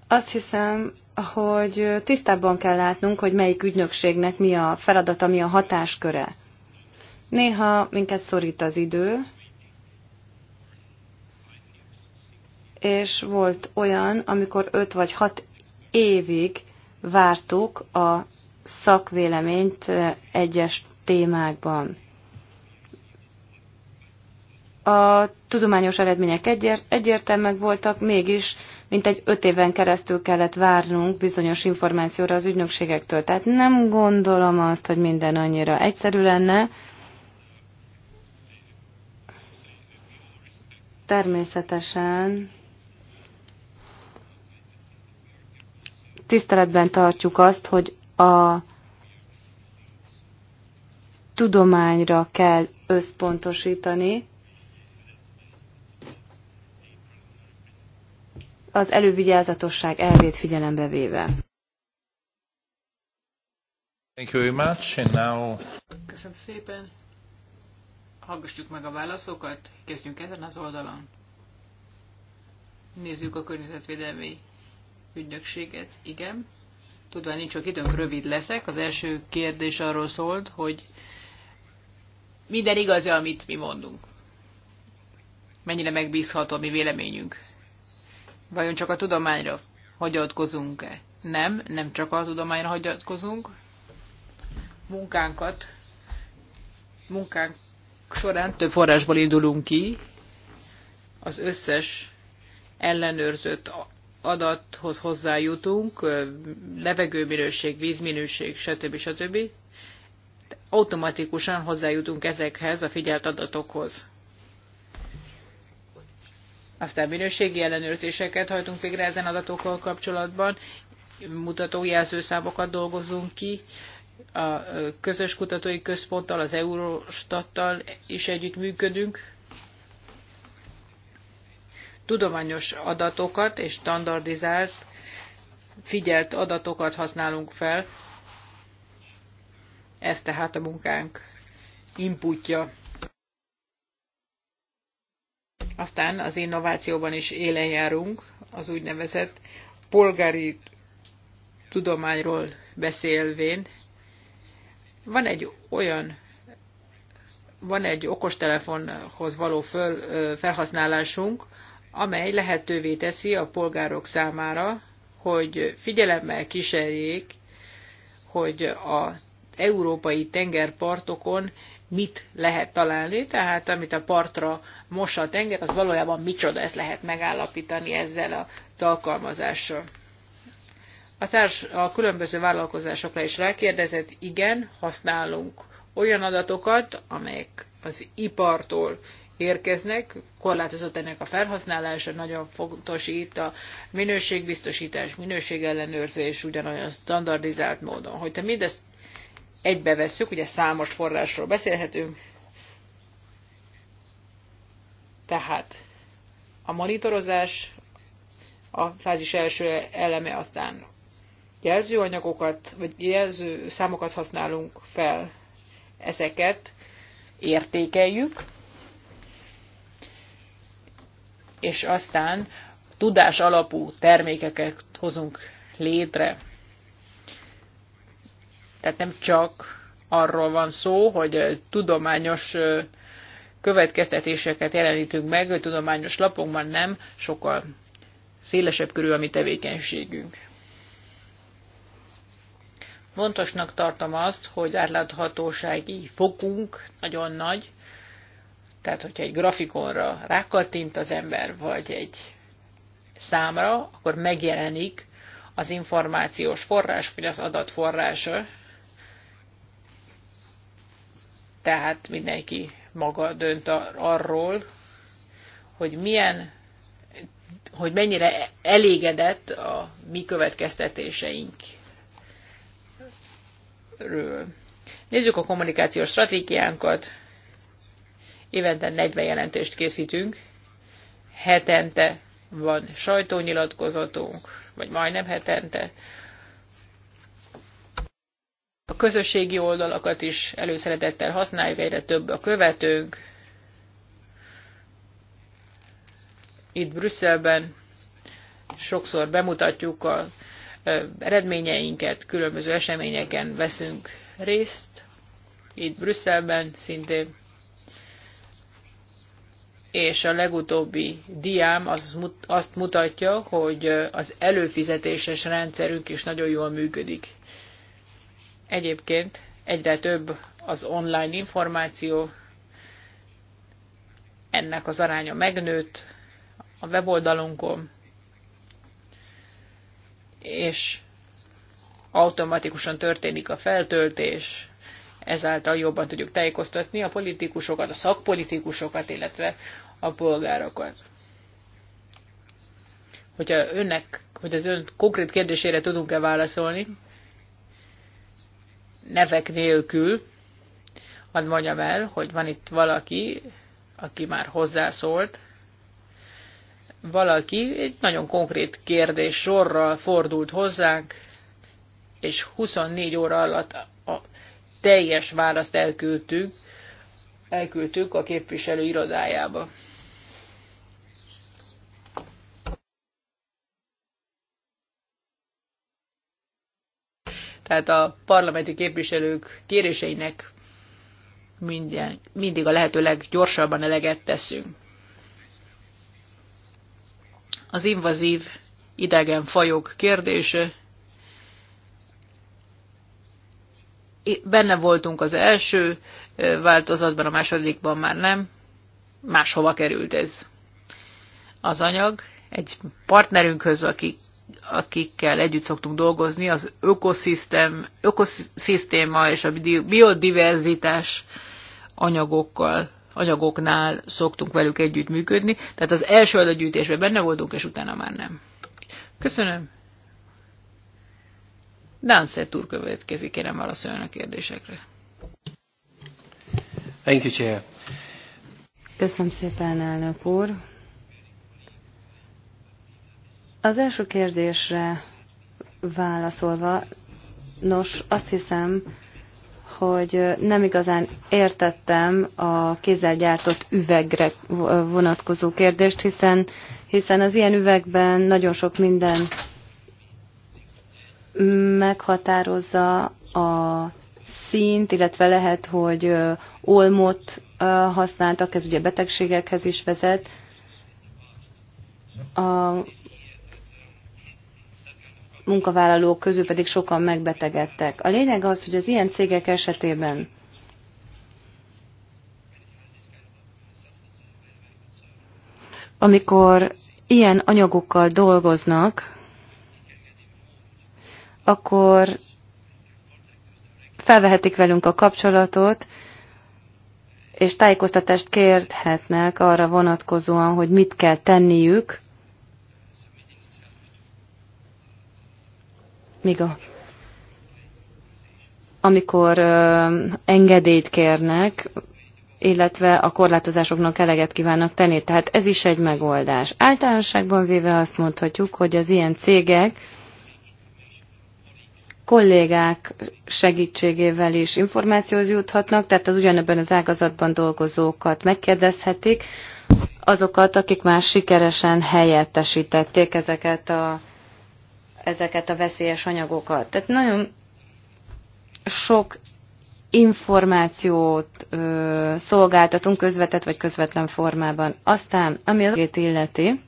Azt hiszem, hogy tisztában kell látnunk, hogy melyik ügynökségnek mi a feladata, mi a hatásköre. Néha minket szorít az idő, és volt olyan, amikor 5 vagy 6 évig vártuk a szakvéleményt egyes témákban. A tudományos eredmények egyért, egyértelműek voltak, mégis mint egy öt éven keresztül kellett várnunk bizonyos információra az ügynökségektől. Tehát nem gondolom azt, hogy minden annyira egyszerű lenne. Természetesen tiszteletben tartjuk azt, hogy a tudományra kell összpontosítani, az elővigyázatosság elvét figyelembe véve. Thank you very much, and now... Köszönöm szépen. Hallgassuk meg a válaszokat, kezdjünk ezen az oldalon. Nézzük a környezetvédelmi ügynökséget. Igen. Tudva, nincs csak időnk, rövid leszek. Az első kérdés arról szólt, hogy minden igaz -e, amit mi mondunk. Mennyire megbízható a mi véleményünk. Vajon csak a tudományra hagyatkozunk-e? Nem, nem csak a tudományra hagyatkozunk. Munkánkat, munkánk során több forrásból indulunk ki, az összes ellenőrzött adathoz hozzájutunk, levegőminőség, vízminőség, stb. stb. Automatikusan hozzájutunk ezekhez a figyelt adatokhoz. Aztán minőségi ellenőrzéseket hajtunk végre ezen adatokkal kapcsolatban, mutató jelzőszámokat dolgozunk ki, a közös kutatói központtal, az Eurostattal is együttműködünk, tudományos adatokat és standardizált, figyelt adatokat használunk fel. Ez tehát a munkánk inputja. Aztán az innovációban is élen járunk, az úgynevezett polgári tudományról beszélvén. Van egy olyan van egy okostelefonhoz való föl, felhasználásunk, amely lehetővé teszi a polgárok számára, hogy figyelemmel kísérjék, hogy a európai tengerpartokon mit lehet találni, tehát amit a partra mossa a tenger, az valójában micsoda, ezt lehet megállapítani ezzel az alkalmazással. A, társ, a különböző vállalkozásokra is rákérdezett, igen, használunk olyan adatokat, amelyek az ipartól érkeznek, korlátozott ennek a felhasználása, nagyon fontos itt a minőségbiztosítás, minőségellenőrzés ugyanolyan standardizált módon. Hogyha mindezt egybevesszük, ugye számos forrásról beszélhetünk, tehát a monitorozás a fázis első eleme, aztán jelzőanyagokat, vagy jelző számokat használunk fel, ezeket értékeljük, és aztán tudás alapú termékeket hozunk létre. Tehát nem csak arról van szó, hogy tudományos következtetéseket jelenítünk meg, hogy tudományos lapokban nem, sokkal szélesebb körül a mi tevékenységünk. Fontosnak tartom azt, hogy átláthatósági fokunk nagyon nagy, tehát, hogyha egy grafikonra rákattint az ember, vagy egy számra, akkor megjelenik az információs forrás, vagy az adat forrása. Tehát mindenki maga dönt arról, hogy milyen, hogy mennyire elégedett a mi következtetéseinkről. Nézzük a kommunikációs stratégiánkat. Évente 40 jelentést készítünk, hetente van sajtónyilatkozatunk, vagy majdnem hetente. A közösségi oldalakat is előszeretettel használjuk, egyre több a követőnk. Itt Brüsszelben sokszor bemutatjuk a eredményeinket, különböző eseményeken veszünk részt. Itt Brüsszelben szintén és a legutóbbi diám az, azt mutatja, hogy az előfizetéses rendszerünk is nagyon jól működik. Egyébként egyre több az online információ, ennek az aránya megnőtt a weboldalunkon, és automatikusan történik a feltöltés, ezáltal jobban tudjuk tájékoztatni a politikusokat, a szakpolitikusokat, illetve a polgárokat. Hogyha önnek, hogy az ön konkrét kérdésére tudunk-e válaszolni, nevek nélkül, hadd mondjam el, hogy van itt valaki, aki már hozzászólt, valaki egy nagyon konkrét kérdés sorral fordult hozzánk, és 24 óra alatt teljes választ elküldtük, elküldtük a képviselő irodájába. Tehát a parlamenti képviselők kéréseinek minden, mindig a lehető leggyorsabban eleget teszünk. Az invazív idegen fajok kérdése benne voltunk az első változatban, a másodikban már nem. Máshova került ez az anyag. Egy partnerünkhöz, akik, akikkel együtt szoktunk dolgozni, az ökoszisztém, ökoszisztéma és a biodiverzitás anyagokkal, anyagoknál szoktunk velük együtt működni. Tehát az első adagyűjtésben benne voltunk, és utána már nem. Köszönöm. Dánszert úr következik, kérem válaszoljon a kérdésekre. Thank you, Chair. Köszönöm szépen, elnök úr. Az első kérdésre válaszolva, nos, azt hiszem, hogy nem igazán értettem a kézzel gyártott üvegre vonatkozó kérdést, hiszen, hiszen az ilyen üvegben nagyon sok minden meghatározza a szint, illetve lehet, hogy olmot használtak, ez ugye betegségekhez is vezet. A munkavállalók közül pedig sokan megbetegedtek. A lényeg az, hogy az ilyen cégek esetében amikor ilyen anyagokkal dolgoznak, akkor felvehetik velünk a kapcsolatot, és tájékoztatást kérhetnek arra vonatkozóan, hogy mit kell tenniük, míg a, amikor ö, engedélyt kérnek, illetve a korlátozásoknak eleget kívánnak tenni. Tehát ez is egy megoldás. Általánosságban véve azt mondhatjuk, hogy az ilyen cégek kollégák segítségével is információhoz juthatnak, tehát az ugyanebben az ágazatban dolgozókat megkérdezhetik, azokat, akik már sikeresen helyettesítették ezeket a, ezeket a veszélyes anyagokat. Tehát nagyon sok információt ö, szolgáltatunk közvetett vagy közvetlen formában. Aztán, ami az illeti,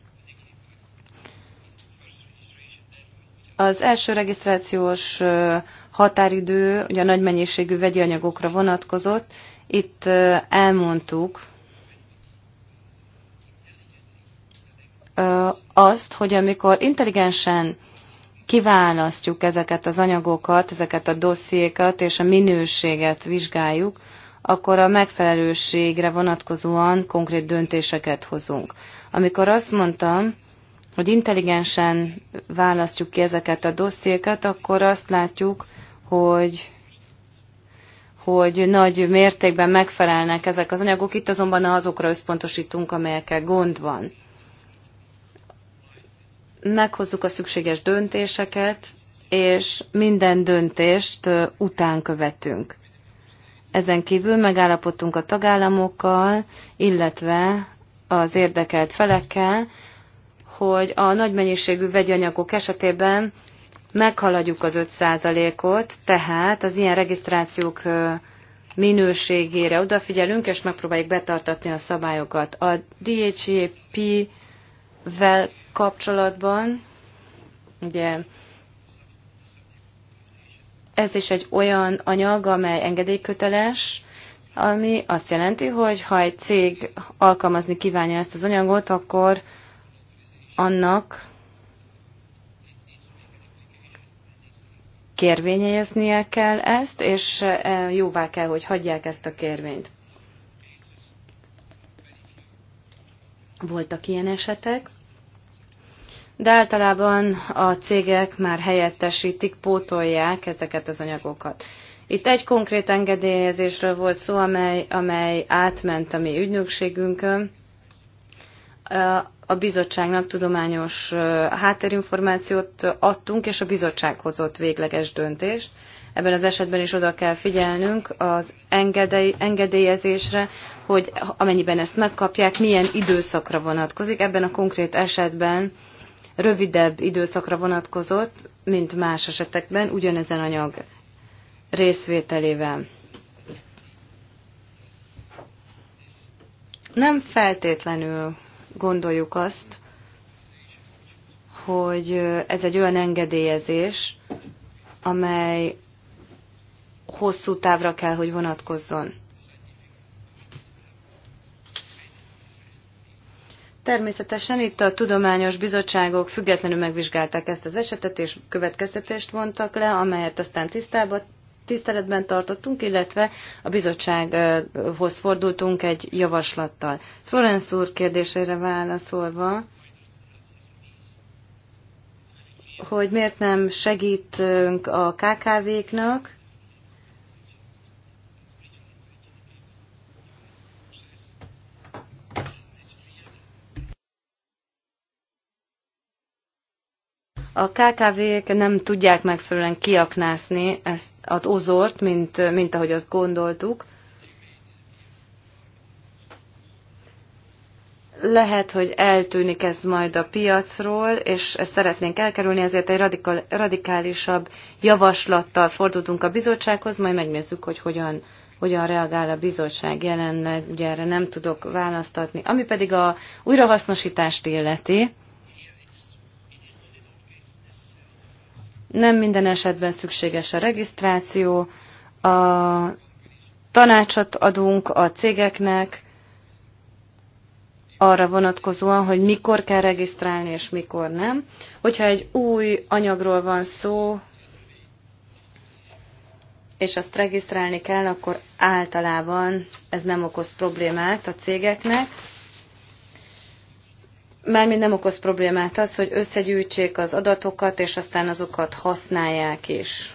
Az első regisztrációs határidő ugye a nagy mennyiségű vegyi anyagokra vonatkozott. Itt elmondtuk azt, hogy amikor intelligensen kiválasztjuk ezeket az anyagokat, ezeket a dossziékat és a minőséget vizsgáljuk, akkor a megfelelőségre vonatkozóan konkrét döntéseket hozunk. Amikor azt mondtam, hogy intelligensen választjuk ki ezeket a dossziékat, akkor azt látjuk, hogy hogy nagy mértékben megfelelnek ezek az anyagok, itt azonban azokra összpontosítunk, amelyekkel gond van. Meghozzuk a szükséges döntéseket, és minden döntést után követünk. Ezen kívül megállapodtunk a tagállamokkal, illetve az érdekelt felekkel, hogy a nagy mennyiségű vegyanyagok esetében meghaladjuk az 5%-ot, tehát az ilyen regisztrációk minőségére odafigyelünk, és megpróbáljuk betartatni a szabályokat. A DHEP-vel kapcsolatban, ugye ez is egy olyan anyag, amely engedélyköteles, ami azt jelenti, hogy ha egy cég alkalmazni kívánja ezt az anyagot, akkor annak kérvényeznie kell ezt, és e, jóvá kell, hogy hagyják ezt a kérvényt. Voltak ilyen esetek, de általában a cégek már helyettesítik, pótolják ezeket az anyagokat. Itt egy konkrét engedélyezésről volt szó, amely, amely átment a mi ügynökségünkön a bizottságnak tudományos háttérinformációt adtunk, és a bizottság hozott végleges döntést. Ebben az esetben is oda kell figyelnünk az engedély, engedélyezésre, hogy amennyiben ezt megkapják, milyen időszakra vonatkozik. Ebben a konkrét esetben rövidebb időszakra vonatkozott, mint más esetekben ugyanezen anyag részvételével. Nem feltétlenül gondoljuk azt, hogy ez egy olyan engedélyezés, amely hosszú távra kell, hogy vonatkozzon. Természetesen itt a tudományos bizottságok függetlenül megvizsgálták ezt az esetet, és következtetést vontak le, amelyet aztán tisztába tiszteletben tartottunk, illetve a bizottsághoz fordultunk egy javaslattal. Florence úr kérdésére válaszolva, hogy miért nem segítünk a KKV-knak, A KKV-k nem tudják megfelelően kiaknászni ezt az ozort, mint, mint ahogy azt gondoltuk. lehet, hogy eltűnik ez majd a piacról, és ezt szeretnénk elkerülni, ezért egy radikal, radikálisabb javaslattal fordultunk a bizottsághoz, majd megnézzük, hogy hogyan, hogyan reagál a bizottság jelenleg, ugye erre nem tudok választatni. Ami pedig a újrahasznosítást illeti, nem minden esetben szükséges a regisztráció, a tanácsot adunk a cégeknek arra vonatkozóan, hogy mikor kell regisztrálni és mikor nem. Hogyha egy új anyagról van szó, és azt regisztrálni kell, akkor általában ez nem okoz problémát a cégeknek mármint nem okoz problémát az, hogy összegyűjtsék az adatokat, és aztán azokat használják is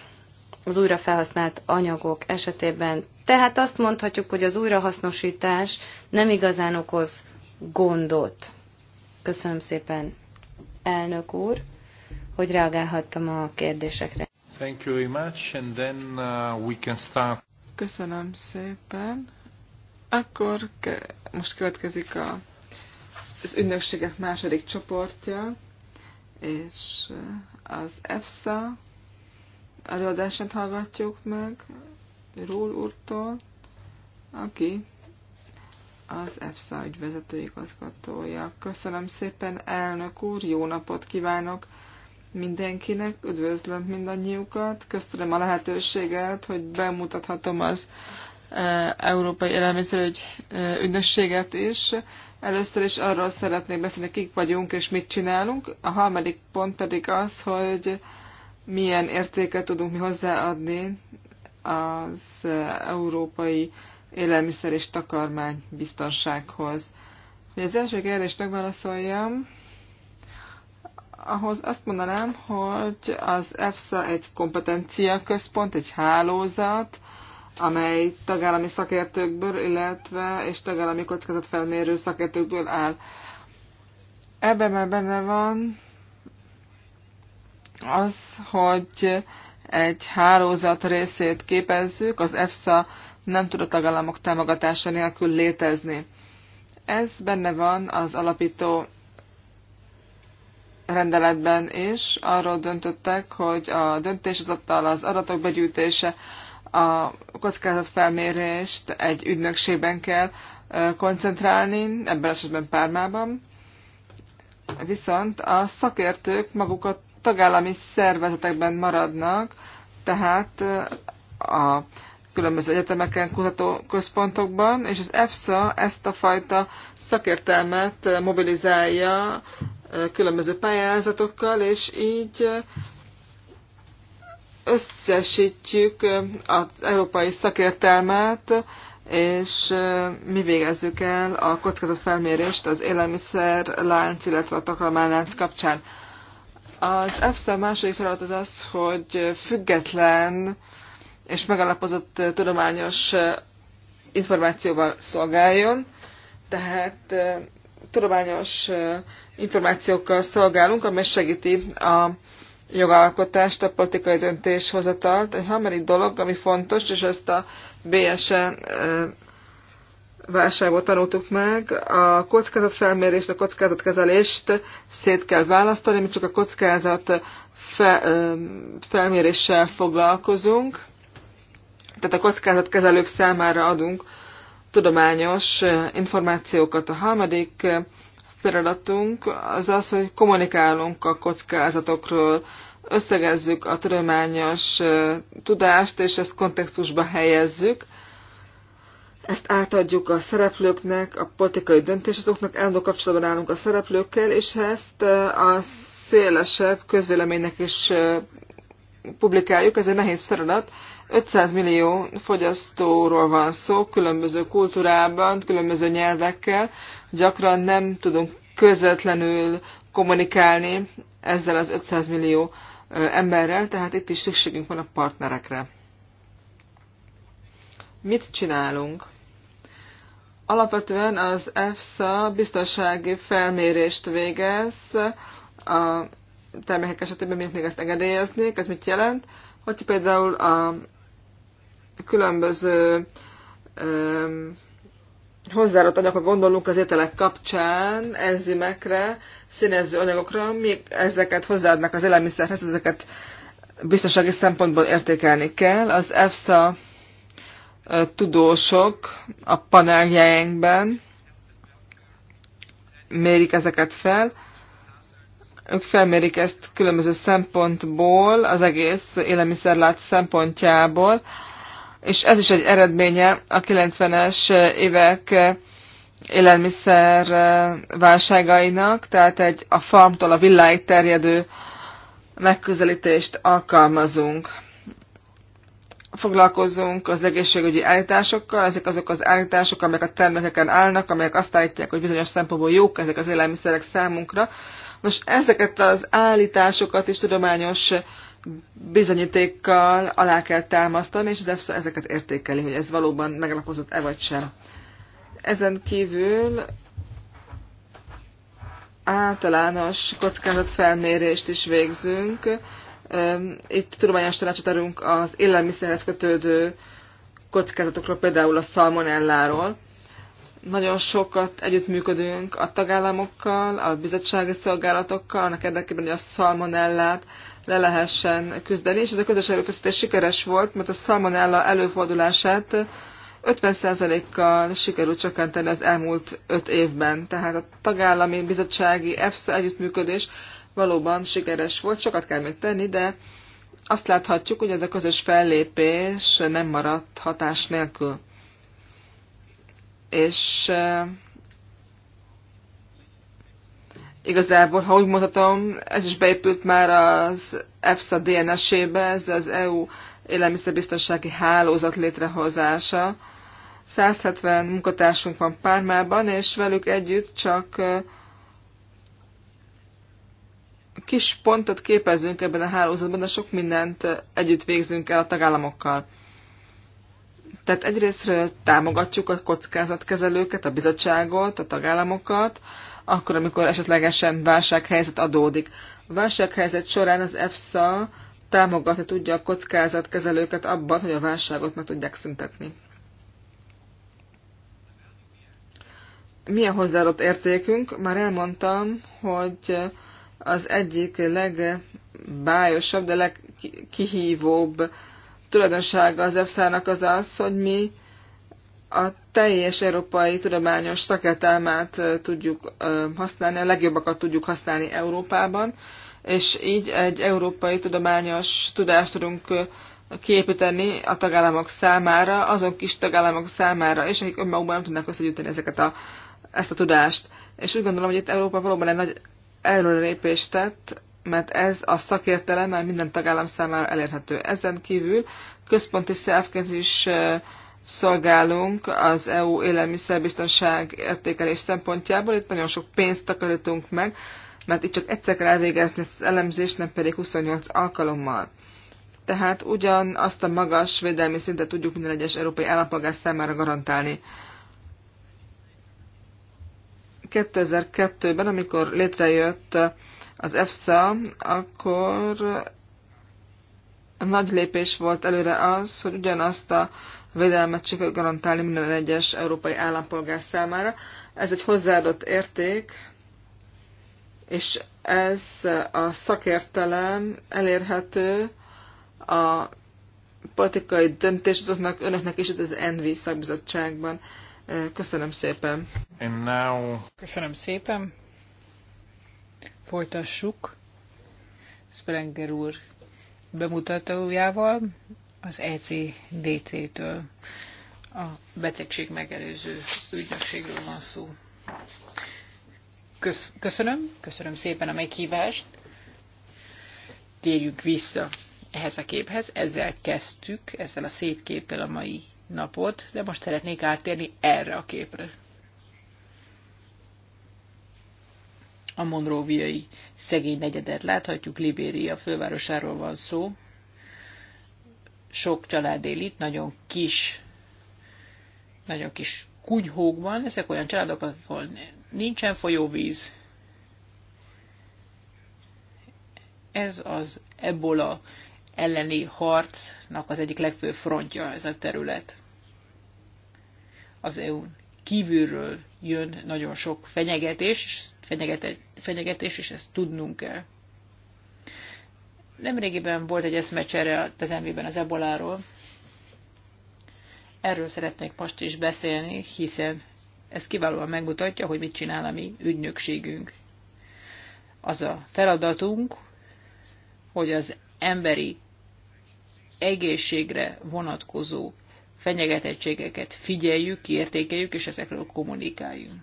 az újra felhasznált anyagok esetében. Tehát azt mondhatjuk, hogy az újrahasznosítás nem igazán okoz gondot. Köszönöm szépen, elnök úr, hogy reagálhattam a kérdésekre. Thank you very much, and then uh, we can start. Köszönöm szépen. Akkor ke- most következik a az ünnökségek második csoportja, és az EFSA előadását hallgatjuk meg Rúl úrtól, aki az EFSA ügyvezető igazgatója. Köszönöm szépen, elnök úr, jó napot kívánok mindenkinek, üdvözlöm mindannyiukat, köszönöm a lehetőséget, hogy bemutathatom az eh, Európai Élelmiszerügy eh, ügynösséget is. Először is arról szeretnék beszélni, kik vagyunk és mit csinálunk. A harmadik pont pedig az, hogy milyen értéket tudunk mi hozzáadni az európai élelmiszer és takarmány biztonsághoz. Hogy az első kérdést megválaszoljam, ahhoz azt mondanám, hogy az EFSA egy kompetencia központ, egy hálózat, amely tagállami szakértőkből, illetve és tagállami kockázatfelmérő szakértőkből áll. Ebben már benne van az, hogy egy hálózat részét képezzük, az EFSA nem tud a tagállamok támogatása nélkül létezni. Ez benne van az alapító rendeletben is. Arról döntöttek, hogy a döntéshozatal, az adatok begyűjtése, a kockázatfelmérést egy ügynökségben kell koncentrálni, ebben az esetben Pármában. Viszont a szakértők maguk a tagállami szervezetekben maradnak, tehát a különböző egyetemeken, kutatóközpontokban, és az EFSA ezt a fajta szakértelmet mobilizálja különböző pályázatokkal, és így összesítjük az európai szakértelmet, és mi végezzük el a kockázatfelmérést az élelmiszer lánc, illetve a takarmánylánc kapcsán. Az EFSA második feladat az az, hogy független és megalapozott tudományos információval szolgáljon, tehát tudományos információkkal szolgálunk, amely segíti a jogalkotást, a politikai döntéshozatalt. Egy harmadik dolog, ami fontos, és ezt a BSN válságból tanultuk meg, a kockázatfelmérést, a kockázatkezelést szét kell választani, mi csak a kockázat fe, felméréssel foglalkozunk, tehát a kockázatkezelők számára adunk tudományos információkat. A harmadik feladatunk az az, hogy kommunikálunk a kockázatokról, összegezzük a tudományos tudást, és ezt kontextusba helyezzük. Ezt átadjuk a szereplőknek, a politikai döntéshozóknak, állandó kapcsolatban állunk a szereplőkkel, és ezt a szélesebb közvéleménynek is publikáljuk. Ez egy nehéz feladat, 500 millió fogyasztóról van szó, különböző kultúrában, különböző nyelvekkel, gyakran nem tudunk közvetlenül kommunikálni ezzel az 500 millió emberrel, tehát itt is szükségünk van a partnerekre. Mit csinálunk? Alapvetően az EFSA biztonsági felmérést végez a termékek esetében, mint még ezt engedélyeznék. Ez mit jelent? Hogyha például a különböző um, hozzáadott anyagokra gondolunk az ételek kapcsán, enzimekre, színező anyagokra, még ezeket hozzáadnak az élelmiszerhez, ezeket biztonsági szempontból értékelni kell. Az EFSA tudósok a paneljeinkben mérik ezeket fel. Ők felmérik ezt különböző szempontból, az egész élelmiszerlát szempontjából, és ez is egy eredménye a 90-es évek élelmiszer válságainak, tehát egy a farmtól a villáig terjedő megközelítést alkalmazunk. Foglalkozunk az egészségügyi állításokkal, ezek azok az állítások, amelyek a termékeken állnak, amelyek azt állítják, hogy bizonyos szempontból jók ezek az élelmiszerek számunkra. Nos, ezeket az állításokat is tudományos bizonyítékkal alá kell támasztani, és az EFSA ezeket értékeli, hogy ez valóban megalapozott-e vagy sem. Ezen kívül általános kockázatfelmérést is végzünk. Itt tudományos tanácsot adunk az élelmiszerhez kötődő kockázatokról, például a szalmonelláról. Nagyon sokat együttműködünk a tagállamokkal, a bizottsági szolgálatokkal, annak érdekében, hogy a szalmonellát le lehessen küzdeni, és ez a közös erőfeszítés sikeres volt, mert a szalmonella előfordulását 50%-kal sikerült csökkenteni az elmúlt 5 évben. Tehát a tagállami bizottsági EFSA együttműködés valóban sikeres volt, sokat kell még tenni, de azt láthatjuk, hogy ez a közös fellépés nem maradt hatás nélkül. És Igazából, ha úgy mondhatom, ez is beépült már az EFSA DNS-ébe, ez az EU élelmiszerbiztonsági hálózat létrehozása. 170 munkatársunk van Pármában, és velük együtt csak kis pontot képezünk ebben a hálózatban, de sok mindent együtt végzünk el a tagállamokkal. Tehát egyrésztről támogatjuk a kockázatkezelőket, a bizottságot, a tagállamokat, akkor, amikor esetlegesen válsághelyzet adódik. A válsághelyzet során az EFSA támogatni tudja a kockázatkezelőket abban, hogy a válságot meg tudják szüntetni. Milyen hozzáadott értékünk? Már elmondtam, hogy az egyik legbájosabb, de legkihívóbb tulajdonsága az EFSA-nak az az, hogy mi a teljes európai tudományos szakértelmát tudjuk használni, a legjobbakat tudjuk használni Európában, és így egy európai tudományos tudást tudunk kiépíteni a tagállamok számára, azon kis tagállamok számára, és akik önmagukban nem tudnak összegyűjteni ezeket a, ezt a tudást. És úgy gondolom, hogy itt Európa valóban egy nagy előrelépést tett, mert ez a szakértelem már minden tagállam számára elérhető. Ezen kívül központi szervként is szolgálunk az EU élelmiszerbiztonság értékelés szempontjából. Itt nagyon sok pénzt takarítunk meg, mert itt csak egyszer kell elvégezni ezt az elemzést, nem pedig 28 alkalommal. Tehát ugyan azt a magas védelmi szintet tudjuk minden egyes európai állampolgár számára garantálni. 2002-ben, amikor létrejött az EFSA, akkor nagy lépés volt előre az, hogy ugyanazt a védelmet sikerül garantálni minden egyes európai állampolgár számára. Ez egy hozzáadott érték, és ez a szakértelem elérhető a politikai döntés azoknak önöknek is itt az NV szakbizottságban. Köszönöm szépen. And now... Köszönöm szépen. Folytassuk. Sprenger úr bemutatójával az ECDC-től. A betegség megelőző ügynökségről van szó. Köszönöm, köszönöm szépen a meghívást. Térjük vissza ehhez a képhez. Ezzel kezdtük, ezzel a szép képpel a mai napot, de most szeretnék áttérni erre a képre. A monróviai szegény negyedet láthatjuk, Libéria fővárosáról van szó. Sok család él itt, nagyon kis, nagyon kis kunyhókban. Ezek olyan családok, ahol nincsen folyóvíz. Ez az ebola elleni harcnak az egyik legfőbb frontja ez a terület. Az EU-n kívülről jön nagyon sok fenyegetés, fenyegetés, fenyegetés és ezt tudnunk kell. Nemrégiben volt egy eszmecsere az emlében az eboláról. Erről szeretnék most is beszélni, hiszen ez kiválóan megmutatja, hogy mit csinál a mi ügynökségünk. Az a feladatunk, hogy az emberi egészségre vonatkozó fenyegetettségeket figyeljük, kiértékeljük, és ezekről kommunikáljunk.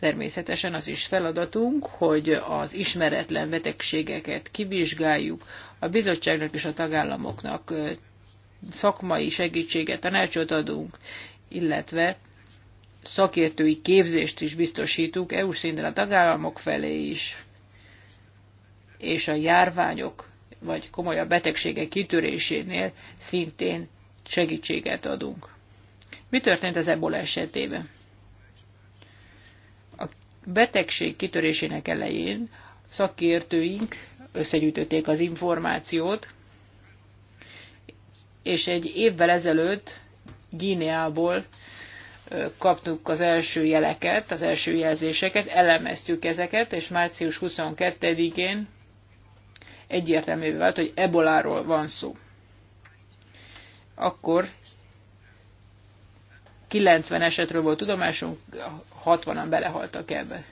Természetesen az is feladatunk, hogy az ismeretlen betegségeket kivizsgáljuk, a bizottságnak és a tagállamoknak szakmai segítséget, tanácsot adunk, illetve szakértői képzést is biztosítunk EU szinten a tagállamok felé is, és a járványok vagy komolyabb betegségek kitörésénél szintén segítséget adunk. Mi történt az ebola esetében? betegség kitörésének elején szakértőink összegyűjtötték az információt, és egy évvel ezelőtt Gíneából kaptuk az első jeleket, az első jelzéseket, elemeztük ezeket, és március 22-én egyértelművé vált, hogy eboláról van szó. Akkor 90 esetről volt tudomásunk, 60-an belehaltak ebbe.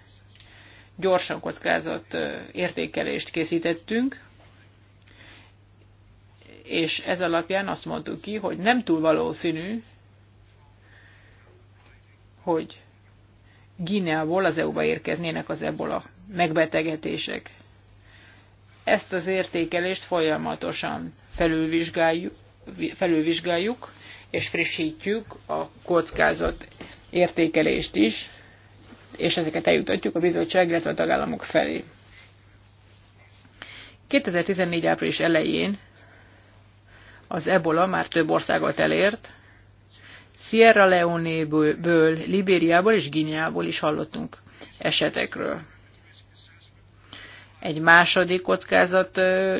Gyorsan kockázott értékelést készítettünk, és ez alapján azt mondtuk ki, hogy nem túl valószínű, hogy Gineából az EU-ba érkeznének az ebola megbetegetések. Ezt az értékelést folyamatosan felülvizsgáljuk, felülvizsgáljuk és frissítjük a kockázat értékelést is, és ezeket eljutatjuk a bizottság, illetve a tagállamok felé. 2014. április elején az ebola már több országot elért, Sierra Leone-ből, Libériából és Guineából is hallottunk esetekről. Egy második kockázat,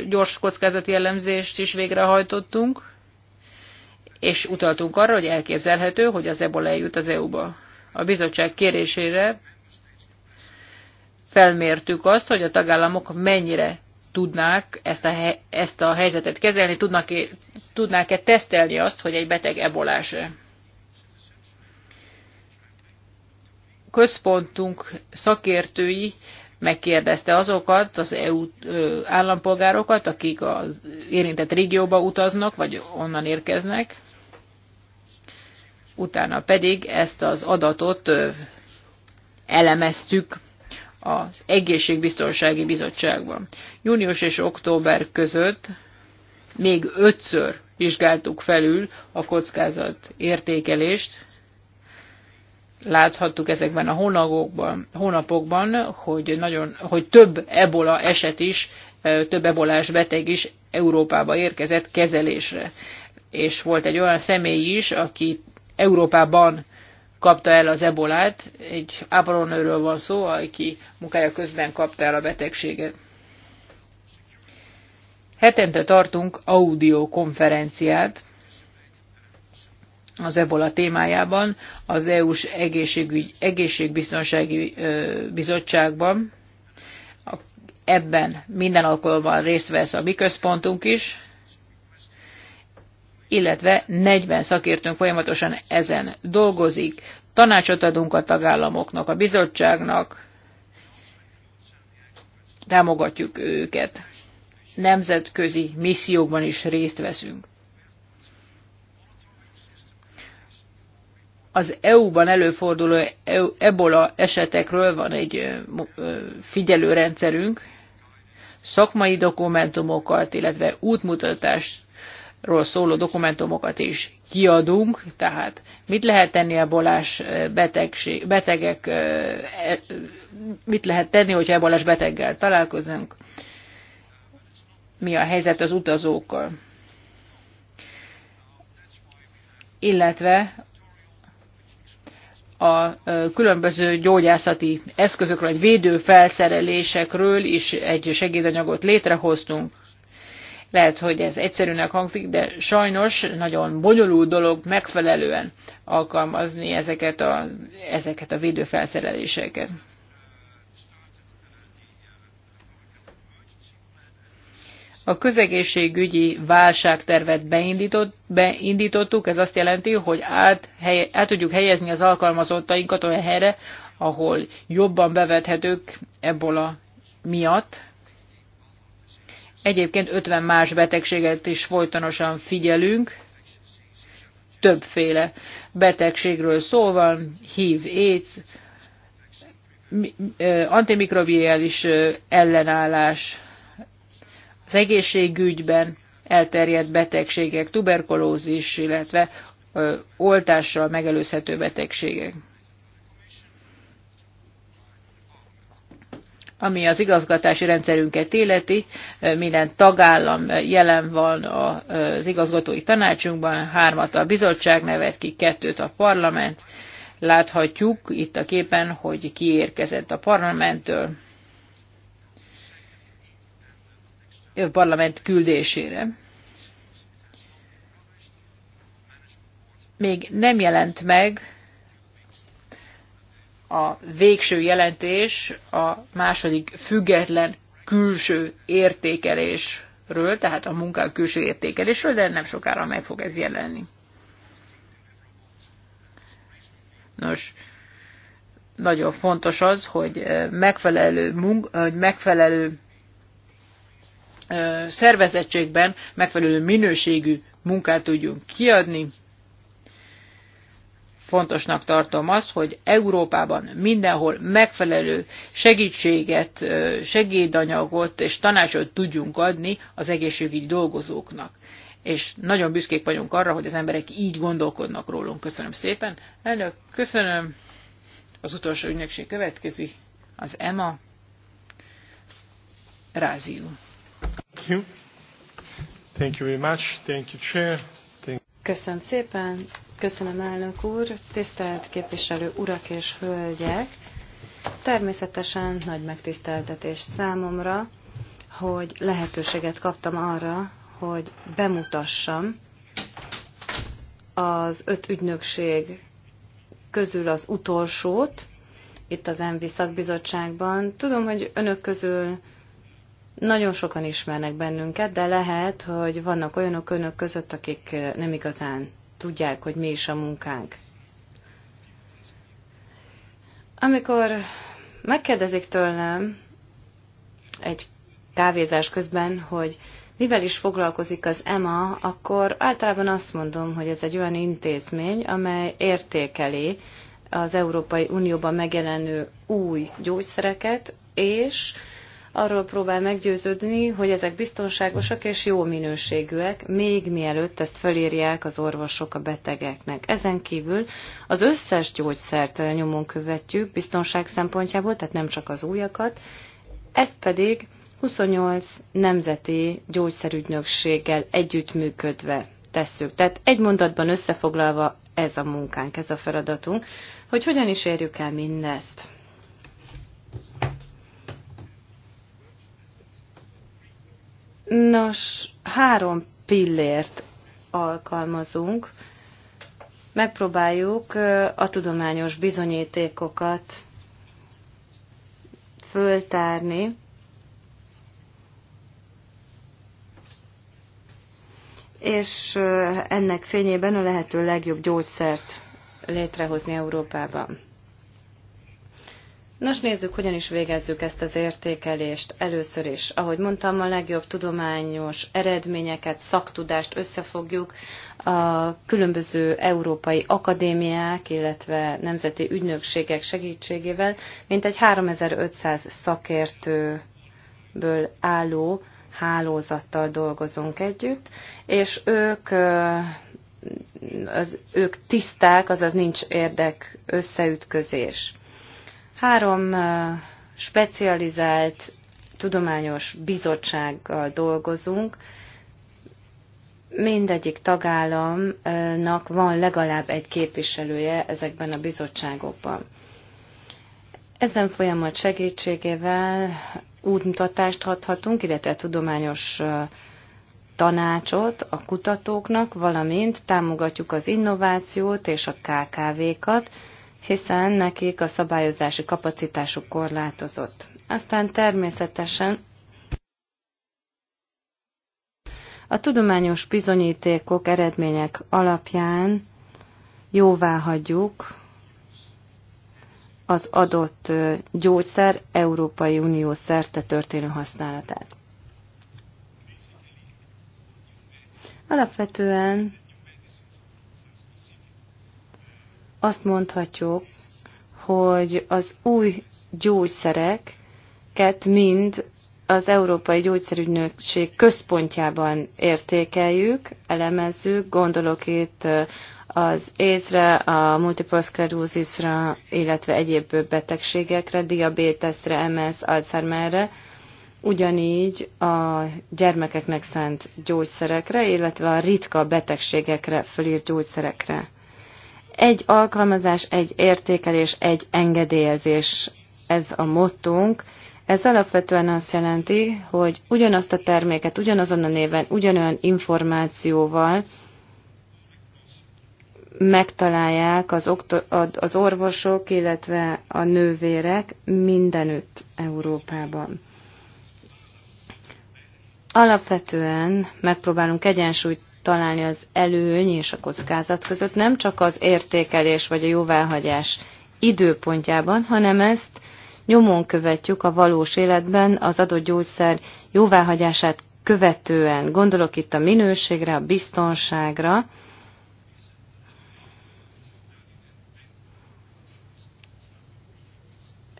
gyors kockázati jellemzést is végrehajtottunk, és utaltunk arra, hogy elképzelhető, hogy az ebola eljut az EU-ba. A bizottság kérésére felmértük azt, hogy a tagállamok mennyire tudnák ezt a, ezt a helyzetet kezelni, tudnak-e, tudnák-e tesztelni azt, hogy egy beteg ebolás -e. Központunk szakértői megkérdezte azokat az EU állampolgárokat, akik az érintett régióba utaznak, vagy onnan érkeznek, utána pedig ezt az adatot elemeztük az Egészségbiztonsági Bizottságban. Június és október között még ötször vizsgáltuk felül a kockázat értékelést. Láthattuk ezekben a hónapokban, hónapokban hogy, nagyon, hogy több ebola eset is, több ebolás beteg is Európába érkezett kezelésre. És volt egy olyan személy is, aki Európában kapta el az ebolát, egy ápolónőről van szó, aki munkája közben kapta el a betegséget. Hetente tartunk audiokonferenciát az ebola témájában az EU-s egészségügy, egészségbiztonsági ö, bizottságban. Ebben minden alkalommal részt vesz a mi központunk is, illetve 40 szakértőnk folyamatosan ezen dolgozik. Tanácsot adunk a tagállamoknak, a bizottságnak, támogatjuk őket. Nemzetközi missziókban is részt veszünk. az EU-ban előforduló e ebola esetekről van egy figyelőrendszerünk, szakmai dokumentumokat, illetve útmutatást ról szóló dokumentumokat is kiadunk, tehát mit lehet tenni a bolás betegség, betegek, e, mit lehet tenni, hogyha ebolás beteggel találkozunk, mi a helyzet az utazókkal. Illetve a különböző gyógyászati eszközökről, vagy védőfelszerelésekről is egy segédanyagot létrehoztunk. Lehet, hogy ez egyszerűnek hangzik, de sajnos nagyon bonyolult dolog megfelelően alkalmazni ezeket a, ezeket a védőfelszereléseket. A közegészségügyi válságtervet beindított, beindítottuk, ez azt jelenti, hogy át, helye, át tudjuk helyezni az alkalmazottainkat olyan helyre, ahol jobban bevethetők ebola miatt. Egyébként 50 más betegséget is folytonosan figyelünk, többféle betegségről szó van, HIV, AIDS, antimikrobiális ellenállás, az egészségügyben elterjedt betegségek, tuberkulózis, illetve oltással megelőzhető betegségek. ami az igazgatási rendszerünket illeti. Minden tagállam jelen van az igazgatói tanácsunkban, hármat a bizottság nevet ki, kettőt a parlament. Láthatjuk itt a képen, hogy kiérkezett a parlamenttől a parlament küldésére. Még nem jelent meg a végső jelentés a második független külső értékelésről, tehát a munkák külső értékelésről, de nem sokára meg fog ez jelenni. Nos, nagyon fontos az, hogy eh, megfelelő, munk, hogy megfelelő eh, szervezettségben megfelelő minőségű munkát tudjunk kiadni, fontosnak tartom azt, hogy Európában mindenhol megfelelő segítséget, segédanyagot és tanácsot tudjunk adni az egészségügyi dolgozóknak. És nagyon büszkék vagyunk arra, hogy az emberek így gondolkodnak rólunk. Köszönöm szépen. Elnök, köszönöm. Az utolsó ügynökség következik. Az EMA. Ráziu. Thank you. Thank you very much. Thank you, Chair. Thank Köszönöm szépen. Köszönöm, elnök úr. Tisztelt képviselő urak és hölgyek! Természetesen nagy megtiszteltetés számomra, hogy lehetőséget kaptam arra, hogy bemutassam az öt ügynökség közül az utolsót itt az MV szakbizottságban. Tudom, hogy önök közül nagyon sokan ismernek bennünket, de lehet, hogy vannak olyanok önök között, akik nem igazán tudják, hogy mi is a munkánk. Amikor megkérdezik tőlem egy távézás közben, hogy mivel is foglalkozik az EMA, akkor általában azt mondom, hogy ez egy olyan intézmény, amely értékeli az Európai Unióban megjelenő új gyógyszereket, és arról próbál meggyőződni, hogy ezek biztonságosak és jó minőségűek, még mielőtt ezt felírják az orvosok a betegeknek. Ezen kívül az összes gyógyszert nyomon követjük biztonság szempontjából, tehát nem csak az újakat, ez pedig 28 nemzeti gyógyszerügynökséggel együttműködve tesszük. Tehát egy mondatban összefoglalva ez a munkánk, ez a feladatunk, hogy hogyan is érjük el mindezt. Nos, három pillért alkalmazunk. Megpróbáljuk a tudományos bizonyítékokat föltárni, és ennek fényében a lehető legjobb gyógyszert létrehozni Európában. Nos, nézzük, hogyan is végezzük ezt az értékelést. Először is, ahogy mondtam, a legjobb tudományos eredményeket, szaktudást összefogjuk a különböző európai akadémiák, illetve nemzeti ügynökségek segítségével, mint egy 3500 szakértőből álló hálózattal dolgozunk együtt, és ők az, ők tiszták, azaz nincs érdek összeütközés. Három specializált tudományos bizottsággal dolgozunk. Mindegyik tagállamnak van legalább egy képviselője ezekben a bizottságokban. Ezen folyamat segítségével útmutatást adhatunk, illetve tudományos tanácsot a kutatóknak, valamint támogatjuk az innovációt és a KKV-kat, hiszen nekik a szabályozási kapacitásuk korlátozott. Aztán természetesen a tudományos bizonyítékok, eredmények alapján jóvá hagyjuk az adott gyógyszer Európai Unió szerte történő használatát. Alapvetően azt mondhatjuk, hogy az új gyógyszereket mind az Európai Gyógyszerügynökség központjában értékeljük, elemezzük, gondolok itt az észre, a multiple illetve egyéb betegségekre, diabéteszre, MS, Alzheimerre, ugyanígy a gyermekeknek szánt gyógyszerekre, illetve a ritka betegségekre fölírt gyógyszerekre. Egy alkalmazás, egy értékelés, egy engedélyezés, ez a mottunk. Ez alapvetően azt jelenti, hogy ugyanazt a terméket, ugyanazon a néven, ugyanolyan információval megtalálják az, az orvosok, illetve a nővérek mindenütt Európában. Alapvetően megpróbálunk egyensúlyt találni az előny és a kockázat között, nem csak az értékelés vagy a jóváhagyás időpontjában, hanem ezt nyomon követjük a valós életben az adott gyógyszer jóváhagyását követően. Gondolok itt a minőségre, a biztonságra,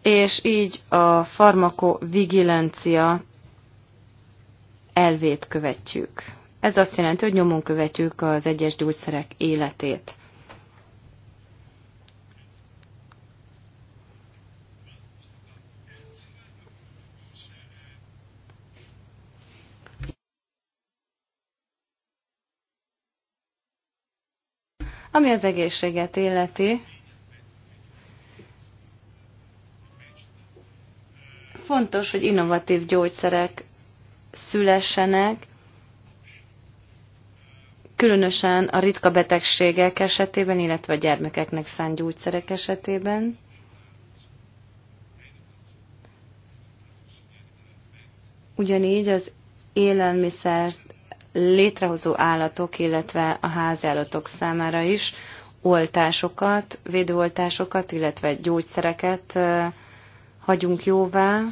és így a farmakovigilancia elvét követjük. Ez azt jelenti, hogy nyomon követjük az egyes gyógyszerek életét. Ami az egészséget illeti, fontos, hogy innovatív gyógyszerek szülessenek, különösen a ritka betegségek esetében, illetve a gyermekeknek szánt gyógyszerek esetében. Ugyanígy az élelmiszer létrehozó állatok, illetve a háziállatok számára is oltásokat, védőoltásokat, illetve gyógyszereket hagyunk jóvá,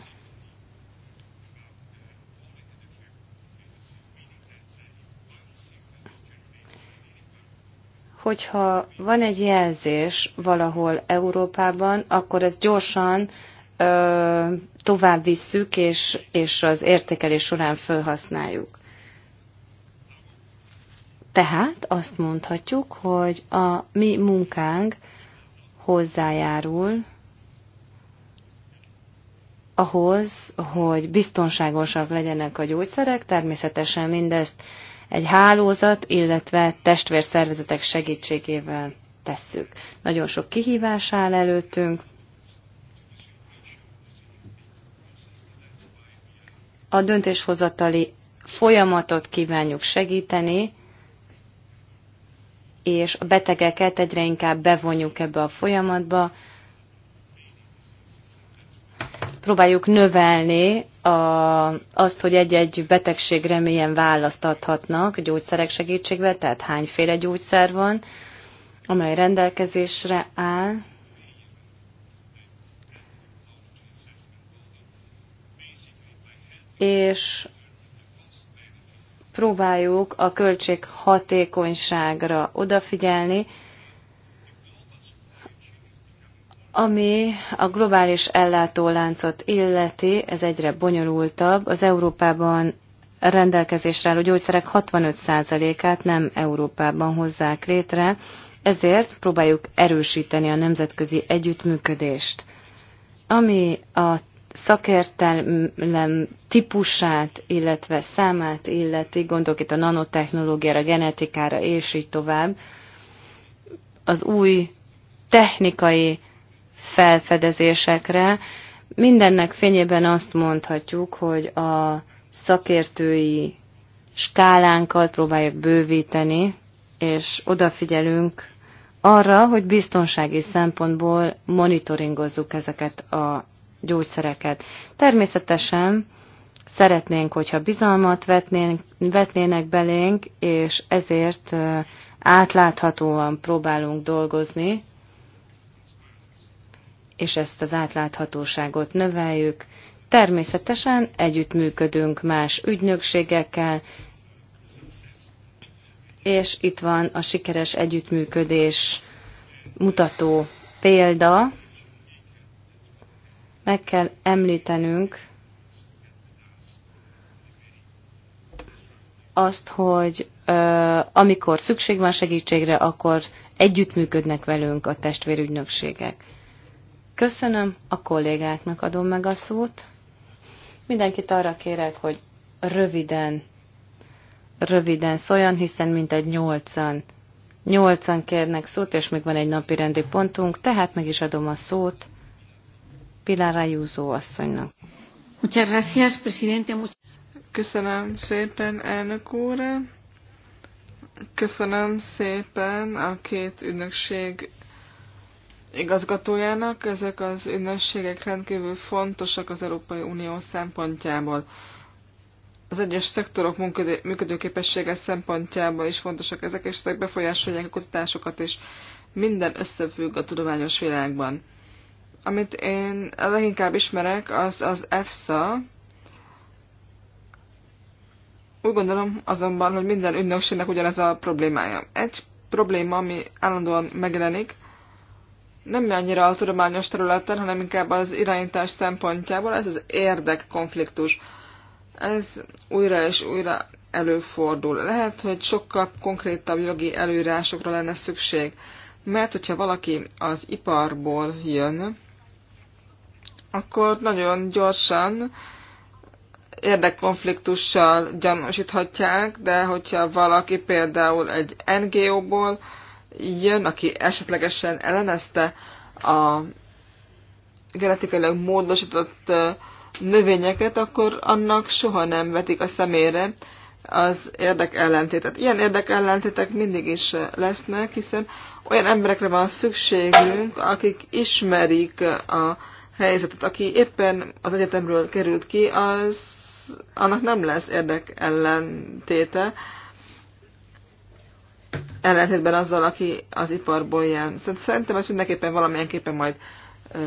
hogyha van egy jelzés valahol Európában, akkor ezt gyorsan ö, tovább visszük, és, és az értékelés során felhasználjuk. Tehát azt mondhatjuk, hogy a mi munkánk hozzájárul ahhoz, hogy biztonságosak legyenek a gyógyszerek, természetesen mindezt egy hálózat, illetve testvérszervezetek segítségével tesszük. Nagyon sok kihívás áll előttünk. A döntéshozatali folyamatot kívánjuk segíteni, és a betegeket egyre inkább bevonjuk ebbe a folyamatba, próbáljuk növelni a, azt, hogy egy-egy betegségre milyen választ adhatnak gyógyszerek segítségével, tehát hányféle gyógyszer van, amely rendelkezésre áll. És próbáljuk a költség hatékonyságra odafigyelni, ami a globális ellátóláncot illeti, ez egyre bonyolultabb. Az Európában rendelkezésre álló gyógyszerek 65%-át nem Európában hozzák létre, ezért próbáljuk erősíteni a nemzetközi együttműködést. Ami a szakértelem típusát, illetve számát illeti, gondolok itt a nanotechnológiára, genetikára és így tovább, az új technikai felfedezésekre. Mindennek fényében azt mondhatjuk, hogy a szakértői skálánkat próbáljuk bővíteni, és odafigyelünk arra, hogy biztonsági szempontból monitoringozzuk ezeket a gyógyszereket. Természetesen szeretnénk, hogyha bizalmat vetnénk, vetnének belénk, és ezért átláthatóan próbálunk dolgozni, és ezt az átláthatóságot növeljük. Természetesen együttműködünk más ügynökségekkel, és itt van a sikeres együttműködés mutató példa. Meg kell említenünk azt, hogy amikor szükség van segítségre, akkor együttműködnek velünk a testvérügynökségek. Köszönöm, a kollégáknak adom meg a szót. Mindenkit arra kérek, hogy röviden, röviden szóljon, hiszen mintegy nyolcan, nyolcan kérnek szót, és még van egy napi rendi pontunk, tehát meg is adom a szót Pilar Ayuso asszonynak. Muchas gracias, presidente. Köszönöm szépen, elnök úr. Köszönöm szépen a két ügynökség igazgatójának. Ezek az ünnösségek rendkívül fontosak az Európai Unió szempontjából. Az egyes szektorok működőképessége szempontjából is fontosak ezek, és ezek befolyásolják a kutatásokat, és minden összefügg a tudományos világban. Amit én leginkább ismerek, az az EFSA, úgy gondolom azonban, hogy minden ügynökségnek ugyanez a problémája. Egy probléma, ami állandóan megjelenik, nem annyira a tudományos területen, hanem inkább az irányítás szempontjából, ez az érdekkonfliktus. Ez újra és újra előfordul. Lehet, hogy sokkal konkrétabb jogi előírásokra lenne szükség, mert hogyha valaki az iparból jön, akkor nagyon gyorsan érdekkonfliktussal gyanúsíthatják, de hogyha valaki például egy NGO-ból, jön, aki esetlegesen ellenezte a genetikailag módosított növényeket, akkor annak soha nem vetik a szemére az érdekellentétet. Ilyen érdekellentétek mindig is lesznek, hiszen olyan emberekre van szükségünk, akik ismerik a helyzetet. Aki éppen az egyetemről került ki, az annak nem lesz érdekellentéte, ellentéte, ellentétben azzal, aki az iparból jön. Szóval szerintem ezt mindenképpen valamilyenképpen majd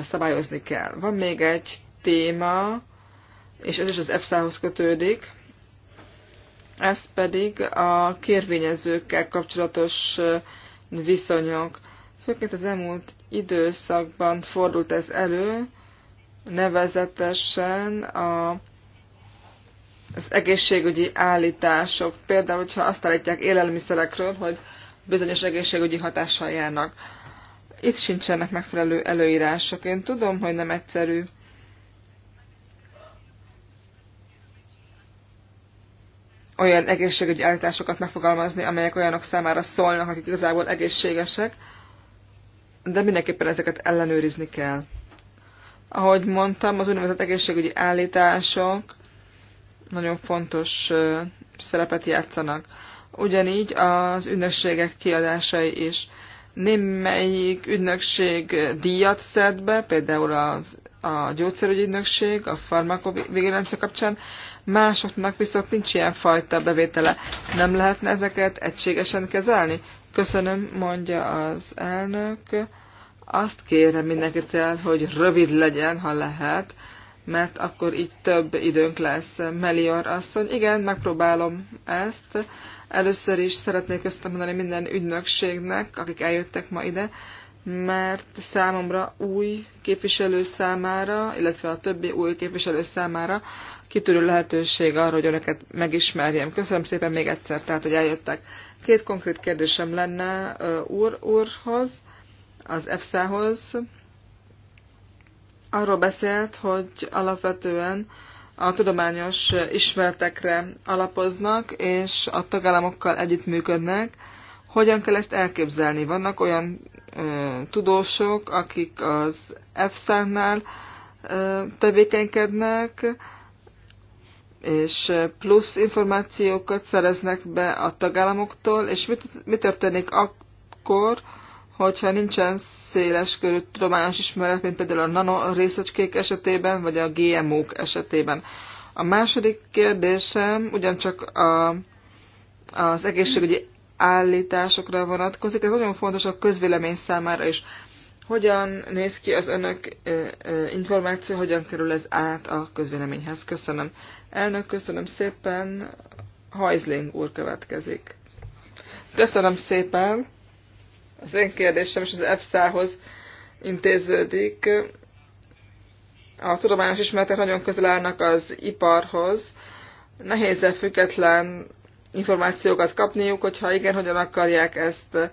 szabályozni kell. Van még egy téma, és ez is az EFSA-hoz kötődik, ez pedig a kérvényezőkkel kapcsolatos viszonyok. Főként az elmúlt időszakban fordult ez elő, nevezetesen a, az egészségügyi állítások. Például, hogyha azt állítják élelmiszerekről, hogy bizonyos egészségügyi hatással járnak. Itt sincsenek megfelelő előírások. Én tudom, hogy nem egyszerű olyan egészségügyi állításokat megfogalmazni, amelyek olyanok számára szólnak, akik igazából egészségesek, de mindenképpen ezeket ellenőrizni kell. Ahogy mondtam, az úgynevezett egészségügyi állítások nagyon fontos szerepet játszanak ugyanígy az ünnepségek kiadásai is. Némelyik ünnökség díjat szed be, például az, a gyógyszerügyi ünnökség, a farmakovigilence kapcsán, másoknak viszont nincs ilyen fajta bevétele. Nem lehetne ezeket egységesen kezelni? Köszönöm, mondja az elnök. Azt kérem mindenkit el, hogy rövid legyen, ha lehet, mert akkor így több időnk lesz. Melior asszony, igen, megpróbálom ezt. Először is szeretnék köszönöm minden ügynökségnek, akik eljöttek ma ide, mert számomra új képviselő számára, illetve a többi új képviselő számára kitűrő lehetőség arra, hogy önöket megismerjem. Köszönöm szépen még egyszer, tehát, hogy eljöttek. Két konkrét kérdésem lenne úr úrhoz, az EFSA-hoz. Arról beszélt, hogy alapvetően a tudományos ismeretekre alapoznak, és a tagállamokkal együttműködnek. Hogyan kell ezt elképzelni? Vannak olyan ö, tudósok, akik az EFSA-nál tevékenykednek, és plusz információkat szereznek be a tagállamoktól, és mit, mi történik akkor, hogyha nincsen széles körű tudományos ismeret, mint például a nano részecskék esetében, vagy a GMO-k esetében. A második kérdésem ugyancsak a, az egészségügyi állításokra vonatkozik. Ez nagyon fontos a közvélemény számára is. Hogyan néz ki az önök információ, hogyan kerül ez át a közvéleményhez? Köszönöm. Elnök, köszönöm szépen. Hajzling úr következik. Köszönöm szépen. Az én kérdésem is az EFSA-hoz intéződik. A tudományos ismeretek nagyon közel állnak az iparhoz. Nehéz-e független információkat kapniuk, hogyha igen, hogyan akarják ezt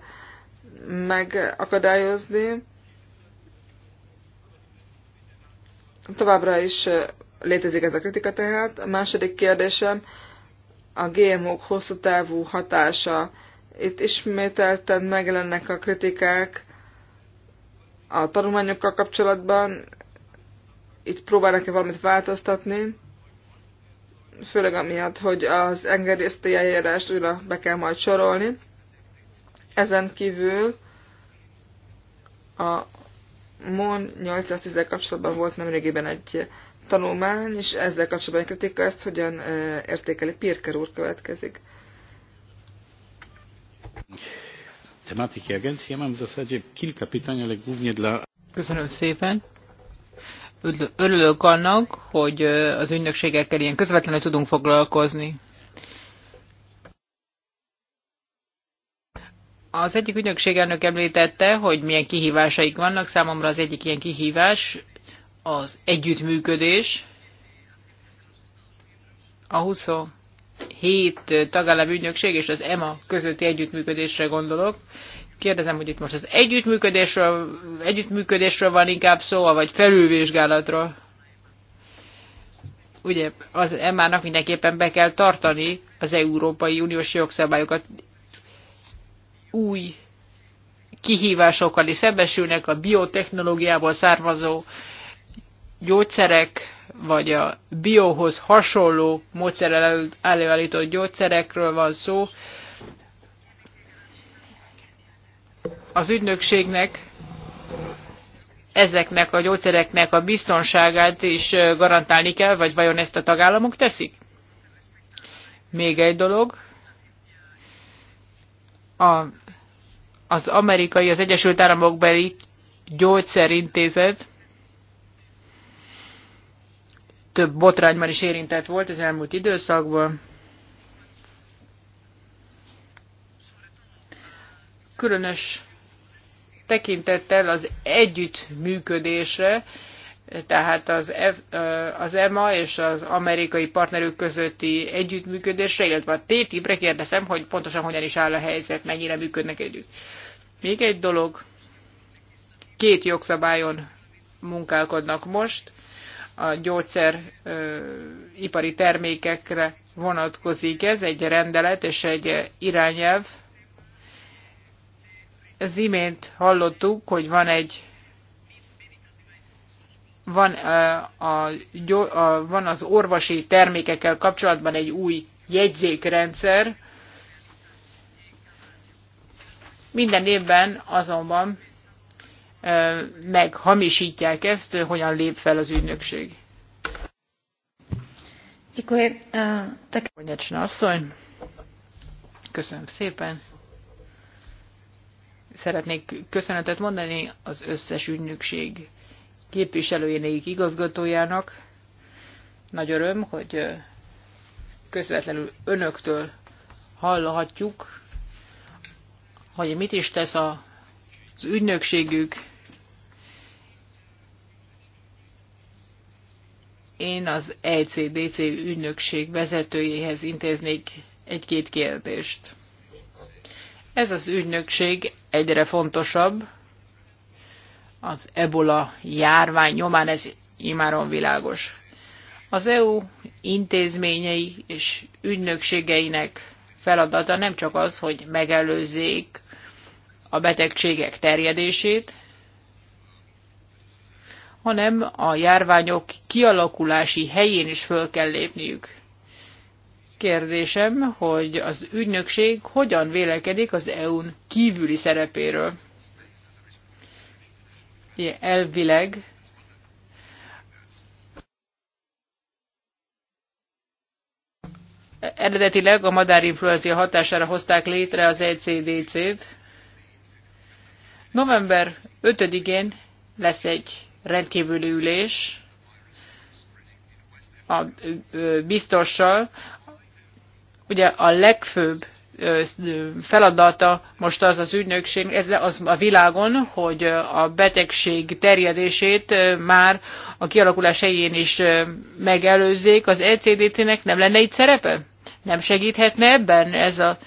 megakadályozni. Továbbra is létezik ez a kritika tehát. A második kérdésem a GMO-k hosszú távú hatása itt ismételten megjelennek a kritikák a tanulmányokkal kapcsolatban. Itt próbálnak-e valamit változtatni, főleg amiatt, hogy az engedélyezti eljárás újra be kell majd sorolni. Ezen kívül a MON 810 kapcsolatban volt nemrégiben egy tanulmány, és ezzel kapcsolatban kritika ezt hogyan értékeli Pirker úr következik tematyki agencji. Ja mam w zasadzie kilka pytań, ale głównie dla... Köszönöm szépen. Örülök annak, hogy e, az ügynökségekkel ilyen közvetlenül tudunk foglalkozni. Az egyik ügynökség elnök említette, hogy milyen kihívásaik vannak. Számomra az egyik ilyen kihívás az együttműködés. A 20 hét tagállam ügynökség és az EMA közötti együttműködésre gondolok. Kérdezem, hogy itt most az együttműködésről, együttműködésről van inkább szó, vagy felülvizsgálatról? Ugye az EMA-nak mindenképpen be kell tartani az Európai Uniós jogszabályokat. Új kihívásokkal is szembesülnek a biotechnológiából származó gyógyszerek, vagy a biohoz hasonló módszerrel előállított gyógyszerekről van szó. Az ügynökségnek ezeknek a gyógyszereknek a biztonságát is garantálni kell, vagy vajon ezt a tagállamok teszik? Még egy dolog. A, az amerikai, az Egyesült Államokbeli gyógyszerintézet több botrányban is érintett volt az elmúlt időszakban. Különös tekintettel az együttműködésre, tehát az, F, az EMA és az amerikai partnerük közötti együttműködésre, illetve a TTIP-re kérdezem, hogy pontosan hogyan is áll a helyzet, mennyire működnek együtt. Még egy dolog, két jogszabályon munkálkodnak most, a gyógyszeripari termékekre vonatkozik ez, egy rendelet és egy irányelv. Az imént hallottuk, hogy van egy van, a, a, van az orvosi termékekkel kapcsolatban egy új jegyzékrendszer. Minden évben azonban meghamisítják ezt, hogyan lép fel az ügynökség. Děkuji. asszony. Köszönöm szépen. Szeretnék köszönetet mondani az összes ügynökség képviselőjének igazgatójának. Nagy öröm, hogy közvetlenül önöktől hallhatjuk, hogy mit is tesz az ügynökségük, én az ECDC ügynökség vezetőjéhez intéznék egy-két kérdést. Ez az ügynökség egyre fontosabb, az ebola járvány nyomán ez imáron világos. Az EU intézményei és ügynökségeinek feladata nem csak az, hogy megelőzzék a betegségek terjedését, hanem a járványok kialakulási helyén is föl kell lépniük. Kérdésem, hogy az ügynökség hogyan vélekedik az EU-n kívüli szerepéről. Elvileg eredetileg a madárinfluenzia hatására hozták létre az ECDC-t. November 5-én lesz egy rendkívüli ülés a biztossal. Ugye a legfőbb feladata most az az ügynökség, az a világon, hogy a betegség terjedését már a kialakulás helyén is megelőzzék. Az ecdt nek nem lenne itt szerepe? Nem segíthetne ebben ez, a,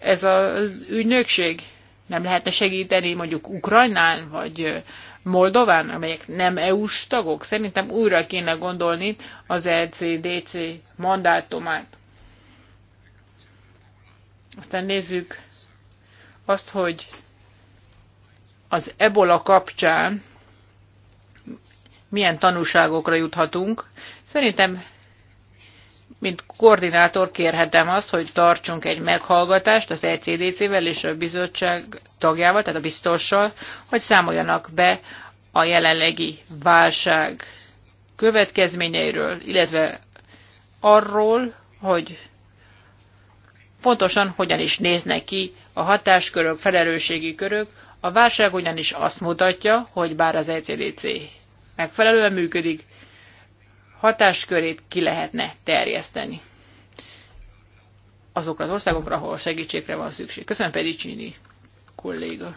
ez az ügynökség? Nem lehetne segíteni mondjuk Ukrajnán, vagy Moldován, amelyek nem EU-s tagok. Szerintem újra kéne gondolni az ECDC mandátumát. Aztán nézzük azt, hogy az ebola kapcsán milyen tanúságokra juthatunk. Szerintem mint koordinátor kérhetem azt, hogy tartsunk egy meghallgatást az ECDC-vel és a bizottság tagjával, tehát a biztossal, hogy számoljanak be a jelenlegi válság következményeiről, illetve arról, hogy pontosan hogyan is néznek ki a hatáskörök, felelősségi körök. A válság ugyanis azt mutatja, hogy bár az ECDC megfelelően működik, hatáskörét ki lehetne terjeszteni azokra az országokra, ahol segítségre van szükség. Köszönöm pedig Csini kolléga.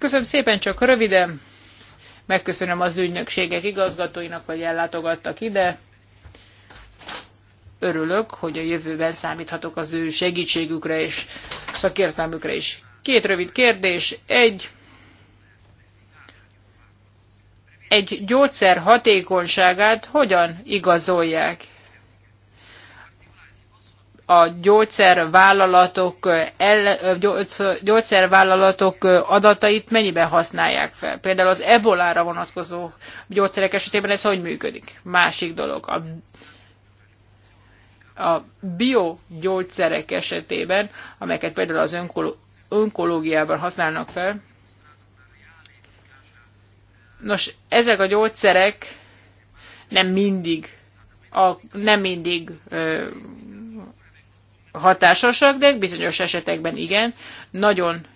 Köszönöm szépen, csak röviden. Megköszönöm az ügynökségek igazgatóinak, hogy ellátogattak ide. Örülök, hogy a jövőben számíthatok az ő segítségükre és szakértelmükre is. Két rövid kérdés. Egy, egy gyógyszer hatékonyságát hogyan igazolják? A gyógyszervállalatok, el, gyógyszervállalatok adatait mennyiben használják fel? Például az ebolára vonatkozó gyógyszerek esetében ez hogy működik? Másik dolog. A a biogyógyszerek esetében, amelyeket például az önkológiában használnak fel, Nos, ezek a gyógyszerek nem mindig, a, nem mindig ö, hatásosak, de bizonyos esetekben igen. Nagyon,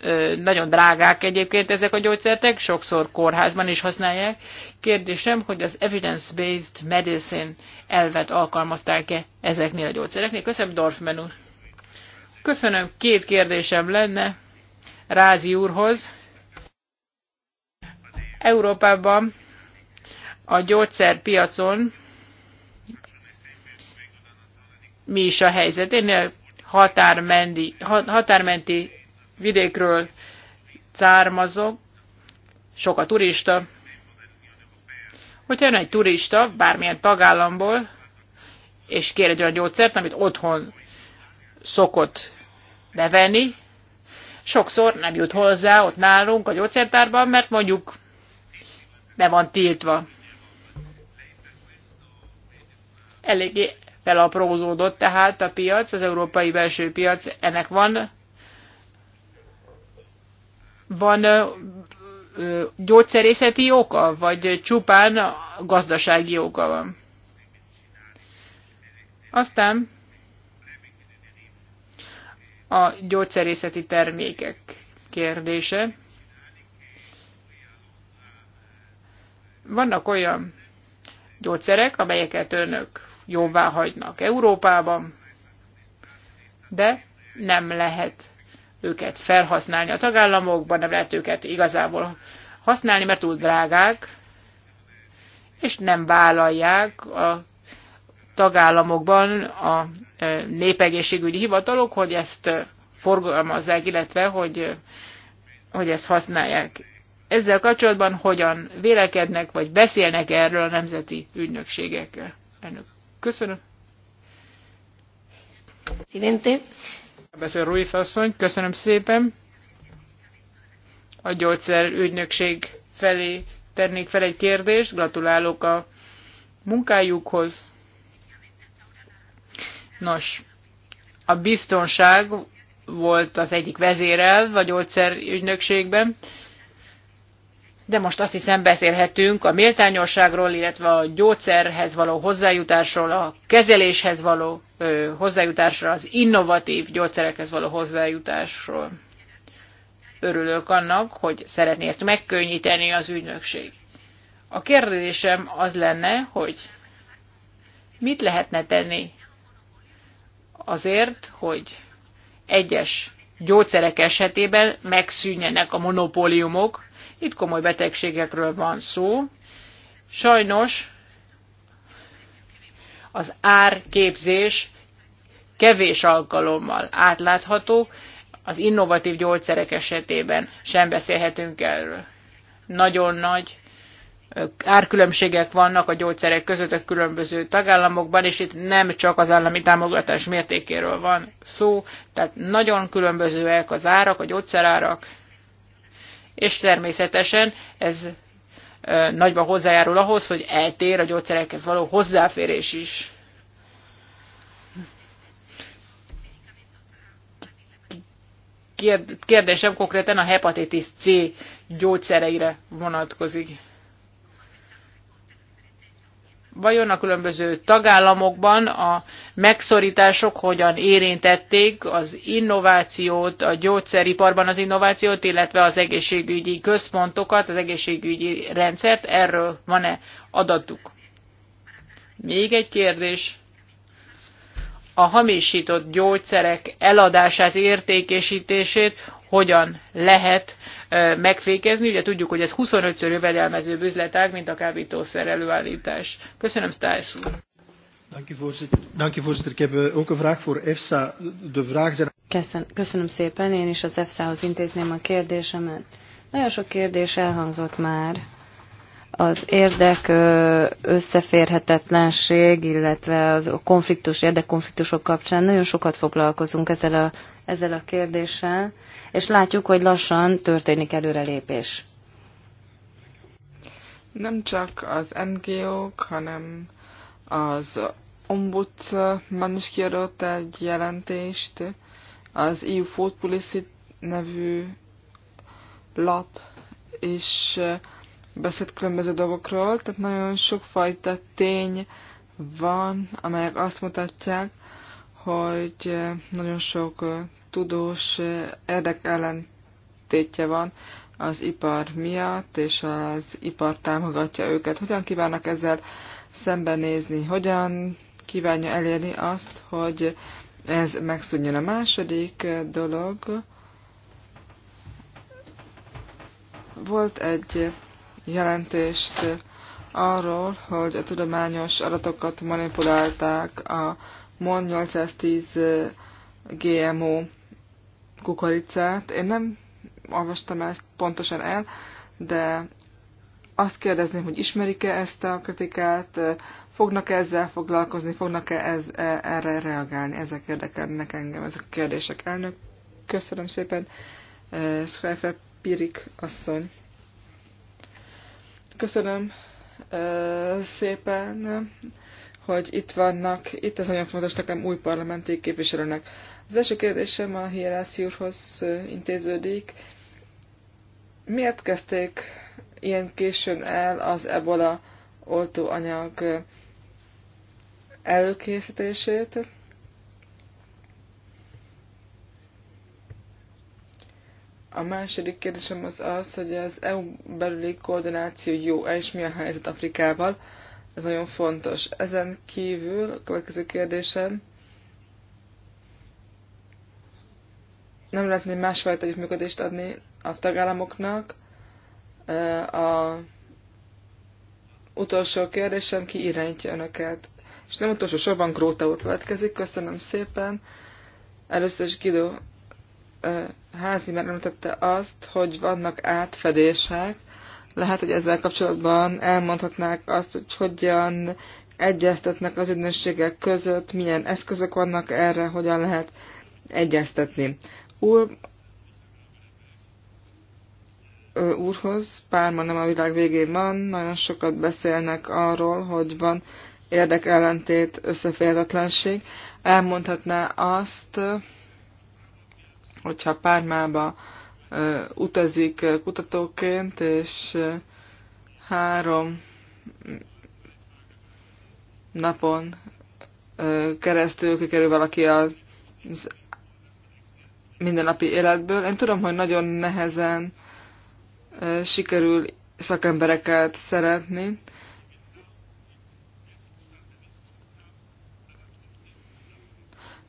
ö, nagyon drágák egyébként ezek a gyógyszertek, sokszor kórházban is használják. Kérdésem, hogy az evidence-based medicine elvet alkalmazták-e ezeknél a gyógyszereknél? Köszönöm, Dorfman úr. Köszönöm, két kérdésem lenne Rázi úrhoz Európában a gyógyszerpiacon mi is a helyzet. Én határmenti, határmenti vidékről származok, sok a turista. Hogyha jön egy turista bármilyen tagállamból, és kér egy olyan gyógyszert, amit otthon szokott bevenni, sokszor nem jut hozzá ott nálunk a gyógyszertárban, mert mondjuk be van tiltva. Eléggé felaprózódott tehát a piac, az európai belső piac, ennek van van gyógyszerészeti oka, vagy csupán gazdasági oka van. Aztán a gyógyszerészeti termékek kérdése. Vannak olyan gyógyszerek, amelyeket önök jóvá hagynak Európában, de nem lehet őket felhasználni a tagállamokban, nem lehet őket igazából használni, mert túl drágák, és nem vállalják a tagállamokban a e, népegészségügyi hivatalok, hogy ezt forgalmazzák, illetve hogy, hogy ezt használják ezzel kapcsolatban hogyan vélekednek, vagy beszélnek erről a nemzeti ügynökségekkel. Elnök, köszönöm. Presidente. Beszél Ruiz asszony, köszönöm szépen. A gyógyszerügynökség felé tennék fel egy kérdést, gratulálok a munkájukhoz. Nos, a biztonság volt az egyik vezérel a gyógyszerügynökségben de most azt hiszem beszélhetünk a méltányosságról, illetve a gyógyszerhez való hozzájutásról, a kezeléshez való ö, hozzájutásra, az innovatív gyógyszerekhez való hozzájutásról. Örülök annak, hogy szeretné ezt megkönnyíteni az ügynökség. A kérdésem az lenne, hogy mit lehetne tenni azért, hogy egyes gyógyszerek esetében megszűnjenek a monopóliumok, itt komoly betegségekről van szó. Sajnos az árképzés kevés alkalommal átlátható, az innovatív gyógyszerek esetében sem beszélhetünk erről. Nagyon nagy árkülönbségek vannak a gyógyszerek között a különböző tagállamokban, és itt nem csak az állami támogatás mértékéről van szó, tehát nagyon különbözőek az árak, a gyógyszerárak, és természetesen ez nagyban hozzájárul ahhoz, hogy eltér a gyógyszerekhez való hozzáférés is. Kérdésem konkrétan a hepatitis C gyógyszereire vonatkozik vajon a különböző tagállamokban a megszorítások hogyan érintették az innovációt, a gyógyszeriparban az innovációt, illetve az egészségügyi központokat, az egészségügyi rendszert, erről van-e adatuk? Még egy kérdés. A hamisított gyógyszerek eladását, értékesítését hogyan lehet megfékezni. Ugye tudjuk, hogy ez 25-ször jövedelmezőbb üzletág, mint a kábítószer előállítás. Köszönöm, Stiles úr. Eh, köszönöm szépen, én is az EFSA-hoz intézném a kérdésemet. Nagyon sok kérdés elhangzott már. Az érdek összeférhetetlenség, illetve az konfliktus, érdekkonfliktusok kapcsán nagyon sokat foglalkozunk ezzel a, ezzel a kérdéssel és látjuk, hogy lassan történik előrelépés. Nem csak az NGO-k, hanem az ombudsman is kiadott egy jelentést, az EU Food Policy nevű lap is beszélt különböző dolgokról, tehát nagyon sokfajta tény van, amelyek azt mutatják, hogy nagyon sok tudós eh, érdek ellentétje van az ipar miatt, és az ipar támogatja őket. Hogyan kívánnak ezzel szembenézni? Hogyan kívánja elérni azt, hogy ez megszűnjön a második eh, dolog? Volt egy jelentést arról, hogy a tudományos adatokat manipulálták a MON 810 GMO kukoricát. Én nem olvastam ezt pontosan el, de azt kérdezném, hogy ismerik-e ezt a kritikát, fognak -e ezzel foglalkozni, fognak-e ez, e, erre reagálni. Ezek érdekelnek engem, ezek a kérdések. Elnök, köszönöm szépen, e, Schreifer Pirik asszony. Köszönöm e, szépen, hogy itt vannak. Itt ez nagyon fontos nekem új parlamenti képviselőnek. Az első kérdésem a Hierászi úrhoz intéződik. Miért kezdték ilyen későn el az ebola oltóanyag előkészítését? A második kérdésem az az, hogy az EU belüli koordináció jó-e, és mi a helyzet Afrikával? Ez nagyon fontos. Ezen kívül a következő kérdésem, nem lehetne másfajta együttműködést adni a tagállamoknak. A utolsó kérdésem, ki irányítja önöket? És nem utolsó sorban Gróta út következik. Köszönöm szépen. Először is Guido házi már említette azt, hogy vannak átfedések. Lehet, hogy ezzel kapcsolatban elmondhatnák azt, hogy hogyan egyeztetnek az ügynösségek között, milyen eszközök vannak erre, hogyan lehet egyeztetni úr, úrhoz, ma nem a világ végén van, nagyon sokat beszélnek arról, hogy van érdekellentét, összeférhetetlenség. Elmondhatná azt, hogyha Pármába utazik kutatóként, és három napon keresztül kikerül valaki az mindennapi életből. Én tudom, hogy nagyon nehezen sikerül szakembereket szeretni.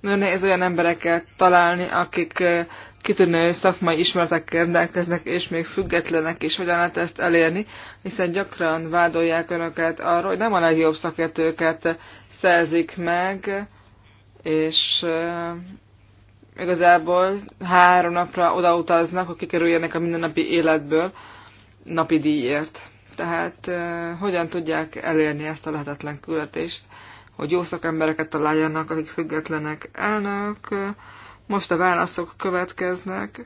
Nagyon nehéz olyan embereket találni, akik kitűnő szakmai ismeretekkel rendelkeznek, és még függetlenek is, hogyan lehet ezt elérni, hiszen gyakran vádolják önöket arról, hogy nem a legjobb szakértőket szerzik meg, és igazából három napra odautaznak, hogy kikerüljenek a mindennapi életből napi díjért. Tehát hogyan tudják elérni ezt a lehetetlen küldetést, hogy jó szakembereket találjanak, akik függetlenek elnök. Most a válaszok következnek.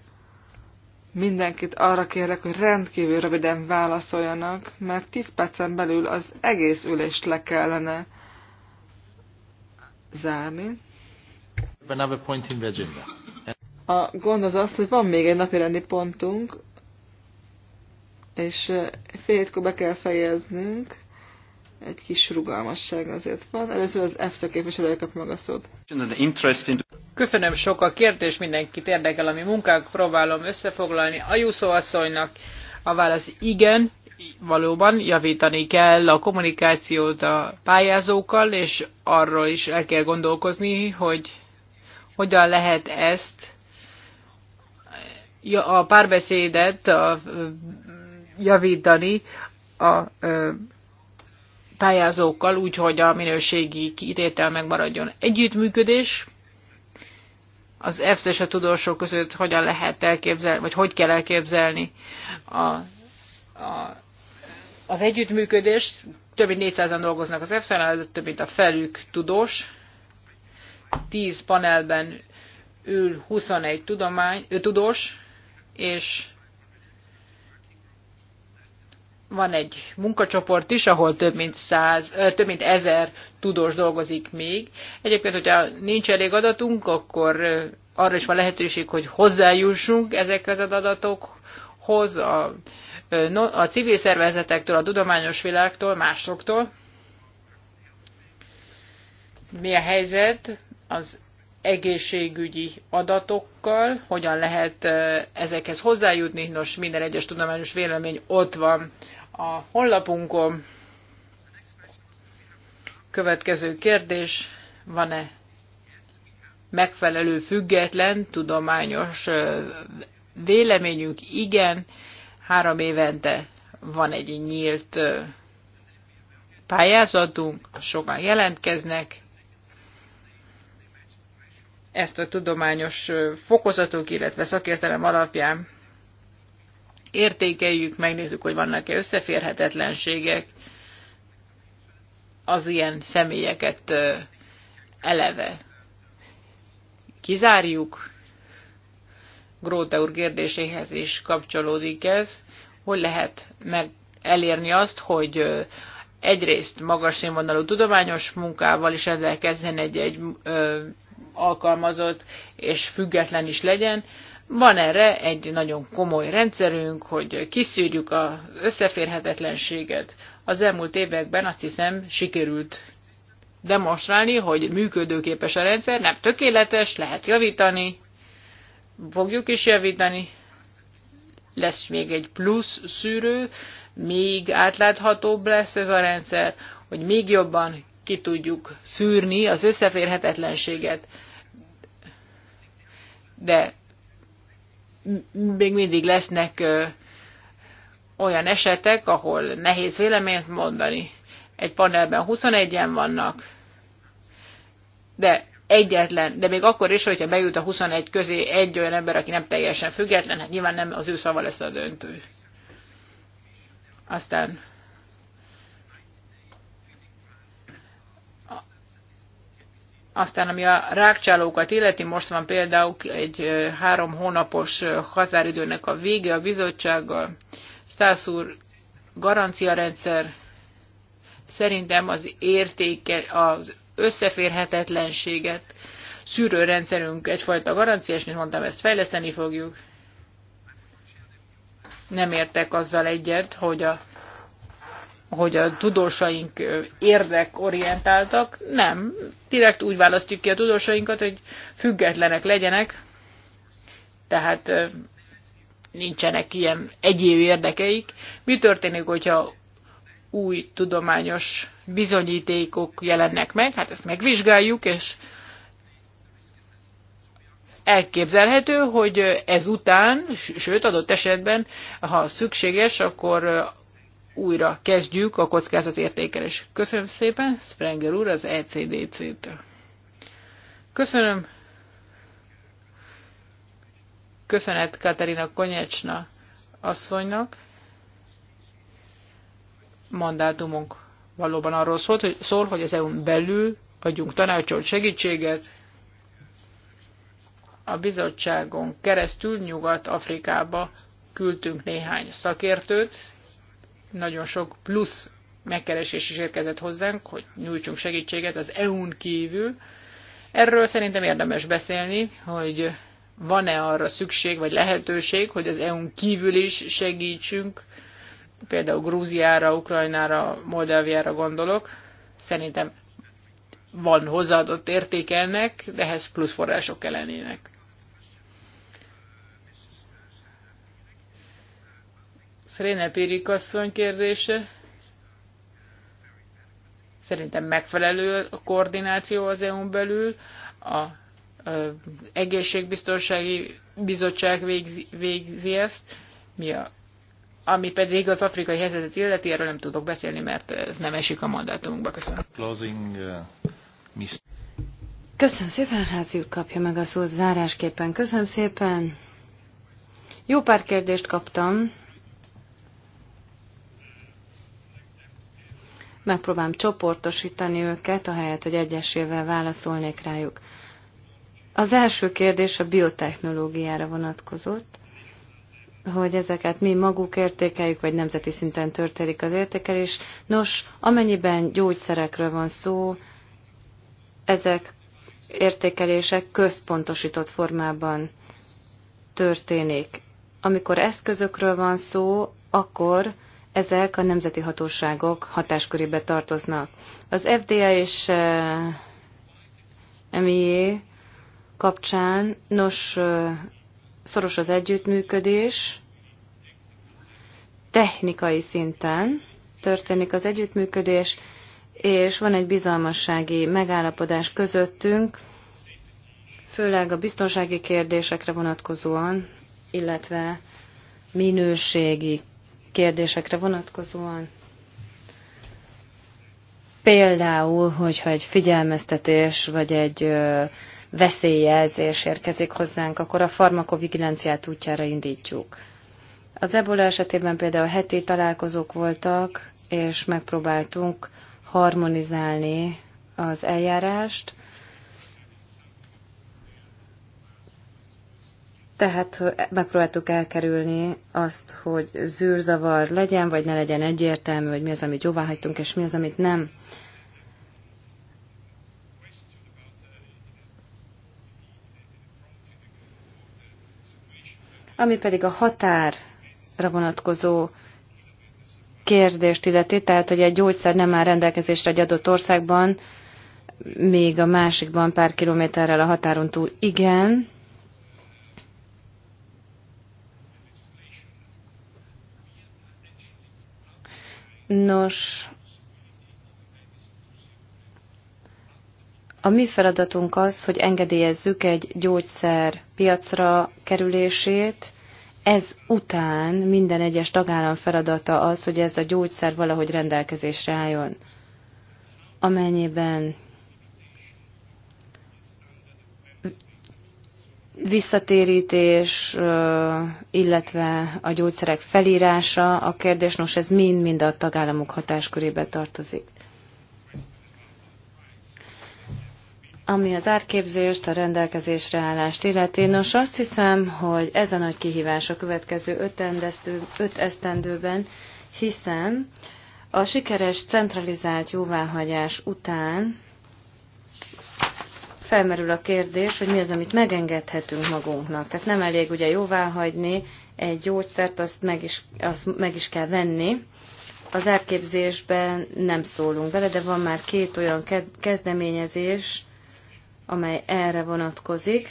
Mindenkit arra kérlek, hogy rendkívül röviden válaszoljanak, mert 10 percen belül az egész ülést le kellene zárni. Another point in the agenda. A gond az az, hogy van még egy rendi pontunk, és fél be kell fejeznünk. Egy kis rugalmasság azért van. Először az EFSA képviselője kap meg a szót. Köszönöm sok a kérdés, mindenkit érdekel ami munkák, próbálom összefoglalni. A Jusszó asszonynak a válasz igen, valóban javítani kell a kommunikációt a pályázókkal, és arról is el kell gondolkozni, hogy hogyan lehet ezt a párbeszédet javítani a pályázókkal, úgyhogy a minőségi kitétel megmaradjon. Együttműködés az EFSZ és a tudósok között hogyan lehet elképzelni, vagy hogy kell elképzelni a, a, az együttműködést. Több mint 400-an dolgoznak az EFSZ-en, több mint a felük tudós. 10 panelben ül 21 tudomány, tudós, és van egy munkacsoport is, ahol több mint, száz, több mint ezer tudós dolgozik még. Egyébként, hogyha nincs elég adatunk, akkor arra is van lehetőség, hogy hozzájussunk ezekhez az adatokhoz, a, a civil szervezetektől, a tudományos világtól, másoktól. Mi a helyzet? az egészségügyi adatokkal, hogyan lehet ezekhez hozzájutni. Nos, minden egyes tudományos vélemény ott van a honlapunkon. Következő kérdés, van-e megfelelő független tudományos véleményünk? Igen, három évente van egy nyílt pályázatunk, sokan jelentkeznek, ezt a tudományos fokozatok, illetve szakértelem alapján értékeljük, megnézzük, hogy vannak-e összeférhetetlenségek az ilyen személyeket eleve. Kizárjuk. Gróta úr kérdéséhez is kapcsolódik ez, hogy lehet meg elérni azt, hogy egyrészt magas színvonalú tudományos munkával is rendelkezzen egy, egy ö, alkalmazott és független is legyen. Van erre egy nagyon komoly rendszerünk, hogy kiszűrjük az összeférhetetlenséget. Az elmúlt években azt hiszem sikerült demonstrálni, hogy működőképes a rendszer, nem tökéletes, lehet javítani, fogjuk is javítani, lesz még egy plusz szűrő, még átláthatóbb lesz ez a rendszer, hogy még jobban ki tudjuk szűrni az összeférhetetlenséget. De még mindig lesznek olyan esetek, ahol nehéz véleményt mondani. Egy panelben 21-en vannak, de egyetlen, de még akkor is, hogyha bejut a 21 közé egy olyan ember, aki nem teljesen független, hát nyilván nem az ő szava lesz a döntő. Aztán Aztán, ami a rákcsálókat illeti, most van például egy három hónapos határidőnek a vége a bizottsággal. Stász úr, garanciarendszer szerintem az értéke, az összeférhetetlenséget szűrőrendszerünk egyfajta garancia, és mint mondtam, ezt fejleszteni fogjuk nem értek azzal egyet, hogy a, hogy a tudósaink érdekorientáltak. Nem, direkt úgy választjuk ki a tudósainkat, hogy függetlenek legyenek, tehát nincsenek ilyen egyéb érdekeik. Mi történik, hogyha új tudományos bizonyítékok jelennek meg? Hát ezt megvizsgáljuk, és elképzelhető, hogy ezután, sőt adott esetben, ha szükséges, akkor újra kezdjük a értékelés. Köszönöm szépen, Sprenger úr, az ECDC-től. Köszönöm. Köszönet Katerina Konyecsna asszonynak. Mandátumunk valóban arról szólt, hogy, szól, hogy az EU-n belül adjunk tanácsot, segítséget, a bizottságon keresztül Nyugat-Afrikába küldtünk néhány szakértőt, nagyon sok plusz megkeresés is érkezett hozzánk, hogy nyújtsunk segítséget az EU-n kívül. Erről szerintem érdemes beszélni, hogy van-e arra szükség vagy lehetőség, hogy az EU-n kívül is segítsünk, például Grúziára, Ukrajnára, Moldáviára gondolok. Szerintem van hozzáadott értéke ennek, de ehhez plusz források kellenének. Szeréne Périk asszony kérdése. Szerintem megfelelő a koordináció az EU-n belül. A egészségbiztonsági bizottság végzi, végzi ezt, mi a, ami pedig az afrikai helyzetet illeti, erről nem tudok beszélni, mert ez nem esik a mandátumunkba. Köszönöm. Closing, uh, Köszönöm szépen, Házi úr kapja meg a szót zárásképpen. Köszönöm szépen. Jó pár kérdést kaptam, megpróbálom csoportosítani őket, ahelyett, hogy egyesével válaszolnék rájuk. Az első kérdés a biotechnológiára vonatkozott, hogy ezeket mi maguk értékeljük, vagy nemzeti szinten történik az értékelés. Nos, amennyiben gyógyszerekről van szó, ezek értékelések központosított formában történik. Amikor eszközökről van szó, akkor ezek a nemzeti hatóságok hatáskörébe tartoznak. Az FDA és eh, MIA kapcsán, nos, eh, szoros az együttműködés, technikai szinten történik az együttműködés, és van egy bizalmassági megállapodás közöttünk, főleg a biztonsági kérdésekre vonatkozóan, illetve minőségi kérdésekre vonatkozóan. Például, hogyha egy figyelmeztetés vagy egy veszélyjelzés érkezik hozzánk, akkor a farmakovigilanciát útjára indítjuk. Az ebola esetében például heti találkozók voltak, és megpróbáltunk harmonizálni az eljárást, Tehát megpróbáltuk elkerülni azt, hogy zűrzavar legyen, vagy ne legyen egyértelmű, hogy mi az, amit jóvá hagytunk, és mi az, amit nem. Ami pedig a határra vonatkozó kérdést illeti, tehát hogy egy gyógyszer nem áll rendelkezésre egy adott országban, még a másikban pár kilométerrel a határon túl igen, Nos, a mi feladatunk az, hogy engedélyezzük egy gyógyszer piacra kerülését, ez után minden egyes tagállam feladata az, hogy ez a gyógyszer valahogy rendelkezésre álljon. Amennyiben visszatérítés, illetve a gyógyszerek felírása a kérdés, nos ez mind-mind a tagállamok hatáskörébe tartozik. Ami az árképzést, a rendelkezésre állást illeti, nos azt hiszem, hogy ez a nagy kihívás a következő öt, öt esztendőben, hiszen a sikeres centralizált jóváhagyás után felmerül a kérdés, hogy mi az, amit megengedhetünk magunknak. Tehát nem elég ugye jóvá hagyni egy gyógyszert, azt meg is, azt meg is kell venni. Az elképzésben nem szólunk bele, de van már két olyan kezdeményezés, amely erre vonatkozik.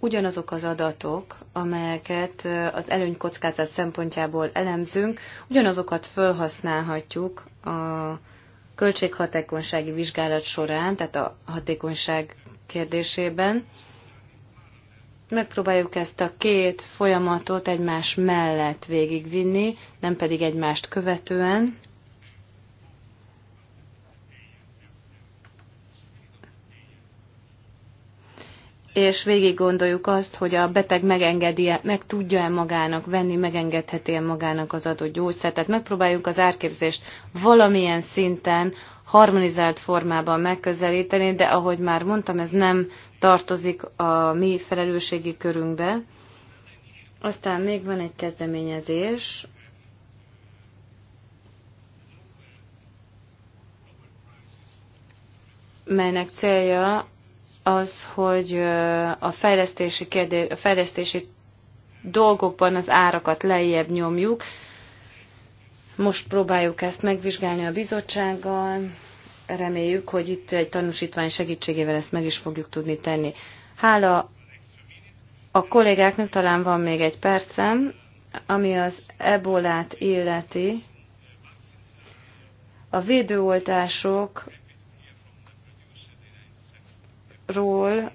ugyanazok az adatok, amelyeket az előnykockázat szempontjából elemzünk, ugyanazokat felhasználhatjuk a költséghatékonysági vizsgálat során, tehát a hatékonyság kérdésében. Megpróbáljuk ezt a két folyamatot egymás mellett végigvinni, nem pedig egymást követően. és végig gondoljuk azt, hogy a beteg megengedi -e, meg tudja-e magának venni, megengedheti-e magának az adott gyógyszert. Tehát megpróbáljuk az árképzést valamilyen szinten harmonizált formában megközelíteni, de ahogy már mondtam, ez nem tartozik a mi felelősségi körünkbe. Aztán még van egy kezdeményezés, melynek célja az, hogy a fejlesztési, kérdé, a fejlesztési dolgokban az árakat lejjebb nyomjuk. Most próbáljuk ezt megvizsgálni a bizottsággal. Reméljük, hogy itt egy tanúsítvány segítségével ezt meg is fogjuk tudni tenni. Hála a kollégáknak talán van még egy percem, ami az ebolát illeti. A védőoltások ról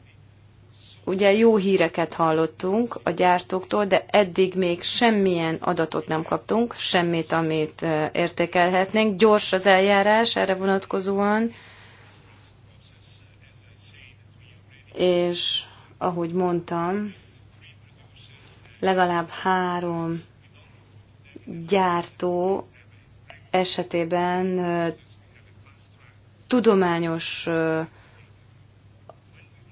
ugye jó híreket hallottunk a gyártóktól, de eddig még semmilyen adatot nem kaptunk, semmit, amit értékelhetnénk. Gyors az eljárás erre vonatkozóan, és ahogy mondtam, legalább három gyártó esetében tudományos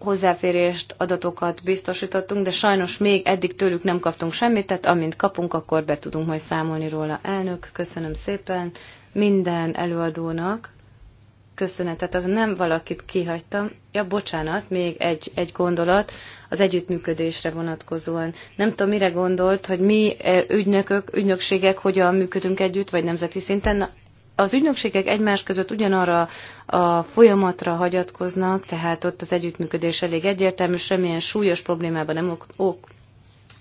hozzáférést, adatokat biztosítottunk, de sajnos még eddig tőlük nem kaptunk semmit, tehát amint kapunk, akkor be tudunk majd számolni róla. Elnök, köszönöm szépen minden előadónak. Köszönetet, az nem valakit kihagytam. Ja, bocsánat, még egy, egy gondolat az együttműködésre vonatkozóan. Nem tudom, mire gondolt, hogy mi eh, ügynökök, ügynökségek hogyan működünk együtt, vagy nemzeti szinten. Na, az ügynökségek egymás között ugyanarra a folyamatra hagyatkoznak, tehát ott az együttműködés elég egyértelmű, semmilyen súlyos problémában nem, ok, ok,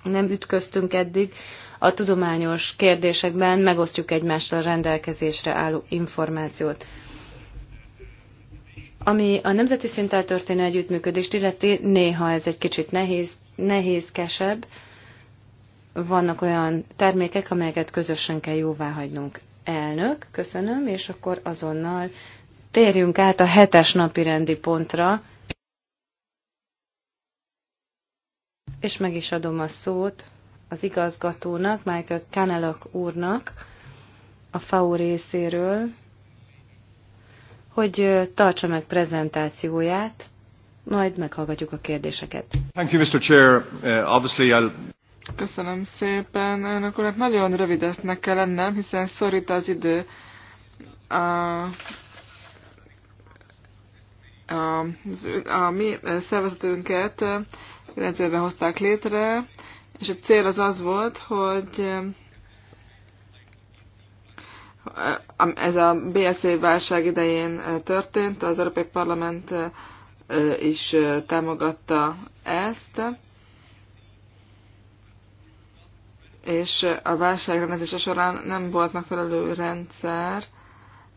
nem ütköztünk eddig. A tudományos kérdésekben megosztjuk egymással a rendelkezésre álló információt. Ami a nemzeti szinttel történő együttműködést illeti, néha ez egy kicsit nehéz, nehézkesebb. Vannak olyan termékek, amelyeket közösen kell jóvá hagynunk. Elnök, köszönöm, és akkor azonnal térjünk át a hetes napi rendi pontra, és meg is adom a szót az igazgatónak, Michael Kanelak úrnak a FAU részéről, hogy tartsa meg prezentációját, majd meghallgatjuk a kérdéseket. Thank you, Mr. Chair. Uh, obviously I'll... Köszönöm szépen. Akkor urat hát nagyon rövidesnek kell lennem, hiszen szorít az idő. A, a, a mi szervezetünket 90 hozták létre, és a cél az az volt, hogy ez a BSZ válság idején történt, az Európai Parlament is támogatta ezt, és a válságrendezése során nem volt megfelelő rendszer,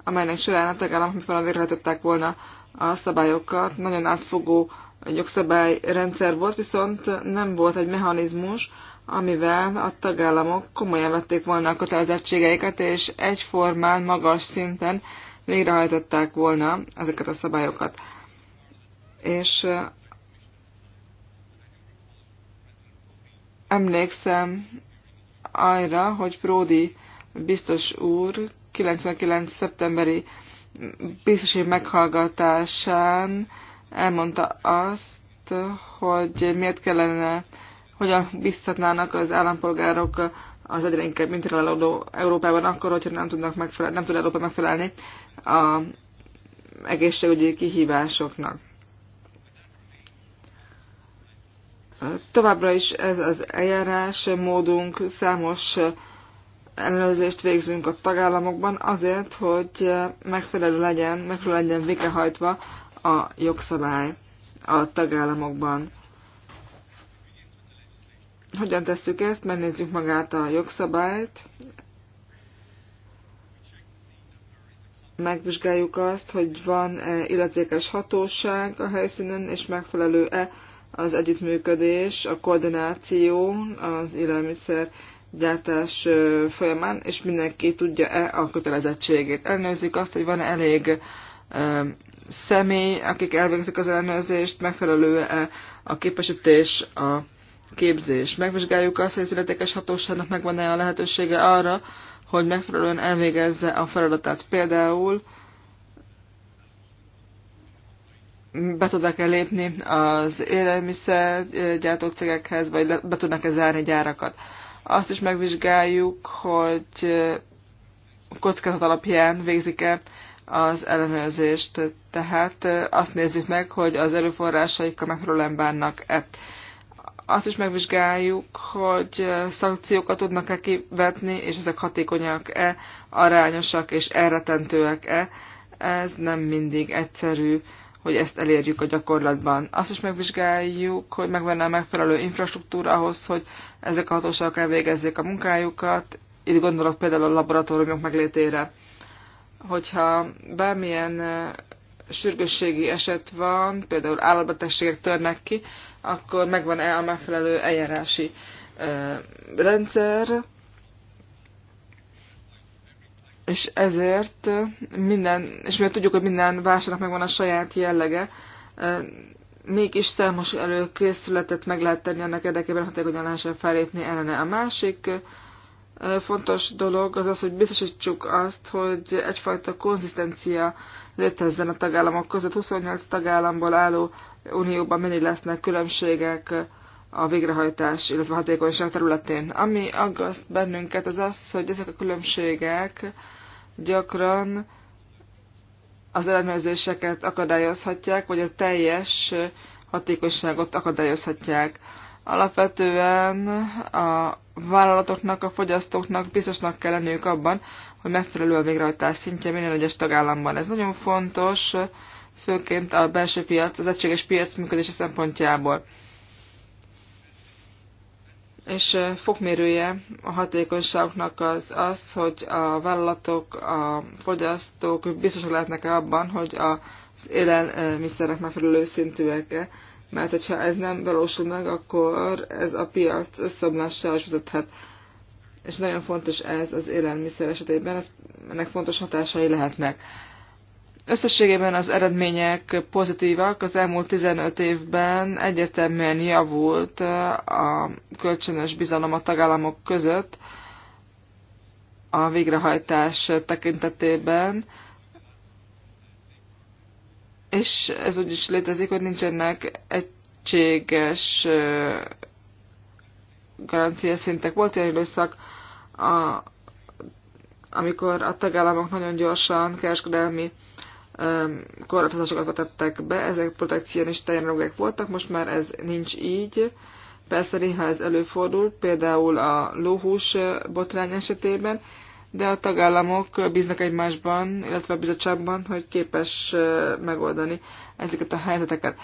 amelynek során a tagállamok megfelelően végrehajtották volna a szabályokat. Nagyon átfogó jogszabályrendszer volt, viszont nem volt egy mechanizmus, amivel a tagállamok komolyan vették volna a kötelezettségeiket, és egyformán, magas szinten végrehajtották volna ezeket a szabályokat. És eh, emlékszem arra, hogy Pródi biztos úr 99. szeptemberi biztosi meghallgatásán elmondta azt, hogy miért kellene, hogyan biztatnának az állampolgárok az egyre inkább mintrálódó Európában akkor, hogyha nem, tudnak megfelelni, nem tud Európa megfelelni a egészségügyi kihívásoknak. Továbbra is ez az eljárás módunk, számos ellenőrzést végzünk a tagállamokban azért, hogy megfelelő legyen, megfelelő legyen végrehajtva a jogszabály a tagállamokban. Hogyan tesszük ezt? Megnézzük magát a jogszabályt. Megvizsgáljuk azt, hogy van-e illetékes hatóság a helyszínen, és megfelelő-e az együttműködés, a koordináció az élelmiszer gyártás folyamán, és mindenki tudja-e a kötelezettségét. Elnőzik azt, hogy van-e elég személy, akik elvégzik az elnőzést, megfelelő-e a képesítés, a képzés. Megvizsgáljuk azt, hogy az illetékes hatóságnak megvan-e a lehetősége arra, hogy megfelelően elvégezze a feladatát. Például be tudnak-e lépni az élelmiszergyártók cégekhez, vagy be tudnak-e zárni gyárakat. Azt is megvizsgáljuk, hogy kockázat alapján végzik-e az ellenőrzést. Tehát azt nézzük meg, hogy az erőforrásaikkal megfelelően bánnak-e. Azt is megvizsgáljuk, hogy szankciókat tudnak-e kivetni, és ezek hatékonyak-e, arányosak és elretentőek-e. Ez nem mindig egyszerű hogy ezt elérjük a gyakorlatban. Azt is megvizsgáljuk, hogy megvan a megfelelő infrastruktúra ahhoz, hogy ezek a hatóságok elvégezzék a munkájukat. Itt gondolok például a laboratóriumok meglétére. Hogyha bármilyen sürgősségi eset van, például állatbetegségek törnek ki, akkor megvan-e a megfelelő eljárási rendszer, és ezért minden, és mert tudjuk, hogy minden vásárnak megvan a saját jellege, mégis számos előkészületet meg lehet tenni annak érdekében, hogy hogyan lehessen felépni ellene. A másik fontos dolog az az, hogy biztosítsuk azt, hogy egyfajta konzisztencia létezzen a tagállamok között. 28 tagállamból álló unióban mennyi lesznek különbségek a végrehajtás, illetve hatékonyság területén. Ami aggaszt bennünket az az, hogy ezek a különbségek gyakran az ellenőrzéseket akadályozhatják, vagy a teljes hatékonyságot akadályozhatják. Alapvetően a vállalatoknak, a fogyasztóknak biztosnak kell lenniük abban, hogy megfelelő a végrehajtás szintje minden egyes tagállamban. Ez nagyon fontos, főként a belső piac, az egységes piac működése szempontjából és fokmérője a hatékonyságnak az az, hogy a vállalatok, a fogyasztók biztosak lehetnek-e abban, hogy az élelmiszerek megfelelő szintűek-e. Mert hogyha ez nem valósul meg, akkor ez a piac összeomlásához vezethet. És nagyon fontos ez az élelmiszer esetében, ennek fontos hatásai lehetnek. Összességében az eredmények pozitívak, az elmúlt 15 évben egyértelműen javult a kölcsönös bizalom a tagállamok között a végrehajtás tekintetében, és ez úgy is létezik, hogy nincsenek egységes garancia szintek. Volt ilyen időszak, a, amikor a tagállamok nagyon gyorsan kereskedelmi korlátozásokat vetettek be, ezek protekcionista jelenlegek voltak, most már ez nincs így. Persze néha ez előfordul, például a lóhús botrány esetében, de a tagállamok bíznak egymásban, illetve a bizottságban, hogy képes megoldani ezeket a helyzeteket.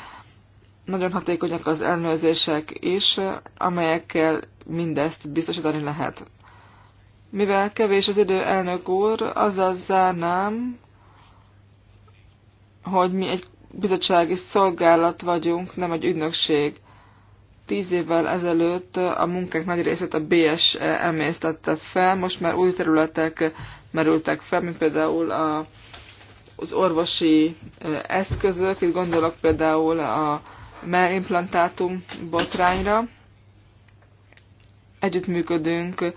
Nagyon hatékonyak az ellenőrzések is, amelyekkel mindezt biztosítani lehet. Mivel kevés az idő, elnök úr, azaz zárnám, hogy mi egy bizottsági szolgálat vagyunk, nem egy ügynökség. Tíz évvel ezelőtt a munkánk nagy részét a BS e emésztette fel, most már új területek merültek fel, mint például a, az orvosi eszközök, itt gondolok például a mellimplantátum botrányra. Együttműködünk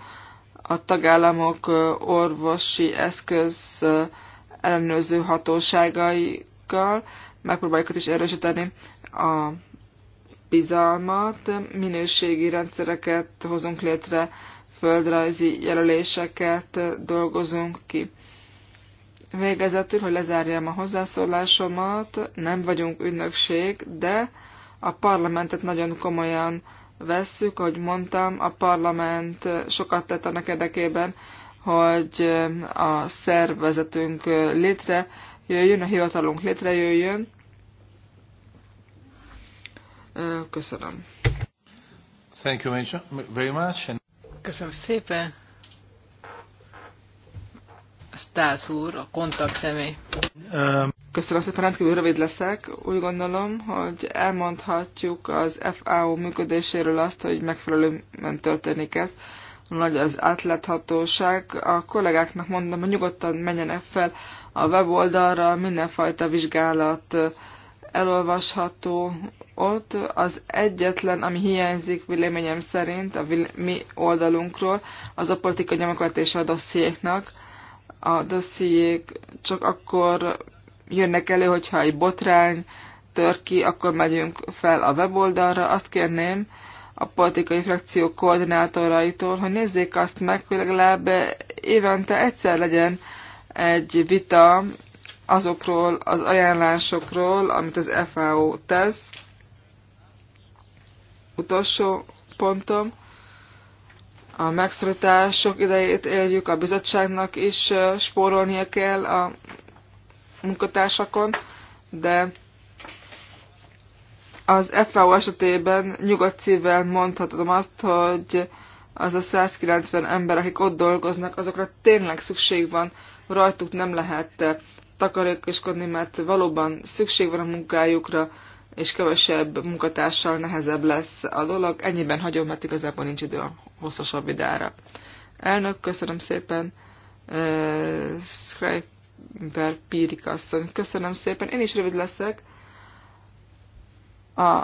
a tagállamok orvosi eszköz ellenőrző hatóságai tagállamokkal, megpróbáljuk ott is erősíteni a bizalmat, minőségi rendszereket hozunk létre, földrajzi jelöléseket dolgozunk ki. Végezetül, hogy lezárjam a hozzászólásomat, nem vagyunk ügynökség, de a parlamentet nagyon komolyan vesszük, ahogy mondtam, a parlament sokat tett annak érdekében, hogy a szervezetünk létre jöjjön, a hivatalunk létrejöjjön. Köszönöm. Thank you very much. Köszönöm szépen. Stász úr, a kontakt személy. Um. Köszönöm szépen, rendkívül rövid leszek. Úgy gondolom, hogy elmondhatjuk az FAO működéséről azt, hogy megfelelően történik ez. Nagy az átláthatóság. A kollégáknak mondom, hogy nyugodtan menjenek fel a weboldalra mindenfajta vizsgálat elolvasható ott. Az egyetlen, ami hiányzik véleményem szerint a mi oldalunkról, az a politika nyomokatésa a dossziéknak. A dossziék csak akkor jönnek elő, hogyha egy botrány tör ki, akkor megyünk fel a weboldalra. Azt kérném a politikai frakció koordinátoraitól, hogy nézzék azt meg, hogy legalább évente egyszer legyen egy vita azokról az ajánlásokról, amit az FAO tesz. Utolsó pontom. A megszorítások idejét éljük, a bizottságnak is spórolnia kell a munkatársakon, de az FAO esetében nyugodt szívvel mondhatom azt, hogy az a 190 ember, akik ott dolgoznak, azokra tényleg szükség van rajtuk nem lehet takarékoskodni, mert valóban szükség van a munkájukra, és kevesebb munkatársal nehezebb lesz a dolog. Ennyiben hagyom, mert igazából nincs idő a hosszasabb videára. Elnök, köszönöm szépen, uh, Schreiber Pírik asszony. Köszönöm szépen, én is rövid leszek. A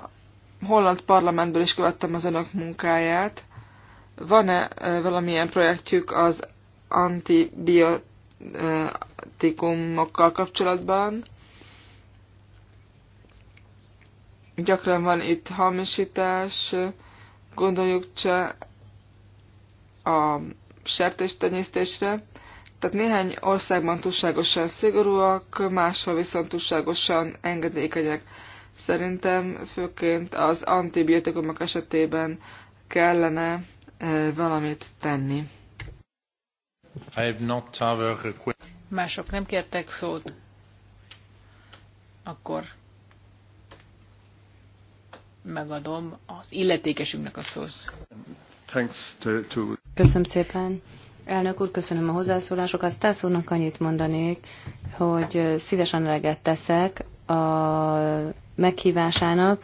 holland parlamentből is követtem az önök munkáját. Van-e uh, valamilyen projektjük az antibiotikus antibiotikumokkal kapcsolatban. Gyakran van itt hamisítás, gondoljuk csak a sertéstenyésztésre. Tehát néhány országban túlságosan szigorúak, máshol viszont túlságosan engedékenyek. Szerintem főként az antibiotikumok esetében kellene eh, valamit tenni. Mások nem kértek szót. Akkor megadom az illetékesünknek a szót. Köszönöm szépen. Elnök úr, köszönöm a hozzászólásokat. Stász úrnak annyit mondanék, hogy szívesen eleget teszek a meghívásának,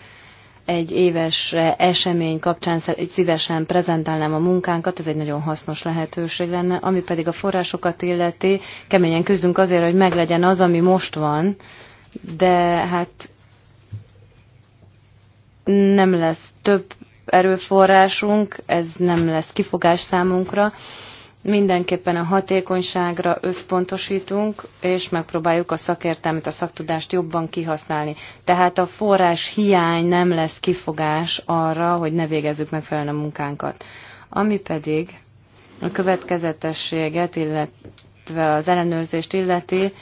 egy éves esemény kapcsán szívesen prezentálnám a munkánkat, ez egy nagyon hasznos lehetőség lenne. Ami pedig a forrásokat illeti, keményen küzdünk azért, hogy meglegyen az, ami most van, de hát nem lesz több erőforrásunk, ez nem lesz kifogás számunkra. Mindenképpen a hatékonyságra összpontosítunk, és megpróbáljuk a szakértelmet, a szaktudást jobban kihasználni. Tehát a forrás hiány nem lesz kifogás arra, hogy ne végezzük megfelelően a munkánkat. Ami pedig a következetességet, illetve az ellenőrzést illeti,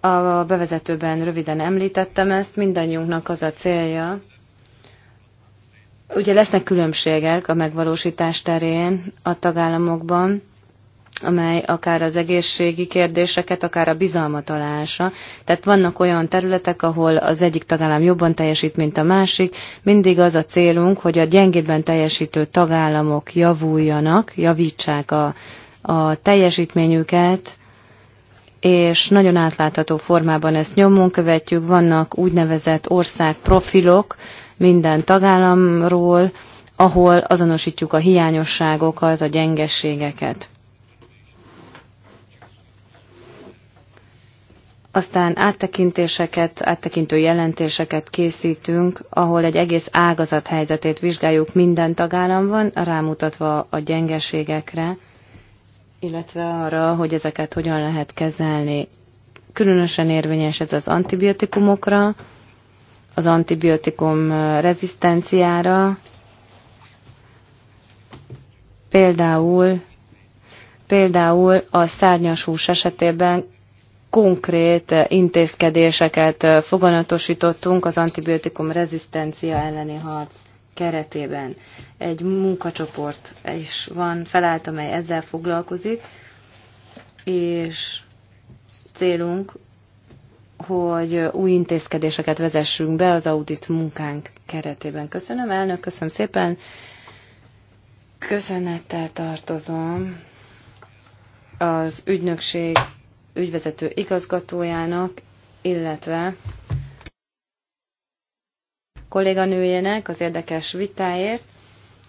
a bevezetőben röviden említettem ezt, mindannyiunknak az a célja, Ugye lesznek különbségek a megvalósítás terén a tagállamokban, amely akár az egészségi kérdéseket, akár a bizalmat alása. Tehát vannak olyan területek, ahol az egyik tagállam jobban teljesít, mint a másik. Mindig az a célunk, hogy a gyengébben teljesítő tagállamok javuljanak, javítsák a, a teljesítményüket, és nagyon átlátható formában ezt nyomon követjük. Vannak úgynevezett országprofilok, profilok, minden tagállamról, ahol azonosítjuk a hiányosságokat, a gyengességeket. Aztán áttekintéseket, áttekintő jelentéseket készítünk, ahol egy egész ágazat helyzetét vizsgáljuk minden tagállamban, rámutatva a gyengeségekre, illetve arra, hogy ezeket hogyan lehet kezelni. Különösen érvényes ez az antibiotikumokra, az antibiotikum rezisztenciára, például, például a szárnyas hús esetében konkrét intézkedéseket foganatosítottunk az antibiotikum rezisztencia elleni harc keretében. Egy munkacsoport is van felállt, amely ezzel foglalkozik, és célunk hogy új intézkedéseket vezessünk be az audit munkánk keretében. Köszönöm, elnök, köszönöm szépen. Köszönettel tartozom az ügynökség ügyvezető igazgatójának, illetve kolléganőjének az érdekes vitáért,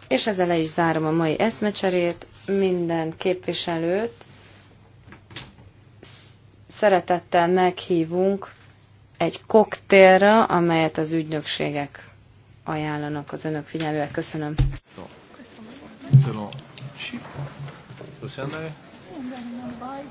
és ezzel le is zárom a mai eszmecserét. Minden képviselőt szeretettel meghívunk egy koktélra, amelyet az ügynökségek ajánlanak az önök figyelmével. Köszönöm. Köszönöm. Köszönöm.